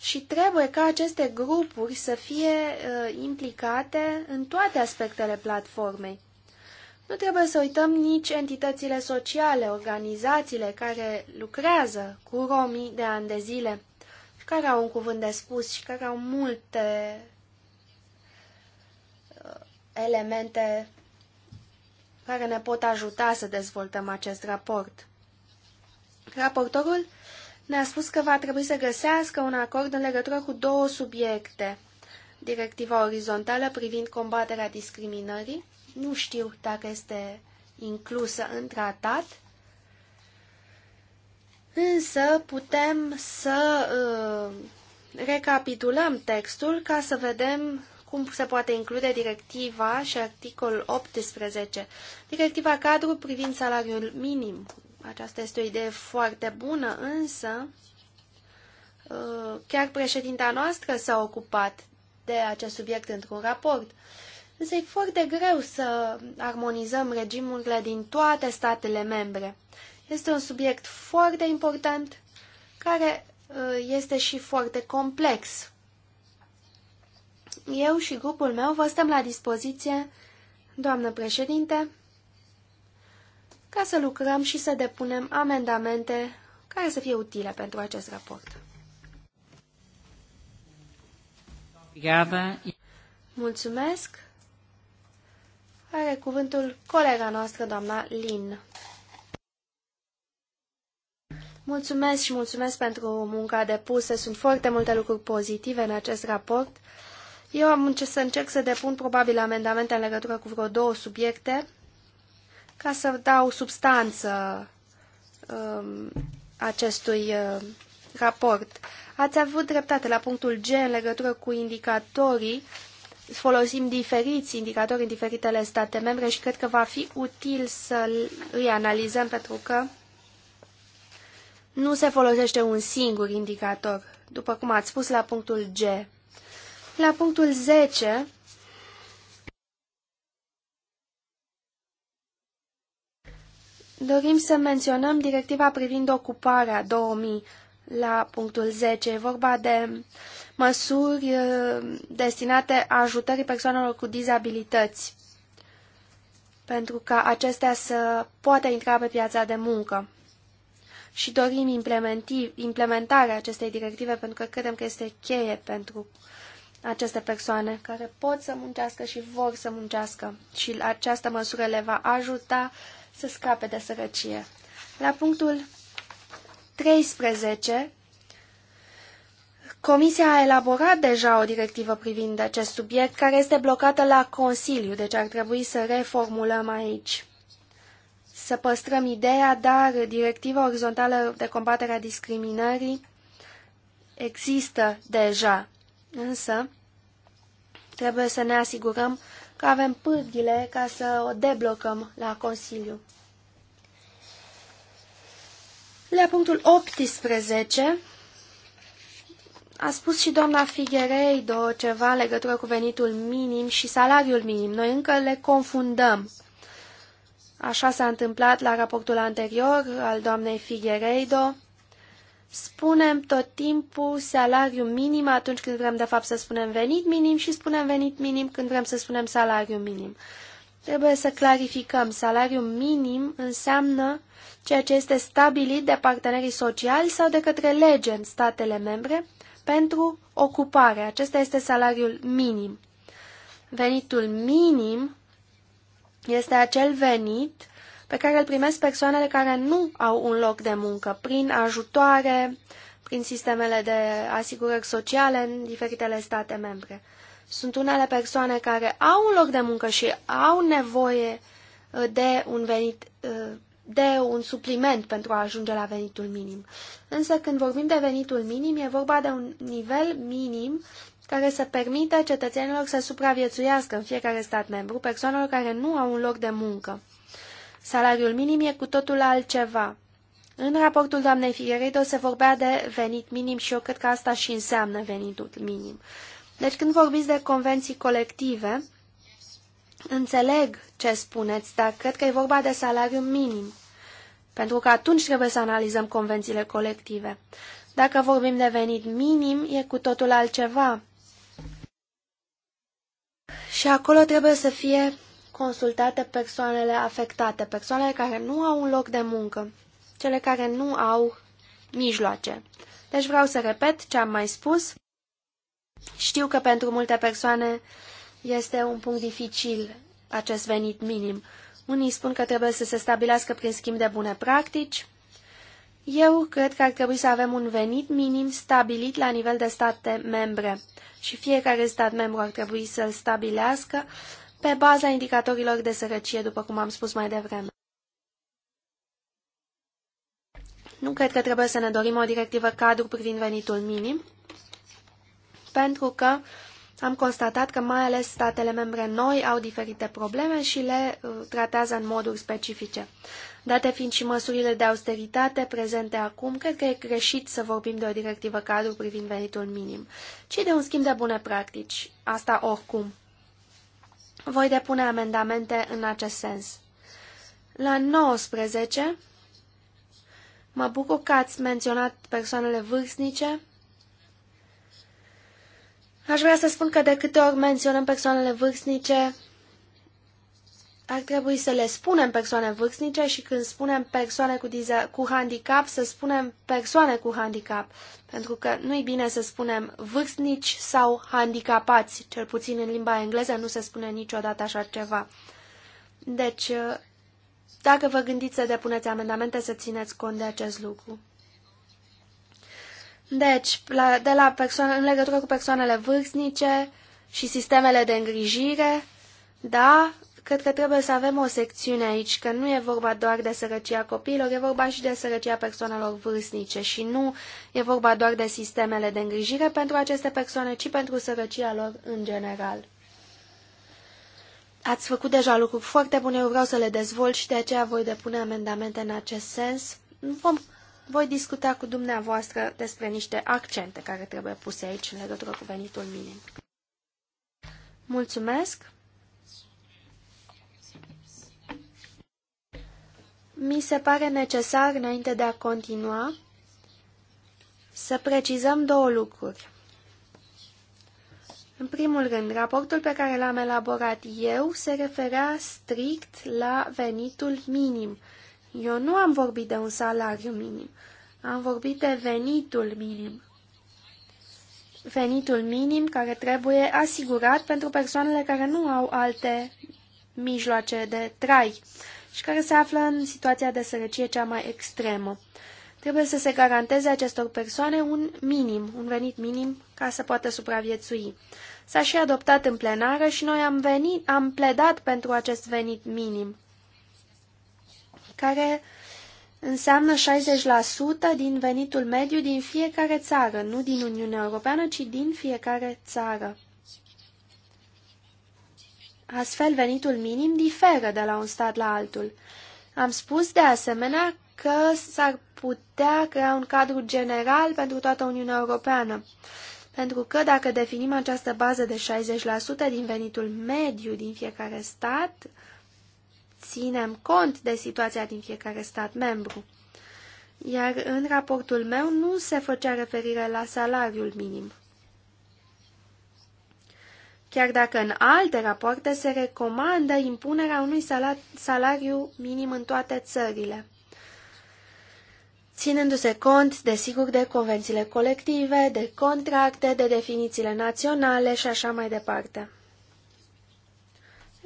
și trebuie ca aceste grupuri să fie uh, implicate în toate aspectele platformei. Nu trebuie să uităm nici entitățile sociale, organizațiile care lucrează cu romii de ani de zile care au un cuvânt de spus și care au multe uh, elemente care ne pot ajuta să dezvoltăm acest raport. Raportorul ne-a spus că va trebui să găsească un acord în legătură cu două subiecte. Directiva orizontală privind combaterea discriminării, nu știu dacă este inclusă în tratat, Însă putem să uh, recapitulăm textul ca să vedem cum se poate include directiva și articolul 18. Directiva cadru privind salariul minim. Aceasta este o idee foarte bună, însă uh, chiar președinta noastră s-a ocupat de acest subiect într-un raport. Însă e foarte greu să armonizăm regimurile din toate statele membre. Este un subiect foarte important care uh, este și foarte complex. Eu și grupul meu vă stăm la dispoziție, doamnă președinte, ca să lucrăm și să depunem amendamente care să fie utile pentru acest raport. Mulțumesc! Are cuvântul colega noastră, doamna Lin. Mulțumesc și mulțumesc pentru munca depusă. Sunt foarte multe lucruri pozitive în acest raport. Eu am încerc să încerc să depun probabil amendamente în legătură cu vreo două subiecte ca să dau substanță um, acestui uh, raport. Ați avut dreptate la punctul G în legătură cu indicatorii. Folosim diferiți indicatori în diferitele state membre și cred că va fi util să îi analizăm pentru că nu se folosește un singur indicator, după cum ați spus la punctul G. La punctul 10, dorim să menționăm directiva privind ocuparea 2000. La punctul 10 e vorba de măsuri uh, destinate a ajutării persoanelor cu dizabilități pentru ca acestea să poată intra pe piața de muncă și dorim implementarea acestei directive pentru că credem că este cheie pentru aceste persoane care pot să muncească și vor să muncească și această măsură le va ajuta să scape de sărăcie. La punctul 13, Comisia a elaborat deja o directivă privind acest subiect care este blocată la Consiliu, deci ar trebui să reformulăm aici să păstrăm ideea, dar directiva orizontală de combatere a discriminării există deja. Însă, trebuie să ne asigurăm că avem pârghile ca să o deblocăm la Consiliu. La punctul 18 a spus și doamna Figueiredo ceva în legătură cu venitul minim și salariul minim. Noi încă le confundăm. Uh, Așa s-a întâmplat la raportul anterior al doamnei Figueiredo. Spunem tot timpul salariu minim atunci când vrem de fapt să spunem venit minim și spunem venit minim când vrem să spunem salariu minim. Trebuie să clarificăm. salariu minim înseamnă ceea ce este stabilit de partenerii sociali sau de către lege în statele membre pentru ocupare. Acesta este salariul minim. Venitul minim este acel venit pe care îl primesc persoanele care nu au un loc de muncă, prin ajutoare, prin sistemele de asigurări sociale în diferitele state membre. Sunt unele persoane care au un loc de muncă și au nevoie uh, de un venit uh, de un supliment pentru a ajunge la venitul minim. Însă când vorbim de venitul minim, e vorba de un nivel minim care să permită cetățenilor să supraviețuiască în fiecare stat membru persoanelor care nu au un loc de muncă. Salariul minim e cu totul altceva. În raportul doamnei Figueredo se vorbea de venit minim și eu cred că asta și înseamnă venitul minim. Deci când vorbiți de convenții colective, înțeleg ce spuneți, dar cred că e vorba de salariu minim. Pentru că atunci trebuie să analizăm convențiile colective. Dacă vorbim de venit minim, e cu totul altceva. Și acolo trebuie să fie consultate persoanele afectate, persoanele care nu au un loc de muncă, cele care nu au mijloace. Deci vreau să repet ce am mai spus. Știu că pentru multe persoane este un punct dificil acest venit minim. Unii spun că trebuie să se stabilească prin schimb de bune practici, eu cred că ar trebui să avem un venit minim stabilit la nivel de state membre și fiecare stat membru ar trebui să-l stabilească pe baza indicatorilor de sărăcie, după cum am spus mai devreme. Nu cred că trebuie să ne dorim o directivă cadru privind venitul minim, pentru că uh, am constatat că mai ales statele membre noi au diferite probleme și le uh, tratează în moduri specifice. Date fiind și măsurile de austeritate prezente acum, cred că e greșit să vorbim de o directivă cadru privind venitul minim, ci de un schimb de bune practici. Asta oricum. Voi depune amendamente în acest sens. La 19, mă bucur că ați menționat persoanele vârstnice, Aș vrea să spun că de câte ori menționăm persoanele vârstnice, ar trebui să le spunem persoane vârstnice și când spunem persoane cu, diza- cu handicap, să spunem persoane cu handicap. Pentru că nu-i bine să spunem vârstnici sau handicapați, cel puțin în limba engleză nu se spune niciodată așa ceva. Deci, dacă vă gândiți să depuneți amendamente, să țineți cont de acest lucru. Deci, la, de la persoane, în legătură cu persoanele vârstnice și sistemele de îngrijire, da, cred că trebuie să avem o secțiune aici, că nu e vorba doar de sărăcia copiilor, e vorba și de sărăcia persoanelor vârstnice și nu e vorba doar de sistemele de îngrijire pentru aceste persoane, ci pentru sărăcia lor în general. Ați făcut deja lucruri foarte bune, eu vreau să le dezvolt și de aceea voi depune amendamente în acest sens. Vom voi discuta cu dumneavoastră despre niște accente care trebuie puse aici în legătură cu venitul minim. Mulțumesc! Mi se pare necesar, înainte de a continua, să precizăm două lucruri. În primul rând, raportul pe care l-am elaborat eu se referea strict la venitul minim, eu nu am vorbit de un salariu minim, am vorbit de venitul minim. Venitul minim care trebuie asigurat pentru persoanele care nu au alte mijloace de trai și care se află în situația de sărăcie cea mai extremă. Trebuie să se garanteze acestor persoane un minim, un venit minim, ca să poată supraviețui. S-a și adoptat în plenară și noi am, venit, am pledat pentru acest venit minim care înseamnă 60% din venitul mediu din fiecare țară, nu din Uniunea Europeană, ci din fiecare țară. Astfel, venitul minim diferă de la un stat la altul. Am spus de asemenea că s-ar putea crea un cadru general pentru toată Uniunea Europeană. Pentru că dacă definim această bază de 60% din venitul mediu din fiecare stat, ținem cont de situația din fiecare stat membru. Iar în raportul meu nu se făcea referire la salariul minim. Chiar dacă în alte rapoarte se recomandă impunerea unui salariu minim în toate țările ținându-se cont, desigur, de convențiile colective, de contracte, de definițiile naționale și așa mai departe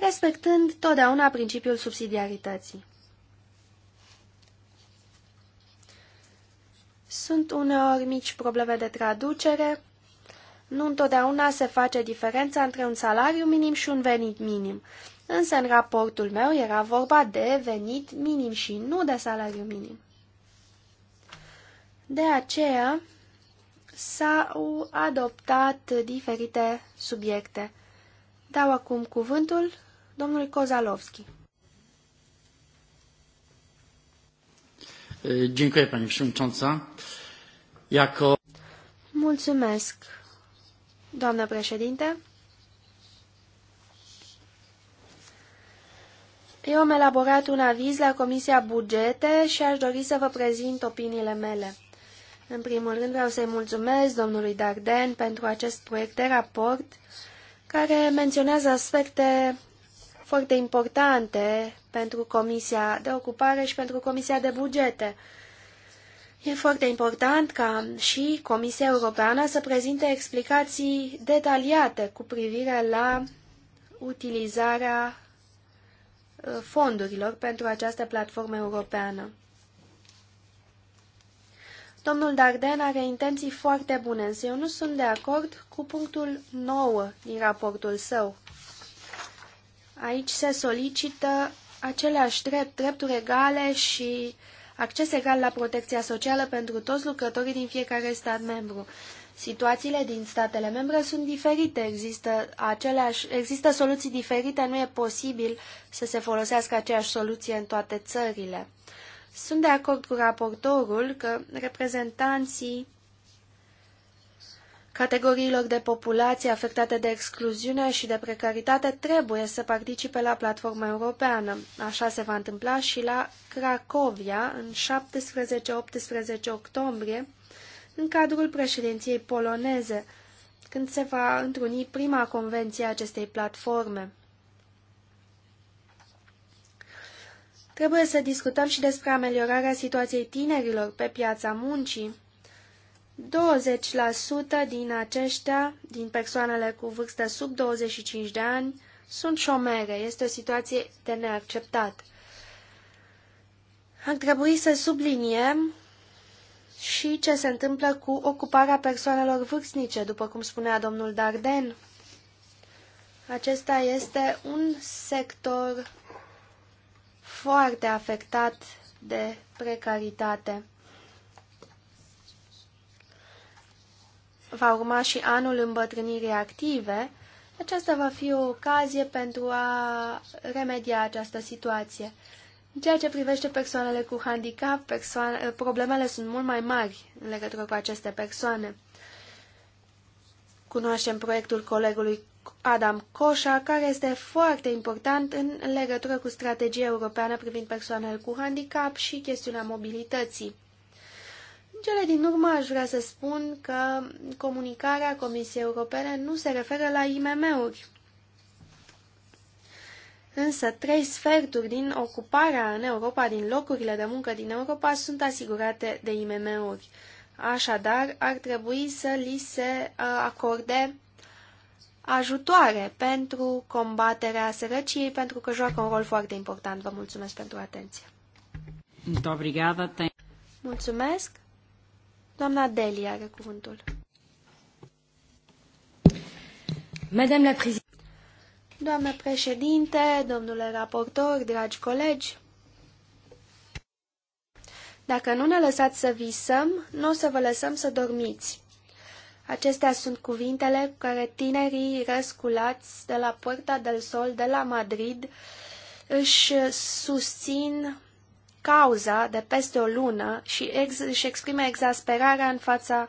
respectând totdeauna principiul subsidiarității. Sunt uneori mici probleme de traducere, nu întotdeauna se face diferența între un salariu minim și un venit minim, însă în raportul meu era vorba de venit minim și nu de salariu minim. De aceea s-au adoptat diferite subiecte. Dau acum cuvântul domnului Kozalovski. Dziękuję Pani Przewodnicząca. Jako... Mulțumesc, doamnă președinte. Eu am elaborat un aviz la Comisia Bugete și aș dori să vă prezint opiniile mele. În primul rând vreau să-i mulțumesc domnului Darden pentru acest proiect de raport care menționează aspecte foarte importante pentru Comisia de Ocupare și pentru Comisia de Bugete. E foarte important ca și Comisia Europeană să prezinte explicații detaliate cu privire la utilizarea uh, fondurilor pentru această platformă europeană. Domnul Darden are intenții foarte bune, însă eu nu sunt de acord cu punctul 9 din raportul său. Aici se solicită aceleași drept, drepturi egale și acces egal la protecția socială pentru toți lucrătorii din fiecare stat membru. Situațiile din statele membre sunt diferite, există, aceleași, există soluții diferite, nu e posibil să se folosească aceeași soluție în toate țările. Sunt de acord cu raportorul că reprezentanții categoriilor de populație afectate de excluziune și de precaritate trebuie să participe la platforma europeană. Așa se va întâmpla și la Cracovia în 17-18 octombrie, în cadrul președinției poloneze, când se va întruni prima convenție a acestei platforme. Trebuie să discutăm și despre ameliorarea situației tinerilor pe piața muncii, 20% din aceștia, din persoanele cu vârstă sub 25 de ani, sunt șomere. Este o situație de neacceptat. Ar trebui să subliniem și ce se întâmplă cu ocuparea persoanelor vârstnice, după cum spunea domnul Darden. Acesta este un sector foarte afectat de precaritate. va urma și anul îmbătrânirii active, aceasta va fi o ocazie pentru a remedia această situație. În ceea ce privește persoanele cu handicap, persoane, problemele sunt mult mai mari în legătură cu aceste persoane. Cunoaștem proiectul colegului Adam Coșa, care este foarte important în legătură cu strategia europeană privind persoanele cu handicap și chestiunea mobilității cele din urmă aș vrea să spun că comunicarea Comisiei Europene nu se referă la IMM-uri. Însă trei sferturi din ocuparea în Europa, din locurile de muncă din Europa, sunt asigurate de IMM-uri. Așadar, ar trebui să li se uh, acorde ajutoare pentru combaterea sărăciei, pentru că joacă un rol foarte important. Vă mulțumesc pentru atenție. Mulțumesc. Doamna Deli are cuvântul. la Doamna președinte, domnule raportor, dragi colegi, dacă nu ne lăsați să visăm, nu o să vă lăsăm să dormiți. Acestea sunt cuvintele cu care tinerii răsculați de la Puerta del Sol de la Madrid își susțin cauza de peste o lună și ex își exprime exasperarea în fața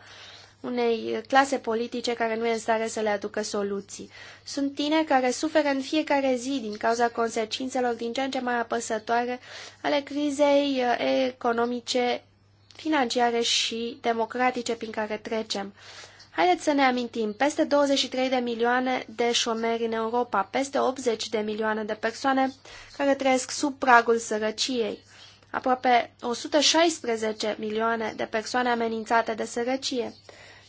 unei clase politice care nu e în stare să le aducă soluții. Sunt tineri care suferă în fiecare zi din cauza consecințelor din ce în ce mai apăsătoare ale crizei eh, economice, financiare și democratice prin care trecem. Haideți să ne amintim, peste 23 de milioane de șomeri în Europa, peste 80 de milioane de persoane care trăiesc sub pragul sărăciei aproape 116 milioane de persoane amenințate de sărăcie.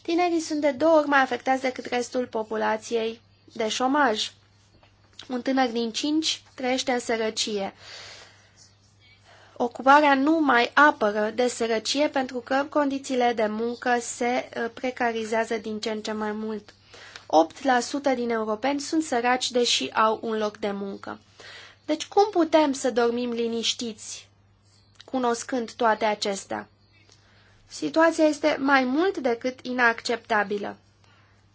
Tinerii sunt de două ori mai afectați decât restul populației de șomaj. Un tânăr din cinci trăiește în sărăcie. Ocuparea nu mai apără de sărăcie pentru că condițiile de muncă se uh, precarizează din ce în ce mai mult. 8% din europeni sunt săraci deși au un loc de muncă. Deci cum putem să dormim liniștiți cunoscând toate acestea. Situația este mai mult decât inacceptabilă.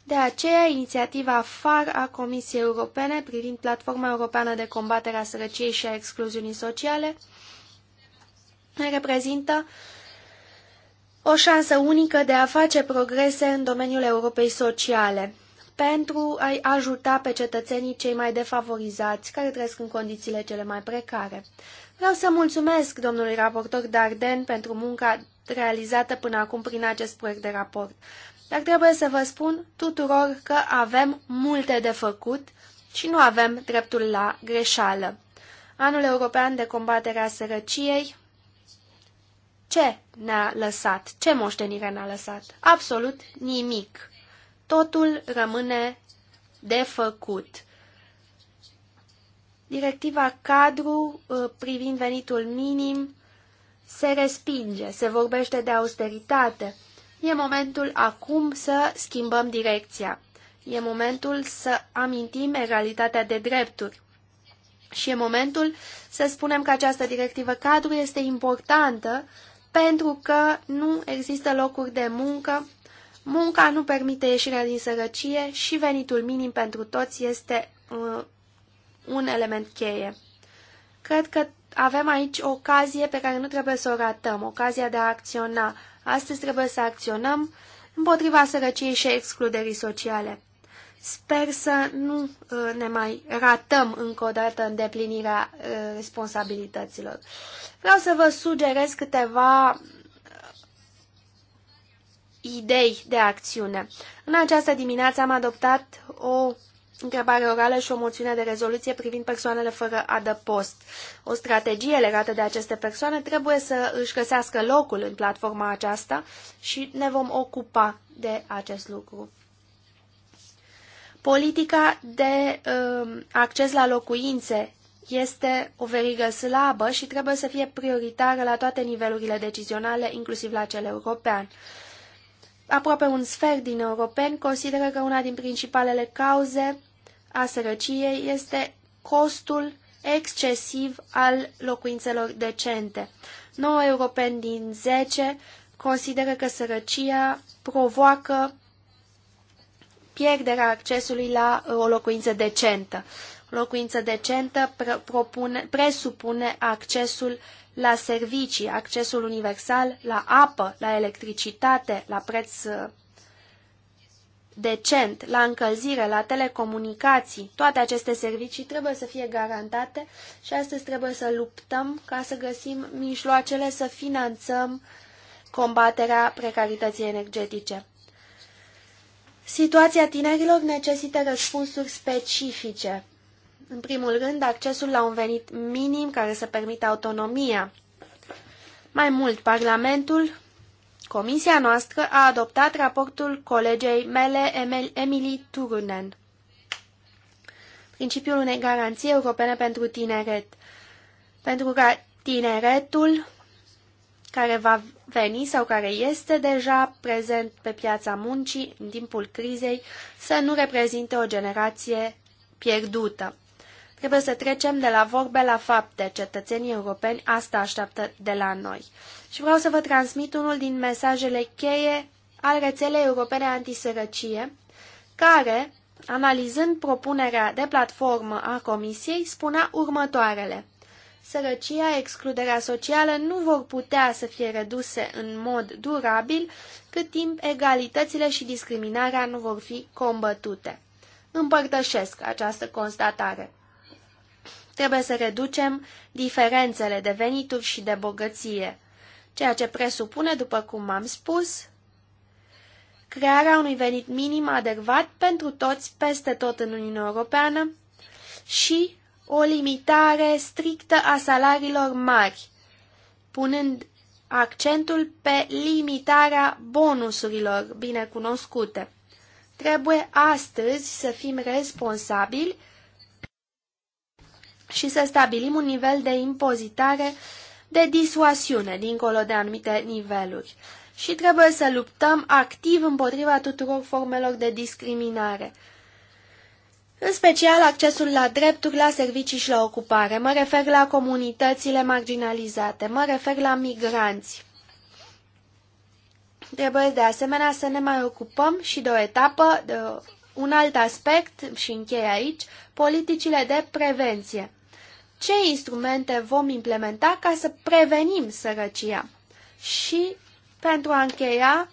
De aceea, inițiativa FAR a Comisiei Europene privind Platforma Europeană de Combatere a Sărăciei și a Excluziunii Sociale reprezintă o șansă unică de a face progrese în domeniul Europei sociale pentru a-i ajuta pe cetățenii cei mai defavorizați care trăiesc în condițiile cele mai precare. Vreau să mulțumesc domnului raportor Darden pentru munca realizată până acum prin acest proiect de raport. Dar trebuie să vă spun tuturor că avem multe de făcut și nu avem dreptul la greșeală. Anul European de combatere a sărăciei, ce ne-a lăsat? Ce moștenire ne-a lăsat? Absolut nimic. Totul rămâne de făcut. Directiva cadru uh, privind venitul minim se respinge, se vorbește de austeritate. E momentul acum să schimbăm direcția. E momentul să amintim egalitatea de drepturi. Și e momentul să spunem că această directivă cadru este importantă pentru că nu există locuri de muncă, munca nu permite ieșirea din sărăcie și venitul minim pentru toți este uh, un element cheie. Cred că avem aici o ocazie pe care nu trebuie să o ratăm, ocazia de a acționa. Astăzi trebuie să acționăm împotriva sărăciei și excluderii sociale. Sper să nu uh, ne mai ratăm încă o dată îndeplinirea uh, responsabilităților. Vreau să vă sugerez câteva uh, idei de acțiune. În această dimineață am adoptat o întrebare orală și o moțiune de rezoluție privind persoanele fără adăpost. O strategie legată de aceste persoane trebuie să își găsească locul în platforma aceasta și ne vom ocupa de acest lucru. Politica de uh, acces la locuințe este o verigă slabă și trebuie să fie prioritară la toate nivelurile decizionale, inclusiv la cel european. Aproape un sfert din europeni consideră că una din principalele cauze a sărăciei este costul excesiv al locuințelor decente. 9 europeni din 10 consideră că sărăcia provoacă pierderea accesului la uh, o locuință decentă. O locuință decentă propune, presupune accesul la servicii, accesul universal la apă, la electricitate, la preț uh, decent, la încălzire, la telecomunicații, toate aceste servicii trebuie să fie garantate și astăzi trebuie să luptăm ca să găsim mijloacele să finanțăm combaterea precarității energetice. Situația tinerilor necesită răspunsuri specifice. În primul rând, accesul la un venit minim care să permită autonomia. Mai mult, Parlamentul Comisia noastră a adoptat raportul colegei mele Emily Turunen. Principiul unei garanții europene pentru tineret. Pentru ca tineretul care va veni sau care este deja prezent pe piața muncii în timpul crizei să nu reprezinte o generație pierdută. Trebuie să trecem de la vorbe la fapte. Cetățenii europeni asta așteaptă de la noi. Și vreau să vă transmit unul din mesajele cheie al rețelei europene antisărăcie, care, analizând propunerea de platformă a Comisiei, spunea următoarele. Sărăcia, excluderea socială nu vor putea să fie reduse în mod durabil cât timp egalitățile și discriminarea nu vor fi combătute. Împărtășesc această constatare. Trebuie să reducem diferențele de venituri și de bogăție, ceea ce presupune, după cum am spus, crearea unui venit minim adecvat pentru toți peste tot în Uniunea Europeană și o limitare strictă a salariilor mari, punând accentul pe limitarea bonusurilor binecunoscute. Trebuie astăzi să fim responsabili și să stabilim un nivel de impozitare de disuasiune dincolo de anumite niveluri. Și trebuie să luptăm activ împotriva tuturor formelor de discriminare în special accesul la drepturi, la servicii și la ocupare. Mă refer la comunitățile marginalizate, mă refer la migranți. Trebuie de asemenea să ne mai ocupăm și de o etapă, de un alt aspect și închei aici, politicile de prevenție ce instrumente vom implementa ca să prevenim sărăcia. Și, pentru a încheia,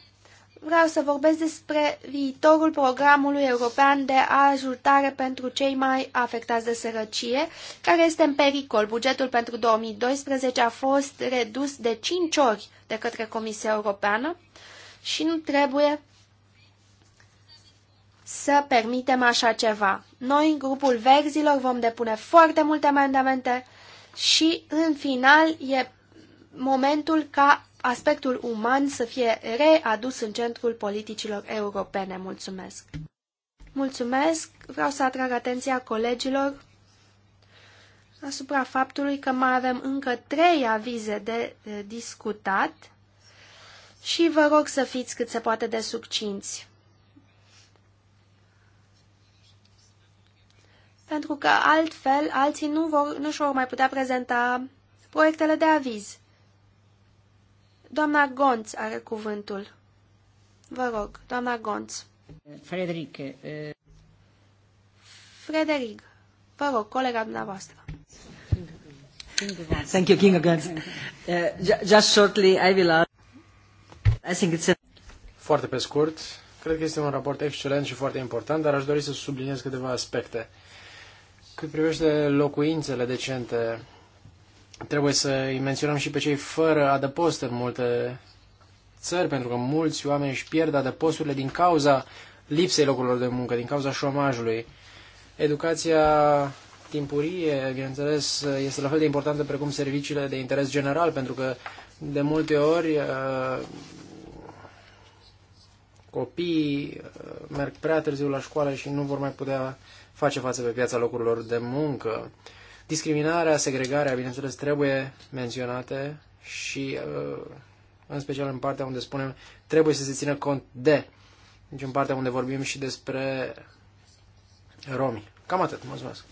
vreau să vorbesc despre viitorul programului european de ajutare pentru cei mai afectați de sărăcie, care este în pericol. Bugetul pentru 2012 a fost redus de 5 ori de către Comisia Europeană și nu trebuie să permitem așa ceva. Noi, în grupul verzilor, vom depune foarte multe amendamente și, în final, e momentul ca aspectul uman să fie readus în centrul politicilor europene. Mulțumesc! Mulțumesc! Vreau să atrag atenția colegilor asupra faptului că mai avem încă trei avize de discutat și vă rog să fiți cât se poate de succinți. pentru că altfel alții nu, vor, nu și vor mai putea prezenta proiectele de aviz. Doamna Gonț are cuvântul. Vă rog, doamna Gonț. Frederic. Eh, Frederic, vă rog, colega dumneavoastră. Thank you, King Gonț. Uh, just shortly, I will ask. I think it's a... Foarte pe scurt, cred că este un raport excelent și foarte important, dar aș dori să subliniez câteva aspecte. Cât privește locuințele decente, trebuie să îi menționăm și pe cei fără adăpost în multe țări, pentru că mulți oameni își pierd adăposturile din cauza lipsei locurilor de muncă, din cauza șomajului. Educația timpurie, bineînțeles, este la fel de importantă precum serviciile de interes general, pentru că de multe ori uh, copiii uh, merg prea târziu la școală și nu vor mai putea face față pe piața locurilor de muncă. Discriminarea, segregarea, bineînțeles, trebuie menționate și, uh, în special în partea unde spunem, trebuie să se țină cont de. Deci în partea unde vorbim și despre romi. Cam atât. Mulțumesc.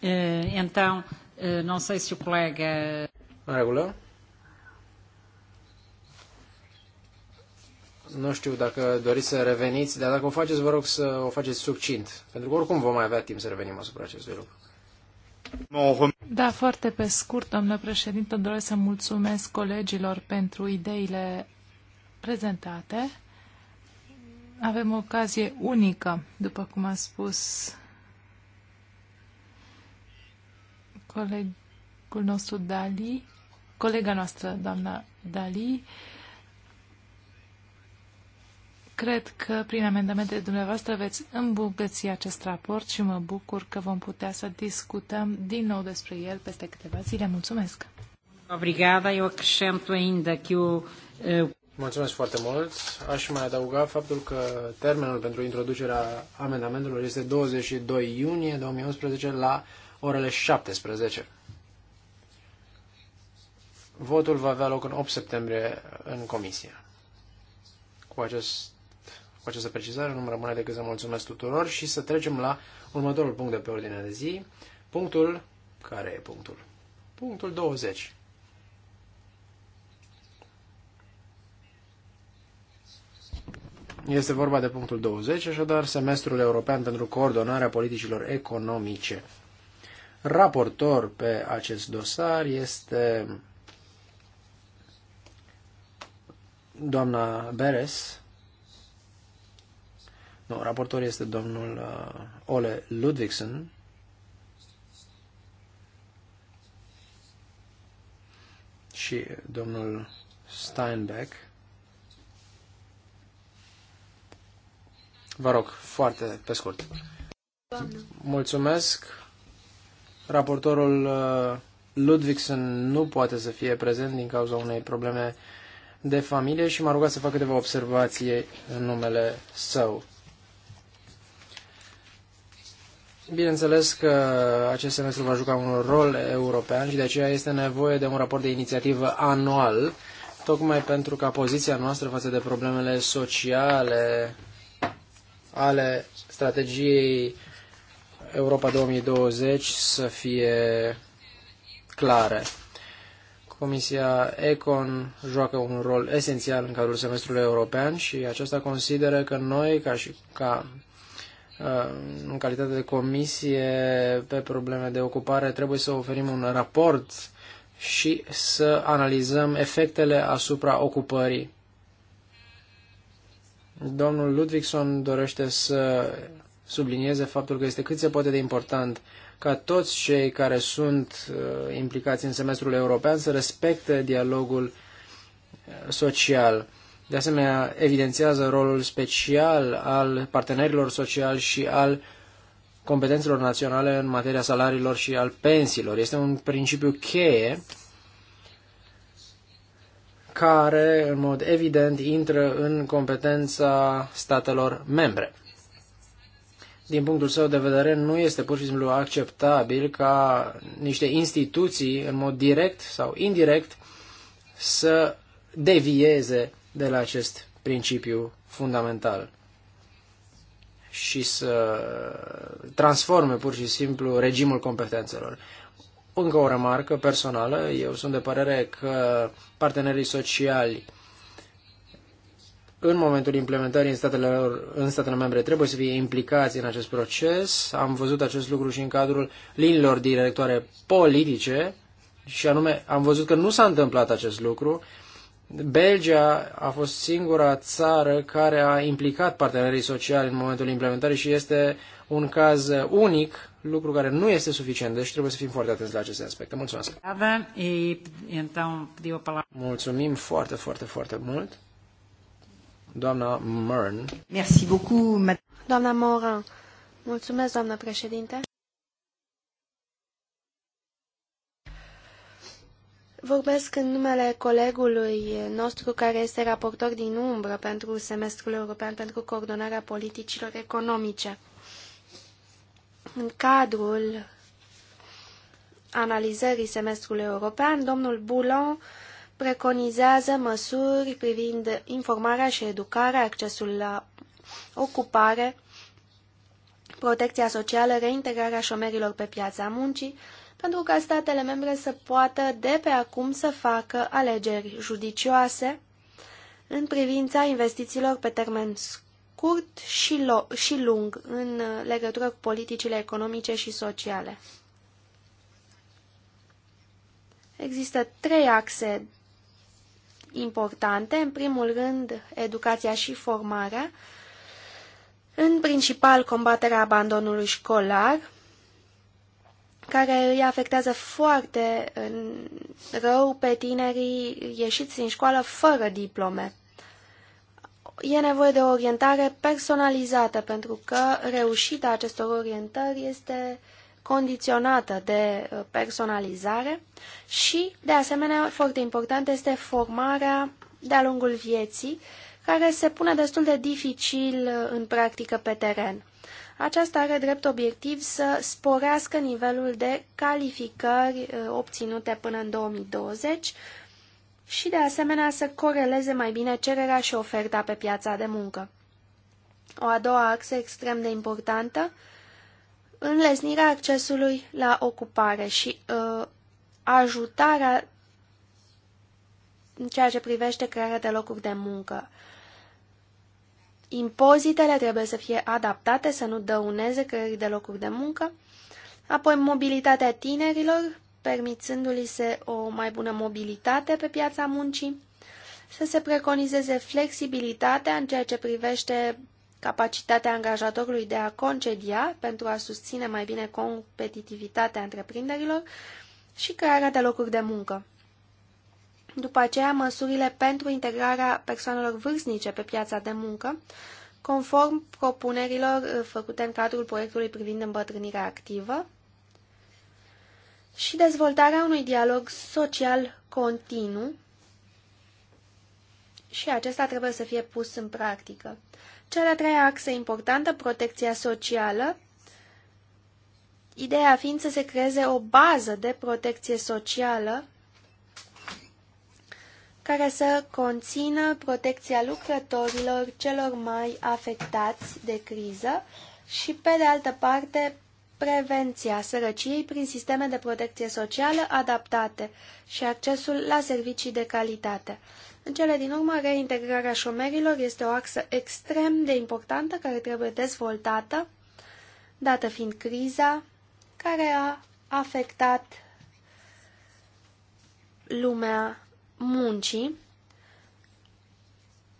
Eh, então, eh, não sei se o colega. În regulă. Nu știu dacă doriți să reveniți, dar dacă o faceți, vă rog să o faceți succint, pentru că oricum vom mai avea timp să revenim asupra acestui lucru. Da, foarte pe scurt, domnule președinte, doresc să mulțumesc colegilor pentru ideile prezentate. Avem o ocazie unică, după cum a spus colegul nostru Dali, colega noastră, doamna Dali, Cred că prin amendamentele dumneavoastră veți îmbogăți acest raport și mă bucur că vom putea să discutăm din nou despre el peste câteva zile. Mulțumesc! Obrigada, eu ainda que o... Eh, Mulțumesc foarte mult. Aș mai adăuga faptul că termenul pentru introducerea amendamentelor este 22 iunie 2011 la orele 17. Votul va avea loc în 8 septembrie în comisie. Cu acest această precizare, nu-mi rămâne decât să mulțumesc tuturor și să trecem la următorul punct de pe ordinea de zi. Punctul, care e punctul? Punctul 20. Este vorba de punctul 20, așadar semestrul european pentru coordonarea politicilor economice. Raportor pe acest dosar este doamna Beres, nu, raportor este domnul uh, Ole Ludvigsen. și domnul Steinbeck. Vă rog, foarte pe scurt. Mulțumesc. Raportorul uh, Ludvigsen nu poate să fie prezent din cauza unei probleme de familie și m-a rugat să fac câteva observații în numele său. Bineînțeles că acest semestru va juca un rol european și de aceea este nevoie de un raport de inițiativă anual, tocmai pentru ca poziția noastră față de problemele sociale ale strategiei Europa 2020 să fie clare. Comisia Econ joacă un rol esențial în cadrul semestrului european și aceasta consideră că noi, ca și ca Uh, în calitate de comisie pe probleme de ocupare, trebuie să oferim un raport și să analizăm efectele asupra ocupării. Domnul Ludvigson dorește să sublinieze faptul că este cât se poate de important ca toți cei care sunt uh, implicați în semestrul european să respecte dialogul uh, social de asemenea, evidențiază rolul special al partenerilor sociali și al competențelor naționale în materia salariilor și al pensiilor. Este un principiu cheie care, în mod evident, intră în competența statelor membre. Din punctul său de vedere, nu este pur și simplu acceptabil ca niște instituții, în mod direct sau indirect, să devieze de la acest principiu fundamental și să transforme pur și simplu regimul competențelor. Încă o remarcă personală, eu sunt de părere că partenerii sociali în momentul implementării în statele, lor, în statele membre trebuie să fie implicați în acest proces. Am văzut acest lucru și în cadrul liniilor directoare politice și anume am văzut că nu s-a întâmplat acest lucru Belgia a fost singura țară care a implicat partenerii sociali în momentul implementării și este un caz unic, lucru care nu este suficient, deci trebuie să fim foarte atenți la aceste aspecte. Mulțumesc! Mulțumim foarte, foarte, foarte mult! Doamna Mern. Merci beaucoup, Doamna Moran. Mulțumesc, doamnă președinte. Vorbesc în numele colegului nostru care este raportor din umbră pentru semestrul european pentru coordonarea politicilor economice. În cadrul analizării semestrului european, domnul Boulon preconizează măsuri privind informarea și educarea, accesul la ocupare, protecția socială, reintegrarea șomerilor pe piața muncii, pentru ca statele membre să poată de pe acum să facă alegeri judicioase în privința investițiilor pe termen scurt și, și lung în uh, legătură cu politicile economice și sociale. Există trei axe importante. În primul rând, educația și formarea, în principal combaterea abandonului școlar, care îi afectează foarte rău pe tinerii ieșiți din școală fără diplome. E nevoie de o orientare personalizată, pentru că reușita acestor orientări este condiționată de uh, personalizare și, de asemenea, foarte important este formarea de-a lungul vieții, care se pune destul de dificil uh, în practică pe teren. Aceasta are drept obiectiv să sporească nivelul de calificări uh, obținute până în 2020 și de asemenea să coreleze mai bine cererea și oferta pe piața de muncă. O a doua axă extrem de importantă, înlesnirea accesului la ocupare și uh, ajutarea în ceea ce privește crearea de locuri de muncă. Impozitele trebuie să fie adaptate, să nu dăuneze creării de locuri de muncă. Apoi mobilitatea tinerilor, permițându-li se o mai bună mobilitate pe piața muncii. Să se preconizeze flexibilitatea în ceea ce privește capacitatea angajatorului de a concedia pentru a susține mai bine competitivitatea întreprinderilor și crearea de locuri de muncă. După aceea, măsurile pentru integrarea persoanelor vârstnice pe piața de muncă, conform propunerilor uh, făcute în cadrul proiectului privind îmbătrânirea activă și dezvoltarea unui dialog social continuu și acesta trebuie să fie pus în practică. Cea de-a treia axă importantă, protecția socială, ideea fiind să se creeze o bază de protecție socială care să conțină protecția lucrătorilor celor mai afectați de criză și, pe de altă parte, prevenția sărăciei prin sisteme de protecție socială adaptate și accesul la servicii de calitate. În cele din urmă, reintegrarea șomerilor este o axă extrem de importantă care trebuie dezvoltată, dată fiind criza care a afectat lumea muncii,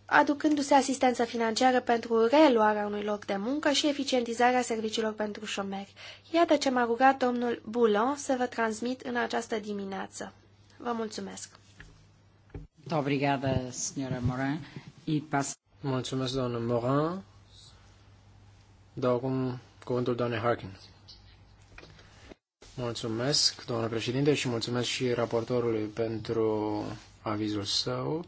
aducându-se asistență financiară pentru reluarea unui loc de muncă și eficientizarea serviciilor pentru șomeri. Iată ce m-a rugat domnul Boulon să vă transmit în această dimineață. Vă mulțumesc! Mulțumesc, domnul Morin. Dau acum cuvântul doamnei Harkin. Mulțumesc, domnule președinte, și mulțumesc și raportorului pentru avizul său.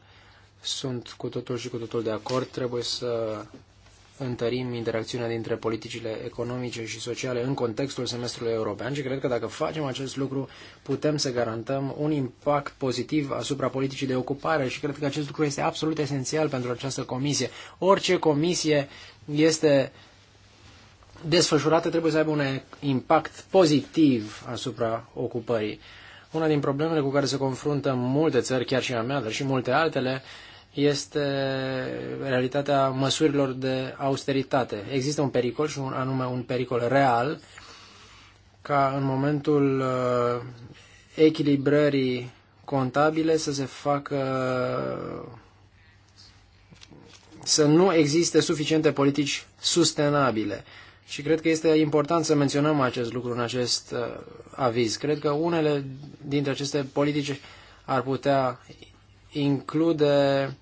Sunt cu totul și cu totul de acord. Trebuie să întărim interacțiunea dintre politicile economice și sociale în contextul semestrului european și cred că dacă facem acest lucru putem să garantăm un impact pozitiv asupra politicii de ocupare și cred că acest lucru este absolut esențial pentru această comisie. Orice comisie este desfășurată trebuie să aibă un impact pozitiv asupra ocupării. Una din problemele cu care se confruntă multe țări, chiar și a mea, dar și multe altele, este realitatea măsurilor de austeritate. Există un pericol și un, anume un pericol real ca în momentul uh, echilibrării contabile să se facă să nu existe suficiente politici sustenabile și cred că este important să menționăm acest lucru în acest uh, aviz. Cred că unele dintre aceste politici ar putea include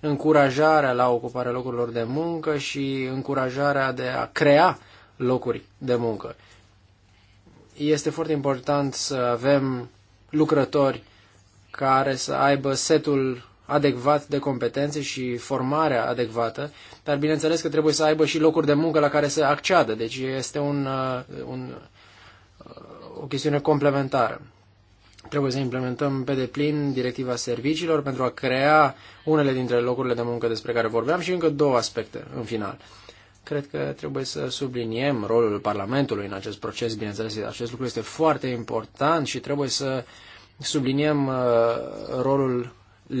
încurajarea la ocuparea locurilor de muncă și încurajarea de a crea locuri de muncă. Este foarte important să avem lucrători care să aibă setul adecvat de competențe și formarea adecvată, dar bineînțeles că trebuie să aibă și locuri de muncă la care să acceadă, deci este un, uh, un, uh, o chestiune complementară. Trebuie să implementăm pe deplin directiva serviciilor pentru a crea unele dintre locurile de muncă despre care vorbeam și încă două aspecte în final. Cred că trebuie să subliniem rolul Parlamentului în acest proces, bineînțeles, acest lucru este foarte important și trebuie să subliniem uh, rolul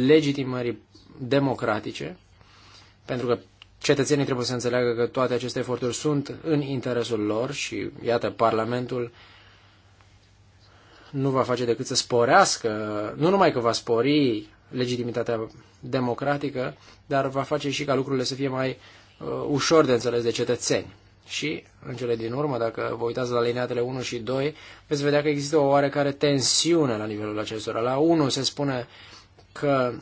legitimării democratice, pentru că cetățenii trebuie să înțeleagă că toate aceste eforturi sunt în interesul lor și, iată, Parlamentul nu va face decât să sporească, nu numai că va spori legitimitatea democratică, dar va face și ca lucrurile să fie mai uh, ușor de înțeles de cetățeni. Și, în cele din urmă, dacă vă uitați la lineatele 1 și 2, veți vedea că există o oarecare tensiune la nivelul acestora. La 1 se spune că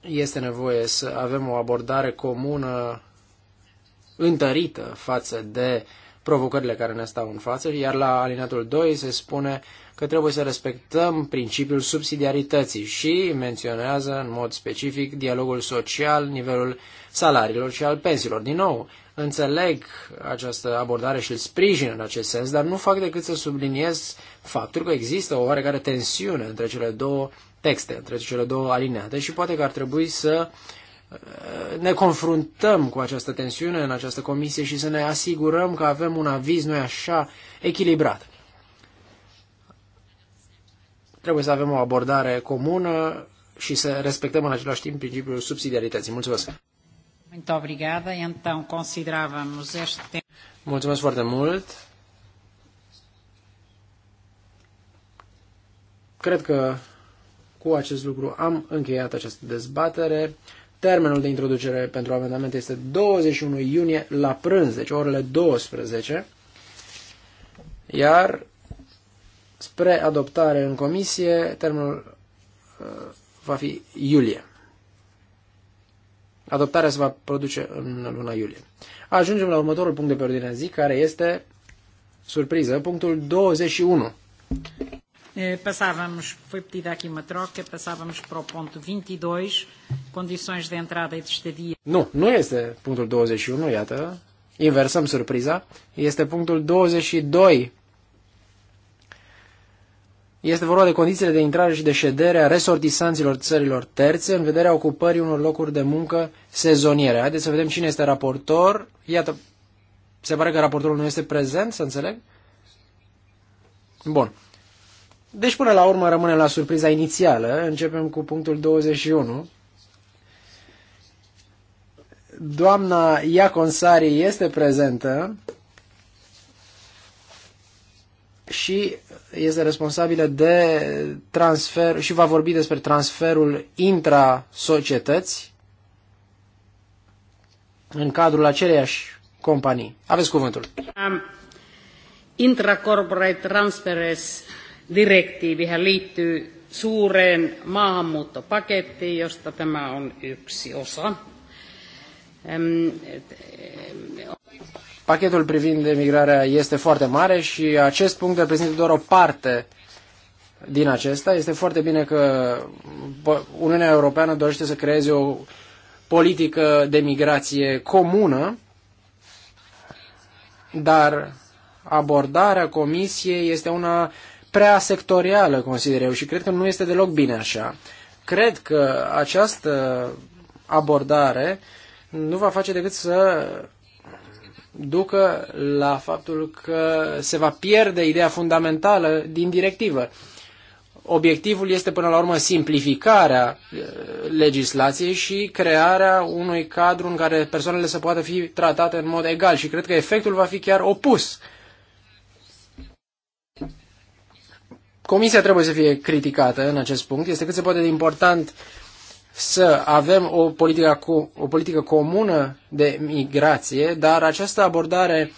este nevoie să avem o abordare comună întărită față de provocările care ne stau în față, iar la alineatul 2 se spune că trebuie să respectăm principiul subsidiarității și menționează în mod specific dialogul social, nivelul salariilor și al pensiilor. Din nou, Înțeleg această abordare și îl sprijin în acest sens, dar nu fac decât să subliniez faptul că există o oarecare tensiune între cele două texte, între cele două alineate și poate că ar trebui să uh, ne confruntăm cu această tensiune în această comisie și să ne asigurăm că avem un aviz, noi așa, echilibrat. Trebuie să avem o abordare comună și să respectăm în același timp principiul subsidiarității. Mulțumesc! Muito obrigada. Então, considerávamos este Mulțumesc foarte mult. Cred că cu acest lucru am încheiat această dezbatere. Termenul de introducere pentru amendamente este 21 iunie la prânz, deci orele 12, iar spre adoptare în comisie termenul uh, va fi iulie. Adoptarea se va produce în luna iulie. Ajungem la următorul punct de pe ordinea zi, care este, surpriză, punctul 21. Passávamos, foi pedida aqui uma troca, passávamos para o ponto 22, condições de entrada e de estadia. Nu, nu este punctul 21, iată, inversăm surpriza, este punctul 22, este vorba de condițiile de intrare și de ședere a resortisanților țărilor terțe în vederea ocupării unor locuri de muncă sezoniere. Haideți să vedem cine este raportor. Iată, se pare că raportorul nu este prezent, să înțeleg? Bun. Deci până la urmă rămânem la surpriza inițială. Începem cu punctul 21. Doamna Iaconsari este prezentă și este responsabilă de transfer și va vorbi despre transferul intra-societăți în cadrul aceleiași companii. Aveți cuvântul. Um, intracorporate directive direktiivihän liittyy suureen maahanmuuttopakettiin, josta tämä on yksi osa. Um, Pachetul privind emigrarea este foarte mare și acest punct reprezintă doar o parte din acesta. Este foarte bine că Uniunea Europeană dorește să creeze o politică de migrație comună, dar abordarea Comisiei este una prea sectorială, consider eu, și cred că nu este deloc bine așa. Cred că această abordare nu va face decât să ducă la faptul că se va pierde ideea fundamentală din directivă. Obiectivul este până la urmă simplificarea uh, legislației și crearea unui cadru în care persoanele să poată fi tratate în mod egal și cred că efectul va fi chiar opus. Comisia trebuie să fie criticată în acest punct. Este cât se poate de important uh, să avem o politică, cu, o politică comună de migrație, dar această abordare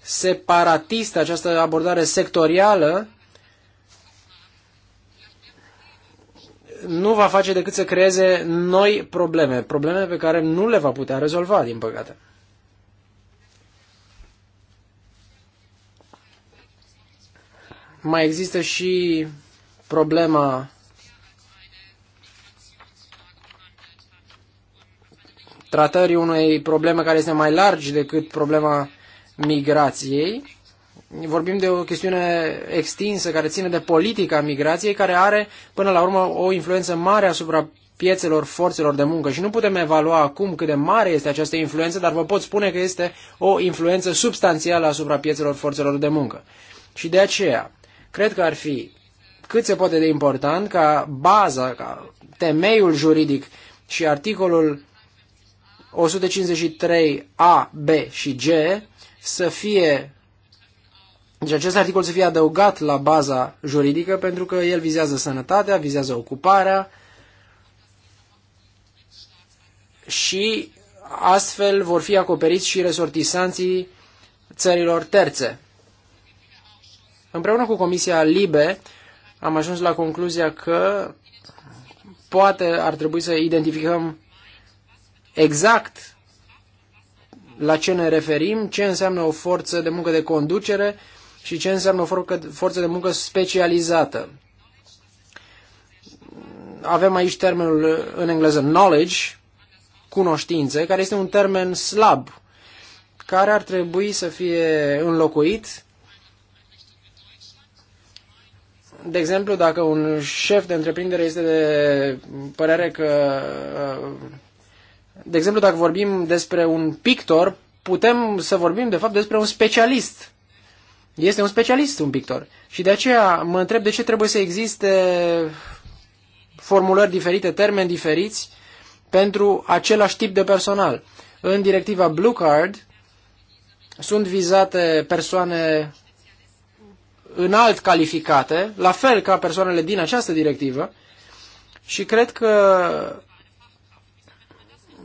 separatistă, această abordare sectorială nu va face decât să creeze noi probleme, probleme pe care nu le va putea rezolva, din păcate. Mai există și problema tratării unei probleme care este mai largi decât problema migrației. Vorbim de o chestiune extinsă care ține de politica migrației, care are până la urmă o influență mare asupra piețelor forțelor de muncă și nu putem evalua acum cât de mare este această influență, dar vă pot spune că este o influență substanțială asupra piețelor forțelor de muncă. Și de aceea, cred că ar fi cât se poate de important ca baza, ca temeiul juridic și articolul 153 A, B și G să fie deci acest articol să fie adăugat la baza juridică pentru că el vizează sănătatea, vizează ocuparea și astfel vor fi acoperiți și resortisanții țărilor terțe. Împreună cu Comisia Libe am ajuns la concluzia că poate ar trebui să identificăm exact la ce ne referim, ce înseamnă o forță de muncă de conducere și ce înseamnă o forță de muncă specializată. Avem aici termenul în engleză knowledge, cunoștințe, care este un termen slab, care ar trebui să fie înlocuit. De exemplu, dacă un șef de întreprindere este de părere că uh, de exemplu, dacă vorbim despre un pictor, putem să vorbim, de fapt, despre un specialist. Este un specialist, un pictor. Și de aceea mă întreb de ce trebuie să existe formulări diferite, termeni diferiți pentru același tip de personal. În directiva Blue Card sunt vizate persoane înalt calificate, la fel ca persoanele din această directivă, și cred că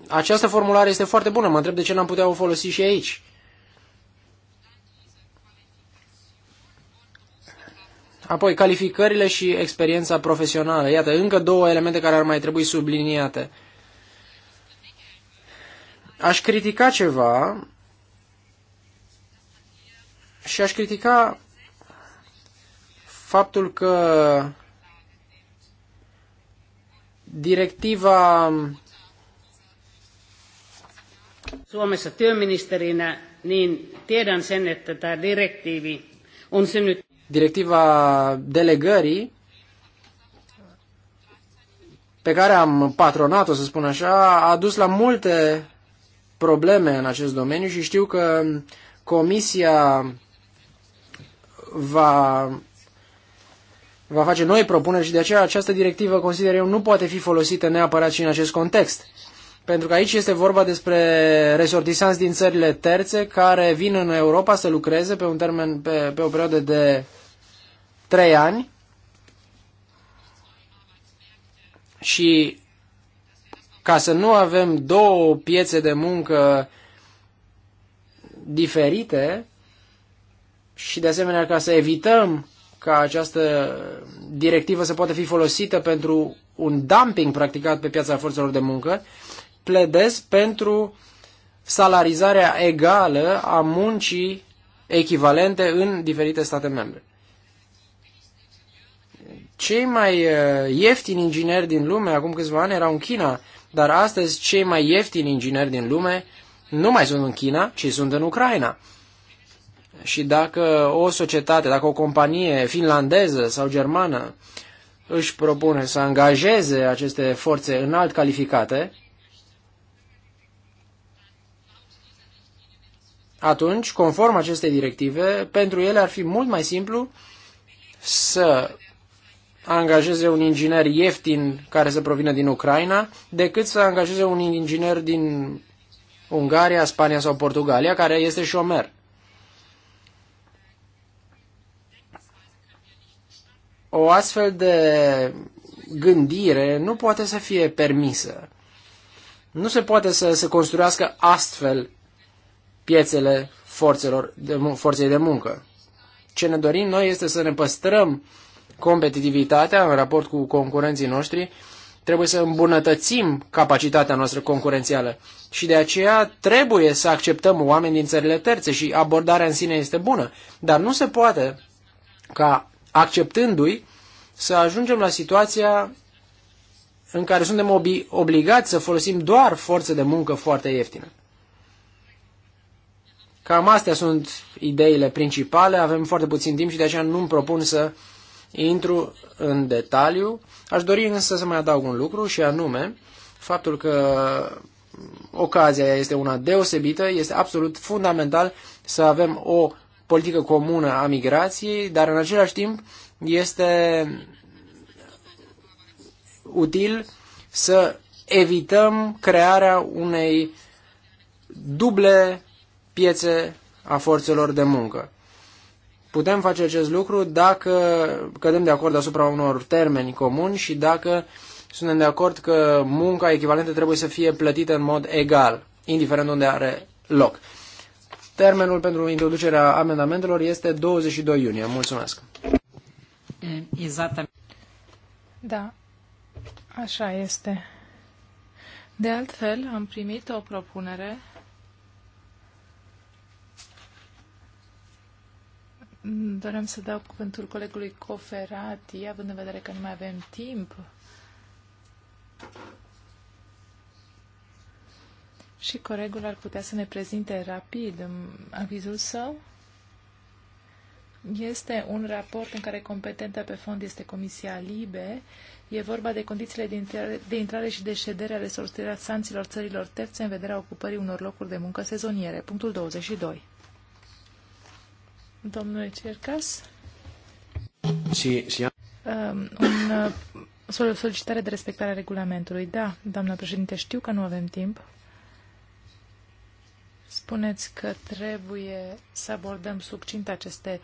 această formulare este foarte bună, mă întreb de ce n-am putea o folosi și aici. Apoi, calificările și experiența profesională. Iată, încă două elemente care ar mai trebui subliniate. Aș critica ceva și aș critica faptul că directiva Suomessa työministerinä, niin tiedän sen, että tämä direktiivi on synnyt... Directiva delegării pe care am patronat-o, să spun așa, a dus la multe probleme în acest domeniu și știu că Comisia va, va face noi propuneri și de aceea această directivă, consider eu, nu poate fi folosită neapărat și în acest context. Pentru că aici este vorba despre resortisanți din țările terțe care vin în Europa să lucreze pe, un termen, pe, pe o perioadă de 3 ani și ca să nu avem două piețe de muncă diferite și de asemenea ca să evităm ca această directivă să poată fi folosită pentru un dumping practicat pe piața forțelor de muncă, pledez pentru salarizarea egală a muncii echivalente în diferite state membre. Cei mai uh, ieftini ingineri din lume acum câțiva ani erau în China, dar astăzi cei mai ieftini ingineri din lume nu mai sunt în China, ci sunt în Ucraina. Și dacă o societate, dacă o companie finlandeză sau germană își propune să angajeze aceste forțe înalt calificate, atunci, conform acestei directive, pentru ele ar fi mult mai simplu să angajeze un inginer ieftin care să provină din Ucraina decât să angajeze un inginer din Ungaria, Spania sau Portugalia, care este șomer. O astfel de gândire nu poate să fie permisă. Nu se poate să se construiască astfel piețele forțelor de, forței de muncă. Ce ne dorim noi este să ne păstrăm competitivitatea în raport cu concurenții noștri, trebuie să îmbunătățim capacitatea noastră concurențială și de aceea trebuie să acceptăm oameni din țările terțe și abordarea în sine este bună, dar nu se poate ca acceptându-i să ajungem la situația în care suntem obi- obligați să folosim doar forțe de muncă foarte ieftine. Cam astea sunt ideile principale, avem foarte puțin timp și de aceea nu-mi propun să intru în detaliu. Aș dori însă să mai adaug un lucru și anume faptul că ocazia este una deosebită, este absolut fundamental să avem o politică comună a migrației, dar în același timp este util să evităm crearea unei duble piețe a forțelor de muncă. Putem face acest lucru dacă cădem de acord asupra unor termeni comuni și dacă suntem de acord că munca echivalentă trebuie să fie plătită în mod egal, indiferent unde are loc. Termenul pentru introducerea amendamentelor este 22 iunie. Mulțumesc. Eh, exact. Da, așa este. De altfel, am primit o propunere Doream să dau cuvântul colegului Coferati, având în vedere că nu mai avem timp. Și colegul ar putea să ne prezinte rapid avizul său. Este un raport în care competentă pe fond este Comisia Libe. E vorba de condițiile de intrare, de intrare și de ședere ale sorțirea sanților țărilor terțe în vederea ocupării unor locuri de muncă sezoniere. Punctul 22. Domnule Cercas. Și, și... Um, un, uh, o solicitare de respectare a regulamentului. Da, doamna președinte, știu că nu avem timp. Spuneți că trebuie să abordăm succint aceste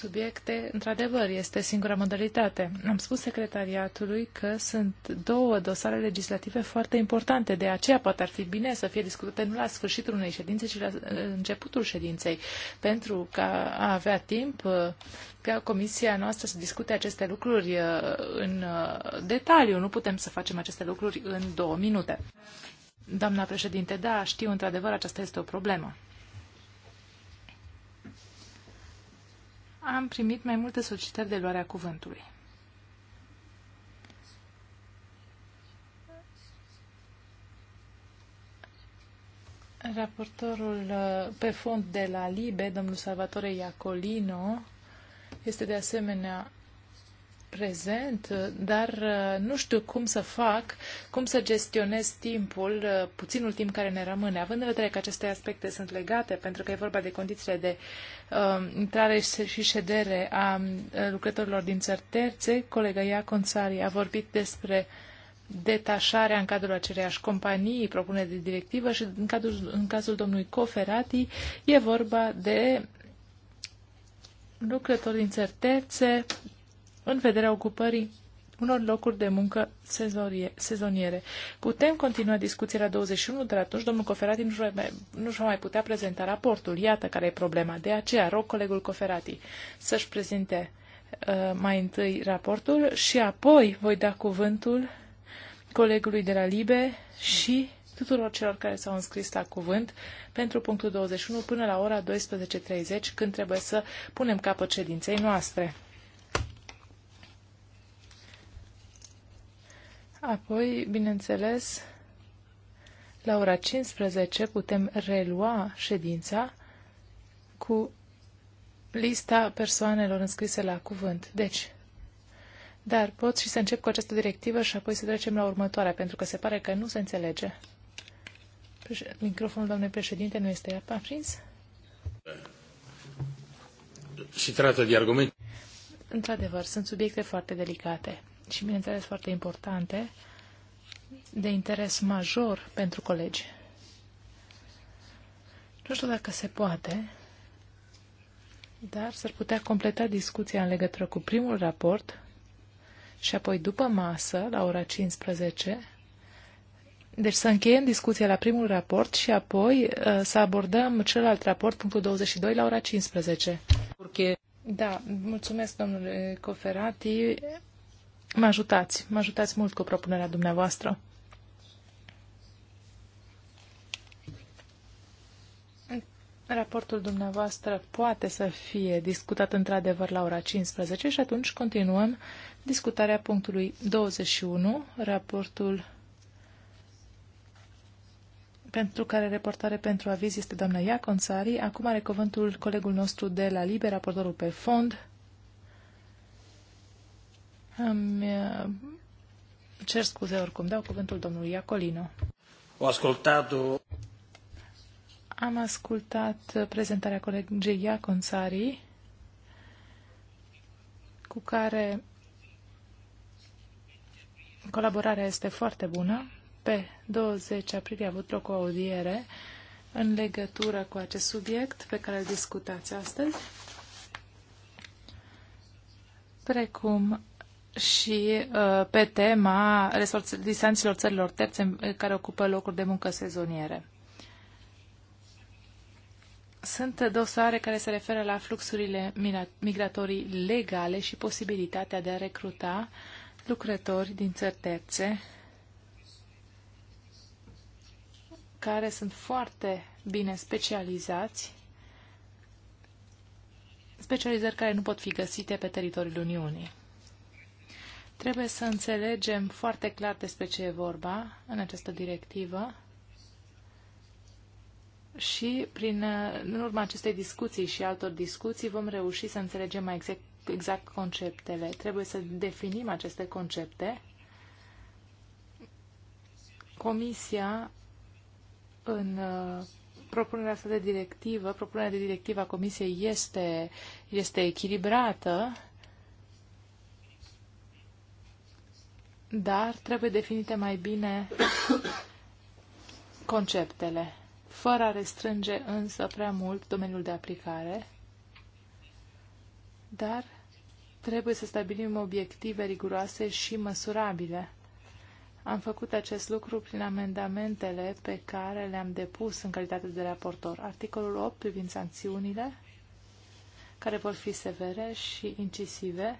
subiecte, într-adevăr, este singura modalitate. Am spus secretariatului că sunt două dosare legislative foarte importante, de aceea poate ar fi bine să fie discutate nu la sfârșitul unei ședințe, ci la uh, începutul ședinței, pentru ca a avea timp uh, ca comisia noastră să discute aceste lucruri uh, în detaliu. Nu putem să facem aceste lucruri în două minute. Doamna președinte, da, știu, într-adevăr, aceasta este o problemă. am primit mai multe solicitări de luarea cuvântului. Raportorul uh, pe fond de la LIBE, domnul Salvatore Iacolino, este de asemenea prezent, dar uh, nu știu cum să fac, cum să gestionez timpul, uh, puținul timp care ne rămâne, având în vedere că aceste aspecte sunt legate, pentru că e vorba de condițiile de uh, intrare și ședere a uh, lucrătorilor din țări terțe, colega Ia a vorbit despre detașarea în cadrul aceleiași companii, propune de directivă și în, cadrul, în cazul domnului Coferati e vorba de lucrători din țări terțe în vederea ocupării unor locuri de muncă sezorie, sezoniere. Putem continua discuția la 21, dar atunci domnul Coferati nu va mai, mai putea prezenta raportul. Iată care e problema. De aceea rog colegul Coferati să-și prezinte uh, mai întâi raportul și apoi voi da cuvântul colegului de la Libe și tuturor celor care s-au înscris la cuvânt pentru punctul 21 până la ora 12.30, când trebuie să punem capăt ședinței noastre. Apoi, bineînțeles, la ora 15 putem relua ședința cu lista persoanelor înscrise la cuvânt. Deci, dar pot și să încep cu această directivă și apoi să trecem la următoarea, pentru că se pare că nu se înțelege. Microfonul domnului președinte nu este aprins? Și trată de argumente. Într-adevăr, sunt subiecte foarte delicate și, bineînțeles, foarte importante, de interes major pentru colegi. Nu știu dacă se poate, dar s-ar putea completa discuția în legătură cu primul raport și apoi după masă, la ora 15, deci să încheiem discuția la primul raport și apoi uh, să abordăm celălalt raport, punctul 22, la ora 15. Da, mulțumesc, domnule Coferati. Mă ajutați, mă ajutați mult cu propunerea dumneavoastră. Raportul dumneavoastră poate să fie discutat într-adevăr la ora 15 și atunci continuăm discutarea punctului 21, raportul pentru care reportare pentru aviz este doamna Iaconțari. Acum are cuvântul colegul nostru de la Liber, raportorul pe fond, îmi uh, cer scuze oricum, dau cuvântul domnului Iacolino. Ho ascoltato. Am ascultat prezentarea colegei Iaconsari, cu care colaborarea este foarte bună. Pe 20 aprilie a avut loc o audiere în legătură cu acest subiect pe care îl discutați astăzi, precum și uh, pe tema distanților țărilor terțe care ocupă locuri de muncă sezoniere. Sunt dosare care se referă la fluxurile migratorii legale și posibilitatea de a recruta lucrători din țări terțe care sunt foarte bine specializați, specializări care nu pot fi găsite pe teritoriul Uniunii. Trebuie să înțelegem foarte clar despre ce e vorba în această directivă și prin, în urma acestei discuții și altor discuții vom reuși să înțelegem mai exact, exact conceptele. Trebuie să definim aceste concepte. Comisia în uh, propunerea asta de directivă, propunerea de directivă a Comisiei este, este echilibrată dar trebuie definite mai bine conceptele, fără a restrânge însă prea mult domeniul de aplicare, dar trebuie să stabilim obiective riguroase și măsurabile. Am făcut acest lucru prin amendamentele pe care le-am depus în calitate de raportor. Articolul 8 privind sancțiunile, care vor fi severe și incisive,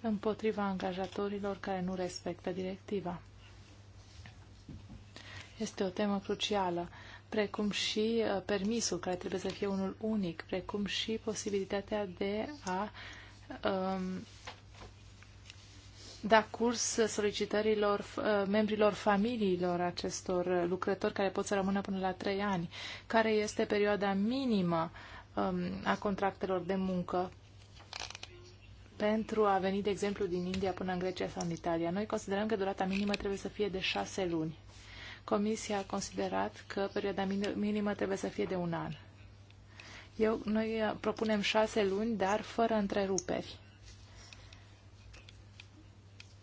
împotriva angajatorilor care nu respectă directiva. Este o temă crucială, precum și uh, permisul care trebuie să fie unul unic, precum și posibilitatea de a um, da curs solicitărilor uh, membrilor familiilor acestor uh, lucrători care pot să rămână până la trei ani, care este perioada minimă um, a contractelor de muncă pentru a veni, de exemplu, din India până în Grecia sau în Italia. Noi considerăm că durata minimă trebuie să fie de șase luni. Comisia a considerat că perioada minimă trebuie să fie de un an. Eu, noi uh, propunem șase luni, dar fără întreruperi.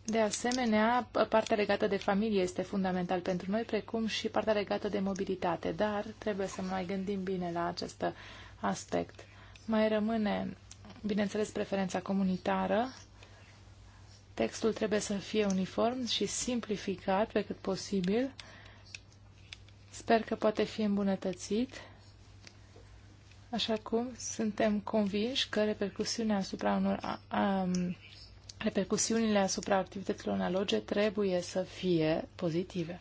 De asemenea, partea legată de familie este fundamental pentru noi, precum și partea legată de mobilitate, dar trebuie să mai gândim bine la acest aspect. Mai rămâne bineînțeles, preferența comunitară. Textul trebuie să fie uniform și simplificat pe cât posibil. Sper că poate fi îmbunătățit. Așa cum suntem convinși că repercusiunea asupra unor, a, a, repercusiunile asupra activităților analoge trebuie să fie pozitive.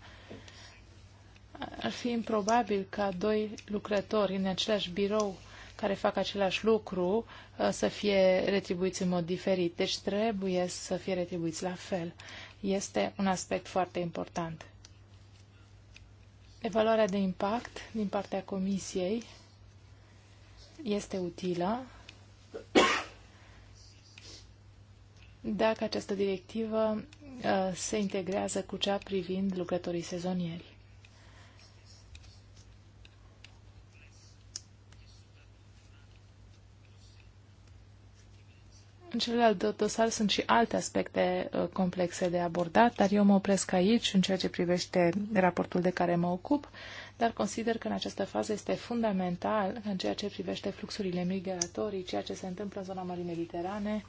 Ar fi improbabil ca doi lucrători în același birou care fac același lucru uh, să fie retribuiți în mod diferit. Deci trebuie să fie retribuiți la fel. Este un aspect foarte important. Evaluarea de impact din partea Comisiei este utilă dacă această directivă uh, se integrează cu cea privind lucrătorii sezonieri. În celălalt dosar sunt și alte aspecte uh, complexe de abordat, dar eu mă opresc aici în ceea ce privește raportul de care mă ocup, dar consider că în această fază este fundamental în ceea ce privește fluxurile migratorii, ceea ce se întâmplă în zona Mării Mediterane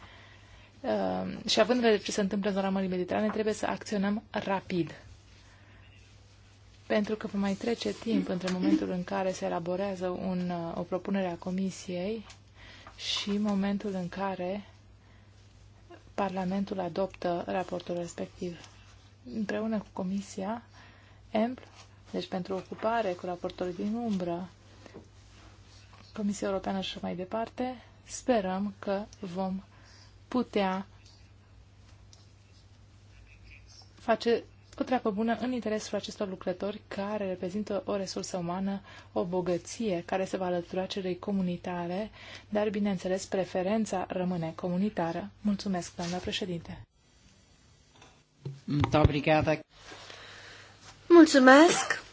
uh, și având în vedere ce se întâmplă în zona Mării Mediterane, trebuie să acționăm rapid. Pentru că va mai trece timp între momentul în care se elaborează un, uh, o propunere a Comisiei și momentul în care Parlamentul adoptă raportul respectiv împreună cu Comisia EMPL, deci pentru ocupare cu raportul din umbră, Comisia Europeană și mai departe, sperăm că vom putea face o treabă bună în interesul acestor lucrători care reprezintă o resursă umană, o bogăție care se va alătura celei comunitare, dar, bineînțeles, preferența rămâne comunitară. Mulțumesc, doamna președinte! Mulțumesc!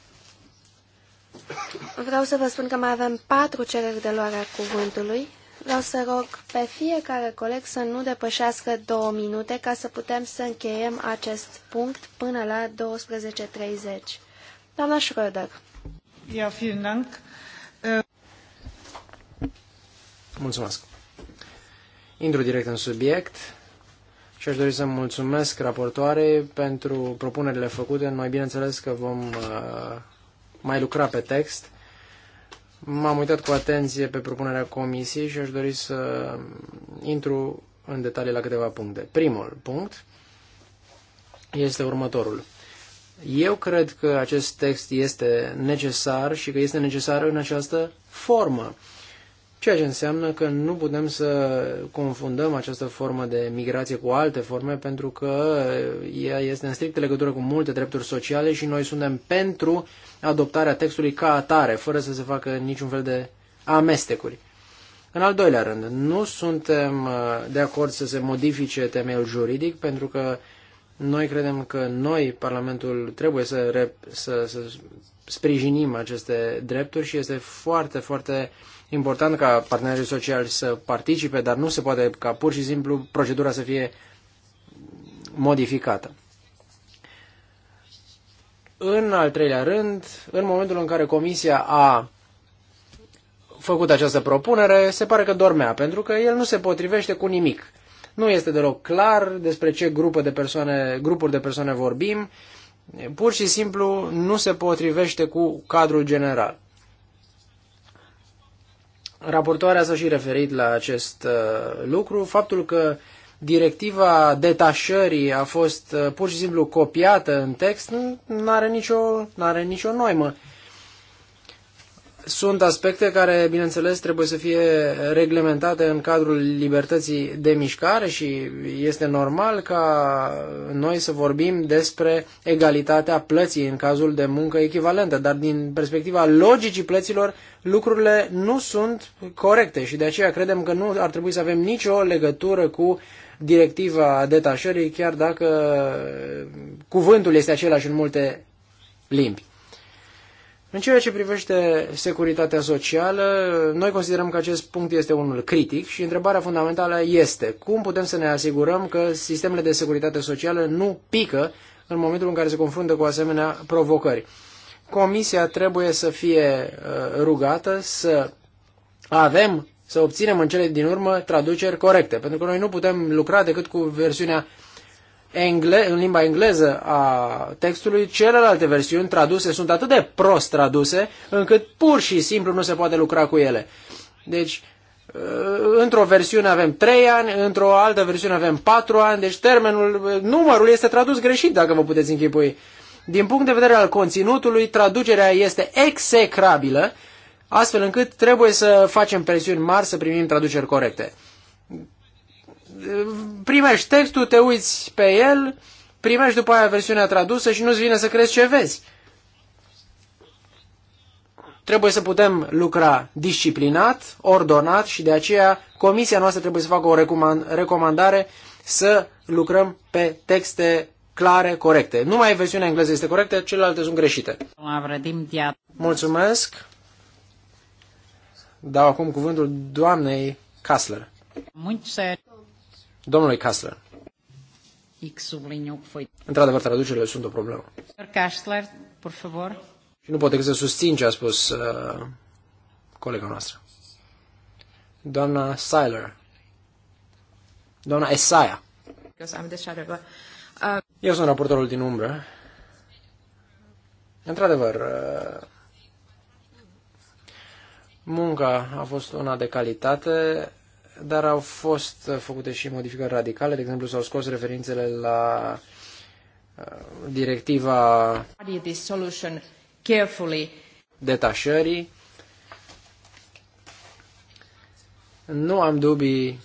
Vreau să vă spun că mai avem patru cereri de luare a cuvântului. Vreau să rog pe fiecare coleg să nu depășească două minute ca să putem să încheiem acest punct până la 12.30. Doamna Schröder. Ja, vielen Dank. Äh, mulțumesc. Intru direct în subiect și aș dori să mulțumesc raportoare pentru propunerile făcute. Mai bineînțeles că vom uh, mai lucra pe text M-am uitat cu atenție pe propunerea comisiei și aș dori să intru în detalii la câteva puncte. Primul punct este următorul. Eu cred că acest text este necesar și că este necesar în această formă ceea ce înseamnă că nu putem să confundăm această formă de migrație cu alte forme, pentru că ea este în strictă legătură cu multe drepturi sociale și noi suntem pentru adoptarea textului ca atare, fără să se facă niciun fel de amestecuri. În al doilea rând, nu suntem uh, de acord să se modifice temeiul juridic, pentru că noi credem că noi, Parlamentul, trebuie să, rep, să, să sprijinim aceste drepturi și este foarte, foarte important ca partenerii sociali să participe, dar nu se poate ca pur și simplu procedura să fie modificată. În al treilea rând, în momentul în care Comisia a făcut această propunere, se pare că dormea, pentru că el nu se potrivește cu nimic. Nu este deloc clar despre ce grupă de persoane, grupuri de persoane vorbim, pur și simplu nu se potrivește cu cadrul general. Raportoarea s-a și referit la acest uh, lucru, faptul că directiva detașării a fost uh, pur și simplu copiată în text, nu are nicio, are nicio noimă. Sunt aspecte care, bineînțeles, trebuie să fie reglementate în cadrul libertății de mișcare și este normal ca noi să vorbim despre egalitatea plății în cazul de muncă echivalentă, dar din perspectiva logicii plăților, lucrurile nu sunt corecte și de aceea credem că nu ar trebui să avem nicio legătură cu directiva detașării, chiar dacă cuvântul este același în multe limbi. În ceea ce privește securitatea socială, noi considerăm că acest punct este unul critic și întrebarea fundamentală este cum putem să ne asigurăm că sistemele de securitate socială nu pică în momentul în care se confruntă cu asemenea provocări. Comisia trebuie să fie uh, rugată să avem, să obținem în cele din urmă traduceri corecte, pentru că noi nu putem lucra decât cu versiunea engle- în limba engleză a textului, celelalte versiuni traduse sunt atât de prost traduse, încât pur și simplu nu se poate lucra cu ele. Deci, uh, într-o versiune avem 3 ani, într-o altă versiune avem 4 ani, deci termenul, uh, numărul este tradus greșit, dacă vă puteți închipui. Din punct de vedere al conținutului, traducerea este execrabilă, astfel încât trebuie să facem presiuni mari să primim traduceri corecte primești textul, te uiți pe el, primești după aia versiunea tradusă și nu-ți vine să crezi ce vezi. Trebuie să putem lucra disciplinat, ordonat și de aceea comisia noastră trebuie să facă o recomandare să lucrăm pe texte clare, corecte. Numai versiunea engleză este corectă, celelalte sunt greșite. Mulțumesc. Dau acum cuvântul doamnei Kassler. Domnului Kastler. Într-adevăr, traducerile sunt o problemă. Kastler, por favor. Și nu pot decât să susțin ce a spus uh, colega noastră. Doamna Seiler. Doamna Esaia. Uh, Eu sunt raportorul din umbră. Într-adevăr, uh, munca a fost una de calitate dar au fost uh, făcute și modificări radicale. De exemplu, s-au scos referințele la uh, directiva detașării. Nu am dubii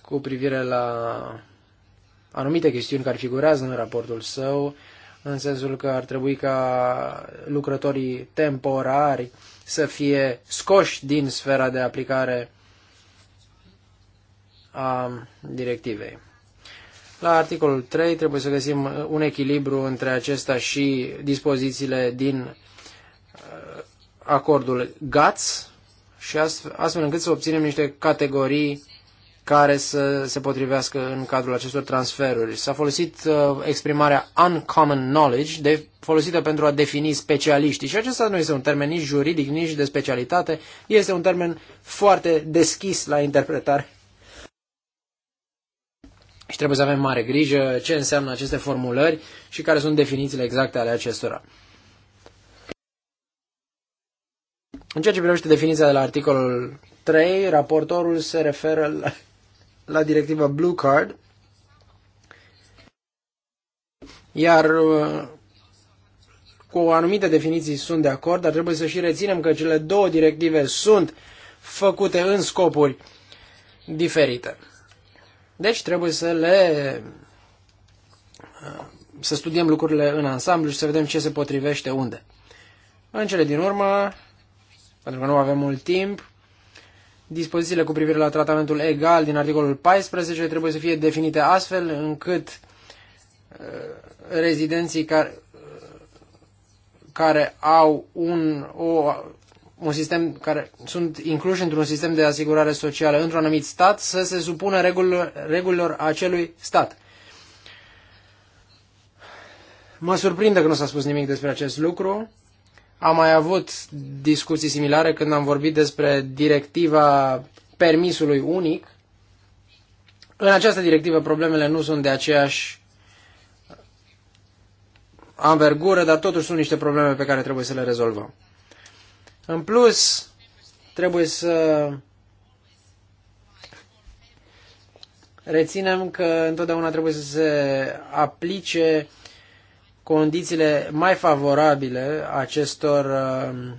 cu privire la anumite chestiuni care figurează în raportul său, în sensul că ar trebui ca lucrătorii temporari să fie scoși din sfera de aplicare a directivei. La articolul 3 trebuie să găsim un echilibru între acesta și dispozițiile din uh, acordul GATS și astfel încât să obținem niște categorii care să se potrivească în cadrul acestor transferuri. S-a folosit uh, exprimarea uncommon knowledge, de, folosită pentru a defini specialiștii și acesta nu este un termen nici juridic, nici de specialitate, este un termen foarte deschis la interpretare și trebuie să avem mare grijă ce înseamnă aceste formulări și care sunt definițiile exacte ale acestora. În ceea ce privește definiția de la articolul 3, raportorul se referă la, la directiva Blue Card, iar uh, cu anumite definiții sunt de acord, dar trebuie să și reținem că cele două directive sunt făcute în scopuri diferite. Deci trebuie să le uh, să studiem lucrurile în ansamblu și să vedem ce se potrivește unde. În cele din urmă, pentru că nu avem mult timp, dispozițiile cu privire la tratamentul egal din articolul 14 trebuie să fie definite astfel încât uh, rezidenții care, uh, care au un, o un sistem care sunt incluși într-un sistem de asigurare socială într-un anumit stat să se supună regulilor, regulilor acelui stat. Mă surprinde că nu s-a spus nimic despre acest lucru. Am mai avut discuții similare când am vorbit despre directiva permisului unic. În această directivă problemele nu sunt de aceeași anvergură, dar totuși sunt niște probleme pe care trebuie să le rezolvăm. În plus, trebuie să reținem că întotdeauna trebuie să se aplice condițiile mai favorabile acestor uh,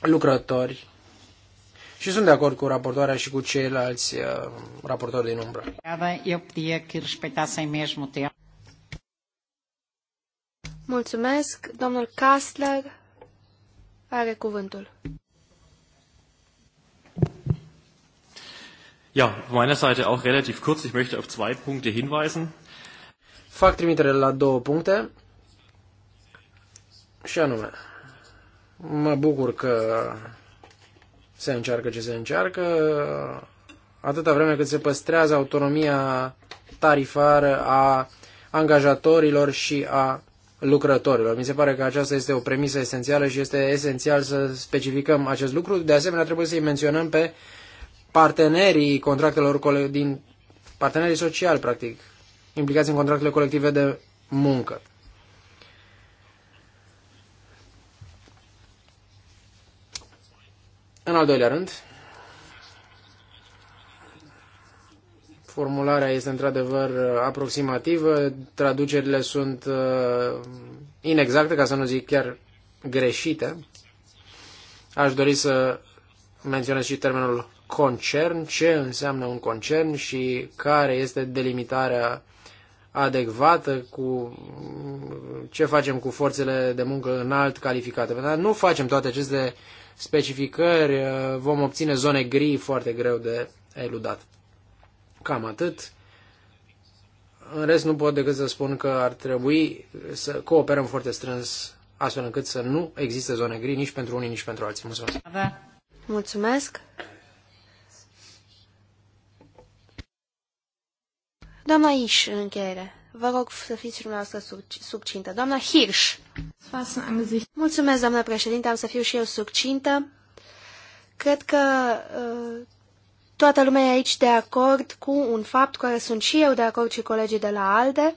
lucrători și sunt de acord cu raportoarea și cu ceilalți uh, raportori din umbră. Eu Mulțumesc, domnul Kastler are cuvântul. Ja, von meiner Seite auch relativ kurz. Ich möchte auf zwei Punkte hinweisen. Fac trimitere la două puncte. Și anume, mă bucur că se încearcă ce se încearcă, atâta vreme cât se păstrează autonomia tarifară a angajatorilor și a lucrătorilor. Mi se pare că aceasta este o premisă esențială și este esențial să specificăm acest lucru. De asemenea, trebuie să-i menționăm pe partenerii contractelor din partenerii sociali, practic, implicați în contractele colective de muncă. În al doilea rând, formularea este într-adevăr uh, aproximativă, traducerile sunt uh, inexacte, ca să nu zic chiar greșite. Aș dori să menționez și termenul concern, ce înseamnă un concern și care este delimitarea adecvată cu ce facem cu forțele de muncă înalt calificate. Pentru că nu facem toate aceste specificări, uh, vom obține zone gri foarte greu de eludat. Cam atât. În rest, nu pot decât să spun că ar trebui să cooperăm foarte strâns astfel încât să nu existe zone gri nici pentru unii, nici pentru alții. Mulțumesc! Mulțumesc! Doamna Iș, în încheiere, vă rog să fiți dumneavoastră subcintă. Doamna Hirsch! Mulțumesc, doamna președinte, am să fiu și eu subcintă. Cred că uh, Toată lumea e aici de acord cu un fapt care sunt și eu de acord și colegii de la ALDE.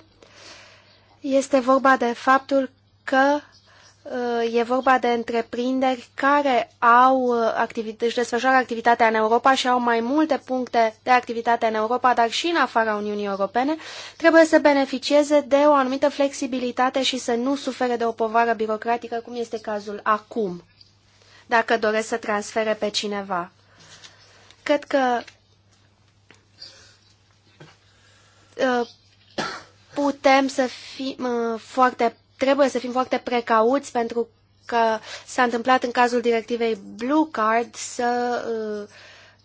Este vorba de faptul că uh, e vorba de întreprinderi care au uh, activit- își desfășoară activitatea în Europa și au mai multe puncte de activitate în Europa, dar și în afara Uniunii Europene, trebuie să beneficieze de o anumită flexibilitate și să nu sufere de o povară birocratică, cum este cazul acum, dacă doresc să transfere pe cineva. Cred că uh, putem să fim uh, foarte, trebuie să fim foarte precauți pentru că s-a întâmplat în cazul directivei Blue Card să uh,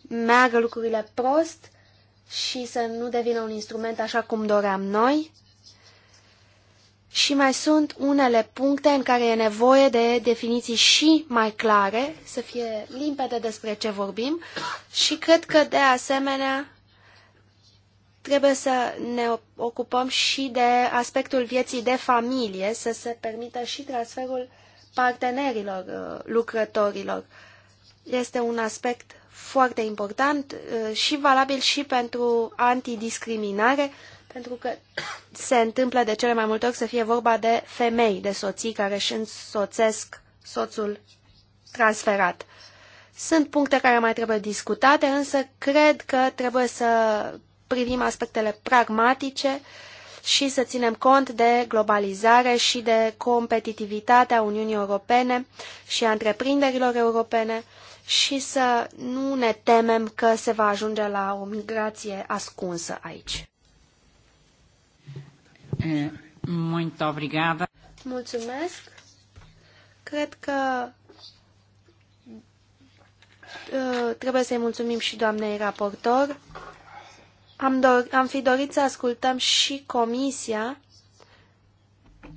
meargă lucrurile prost și să nu devină un instrument așa cum doream noi. Și mai sunt unele puncte în care e nevoie de definiții și mai clare, să fie limpede despre ce vorbim și cred că de asemenea trebuie să ne ocupăm și de aspectul vieții de familie, să se permită și transferul partenerilor uh, lucrătorilor. Este un aspect foarte important uh, și valabil și pentru antidiscriminare, pentru că se întâmplă de cele mai multe ori să fie vorba de femei, de soții care își însoțesc soțul transferat. Sunt puncte care mai trebuie discutate, însă cred că trebuie să privim aspectele pragmatice și să ținem cont de globalizare și de competitivitatea Uniunii Europene și a întreprinderilor europene și să nu ne temem că se va ajunge la o migrație ascunsă aici. Muito obrigada. Mulțumesc. Cred că ă, trebuie să-i mulțumim și doamnei raportor. Am, dor, am fi dorit să ascultăm și comisia,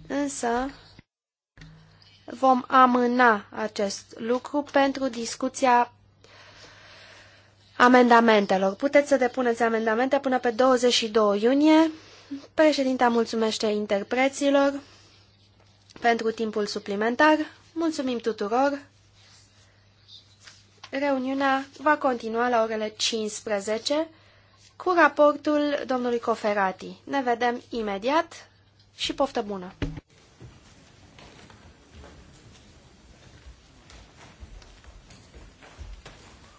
însă vom amâna acest lucru pentru discuția amendamentelor. Puteți să depuneți amendamente până pe 22 iunie. Președinta mulțumește interpreților pentru timpul suplimentar. Mulțumim tuturor! Reuniunea va continua la orele 15 cu raportul domnului Coferati. Ne vedem imediat și poftă bună!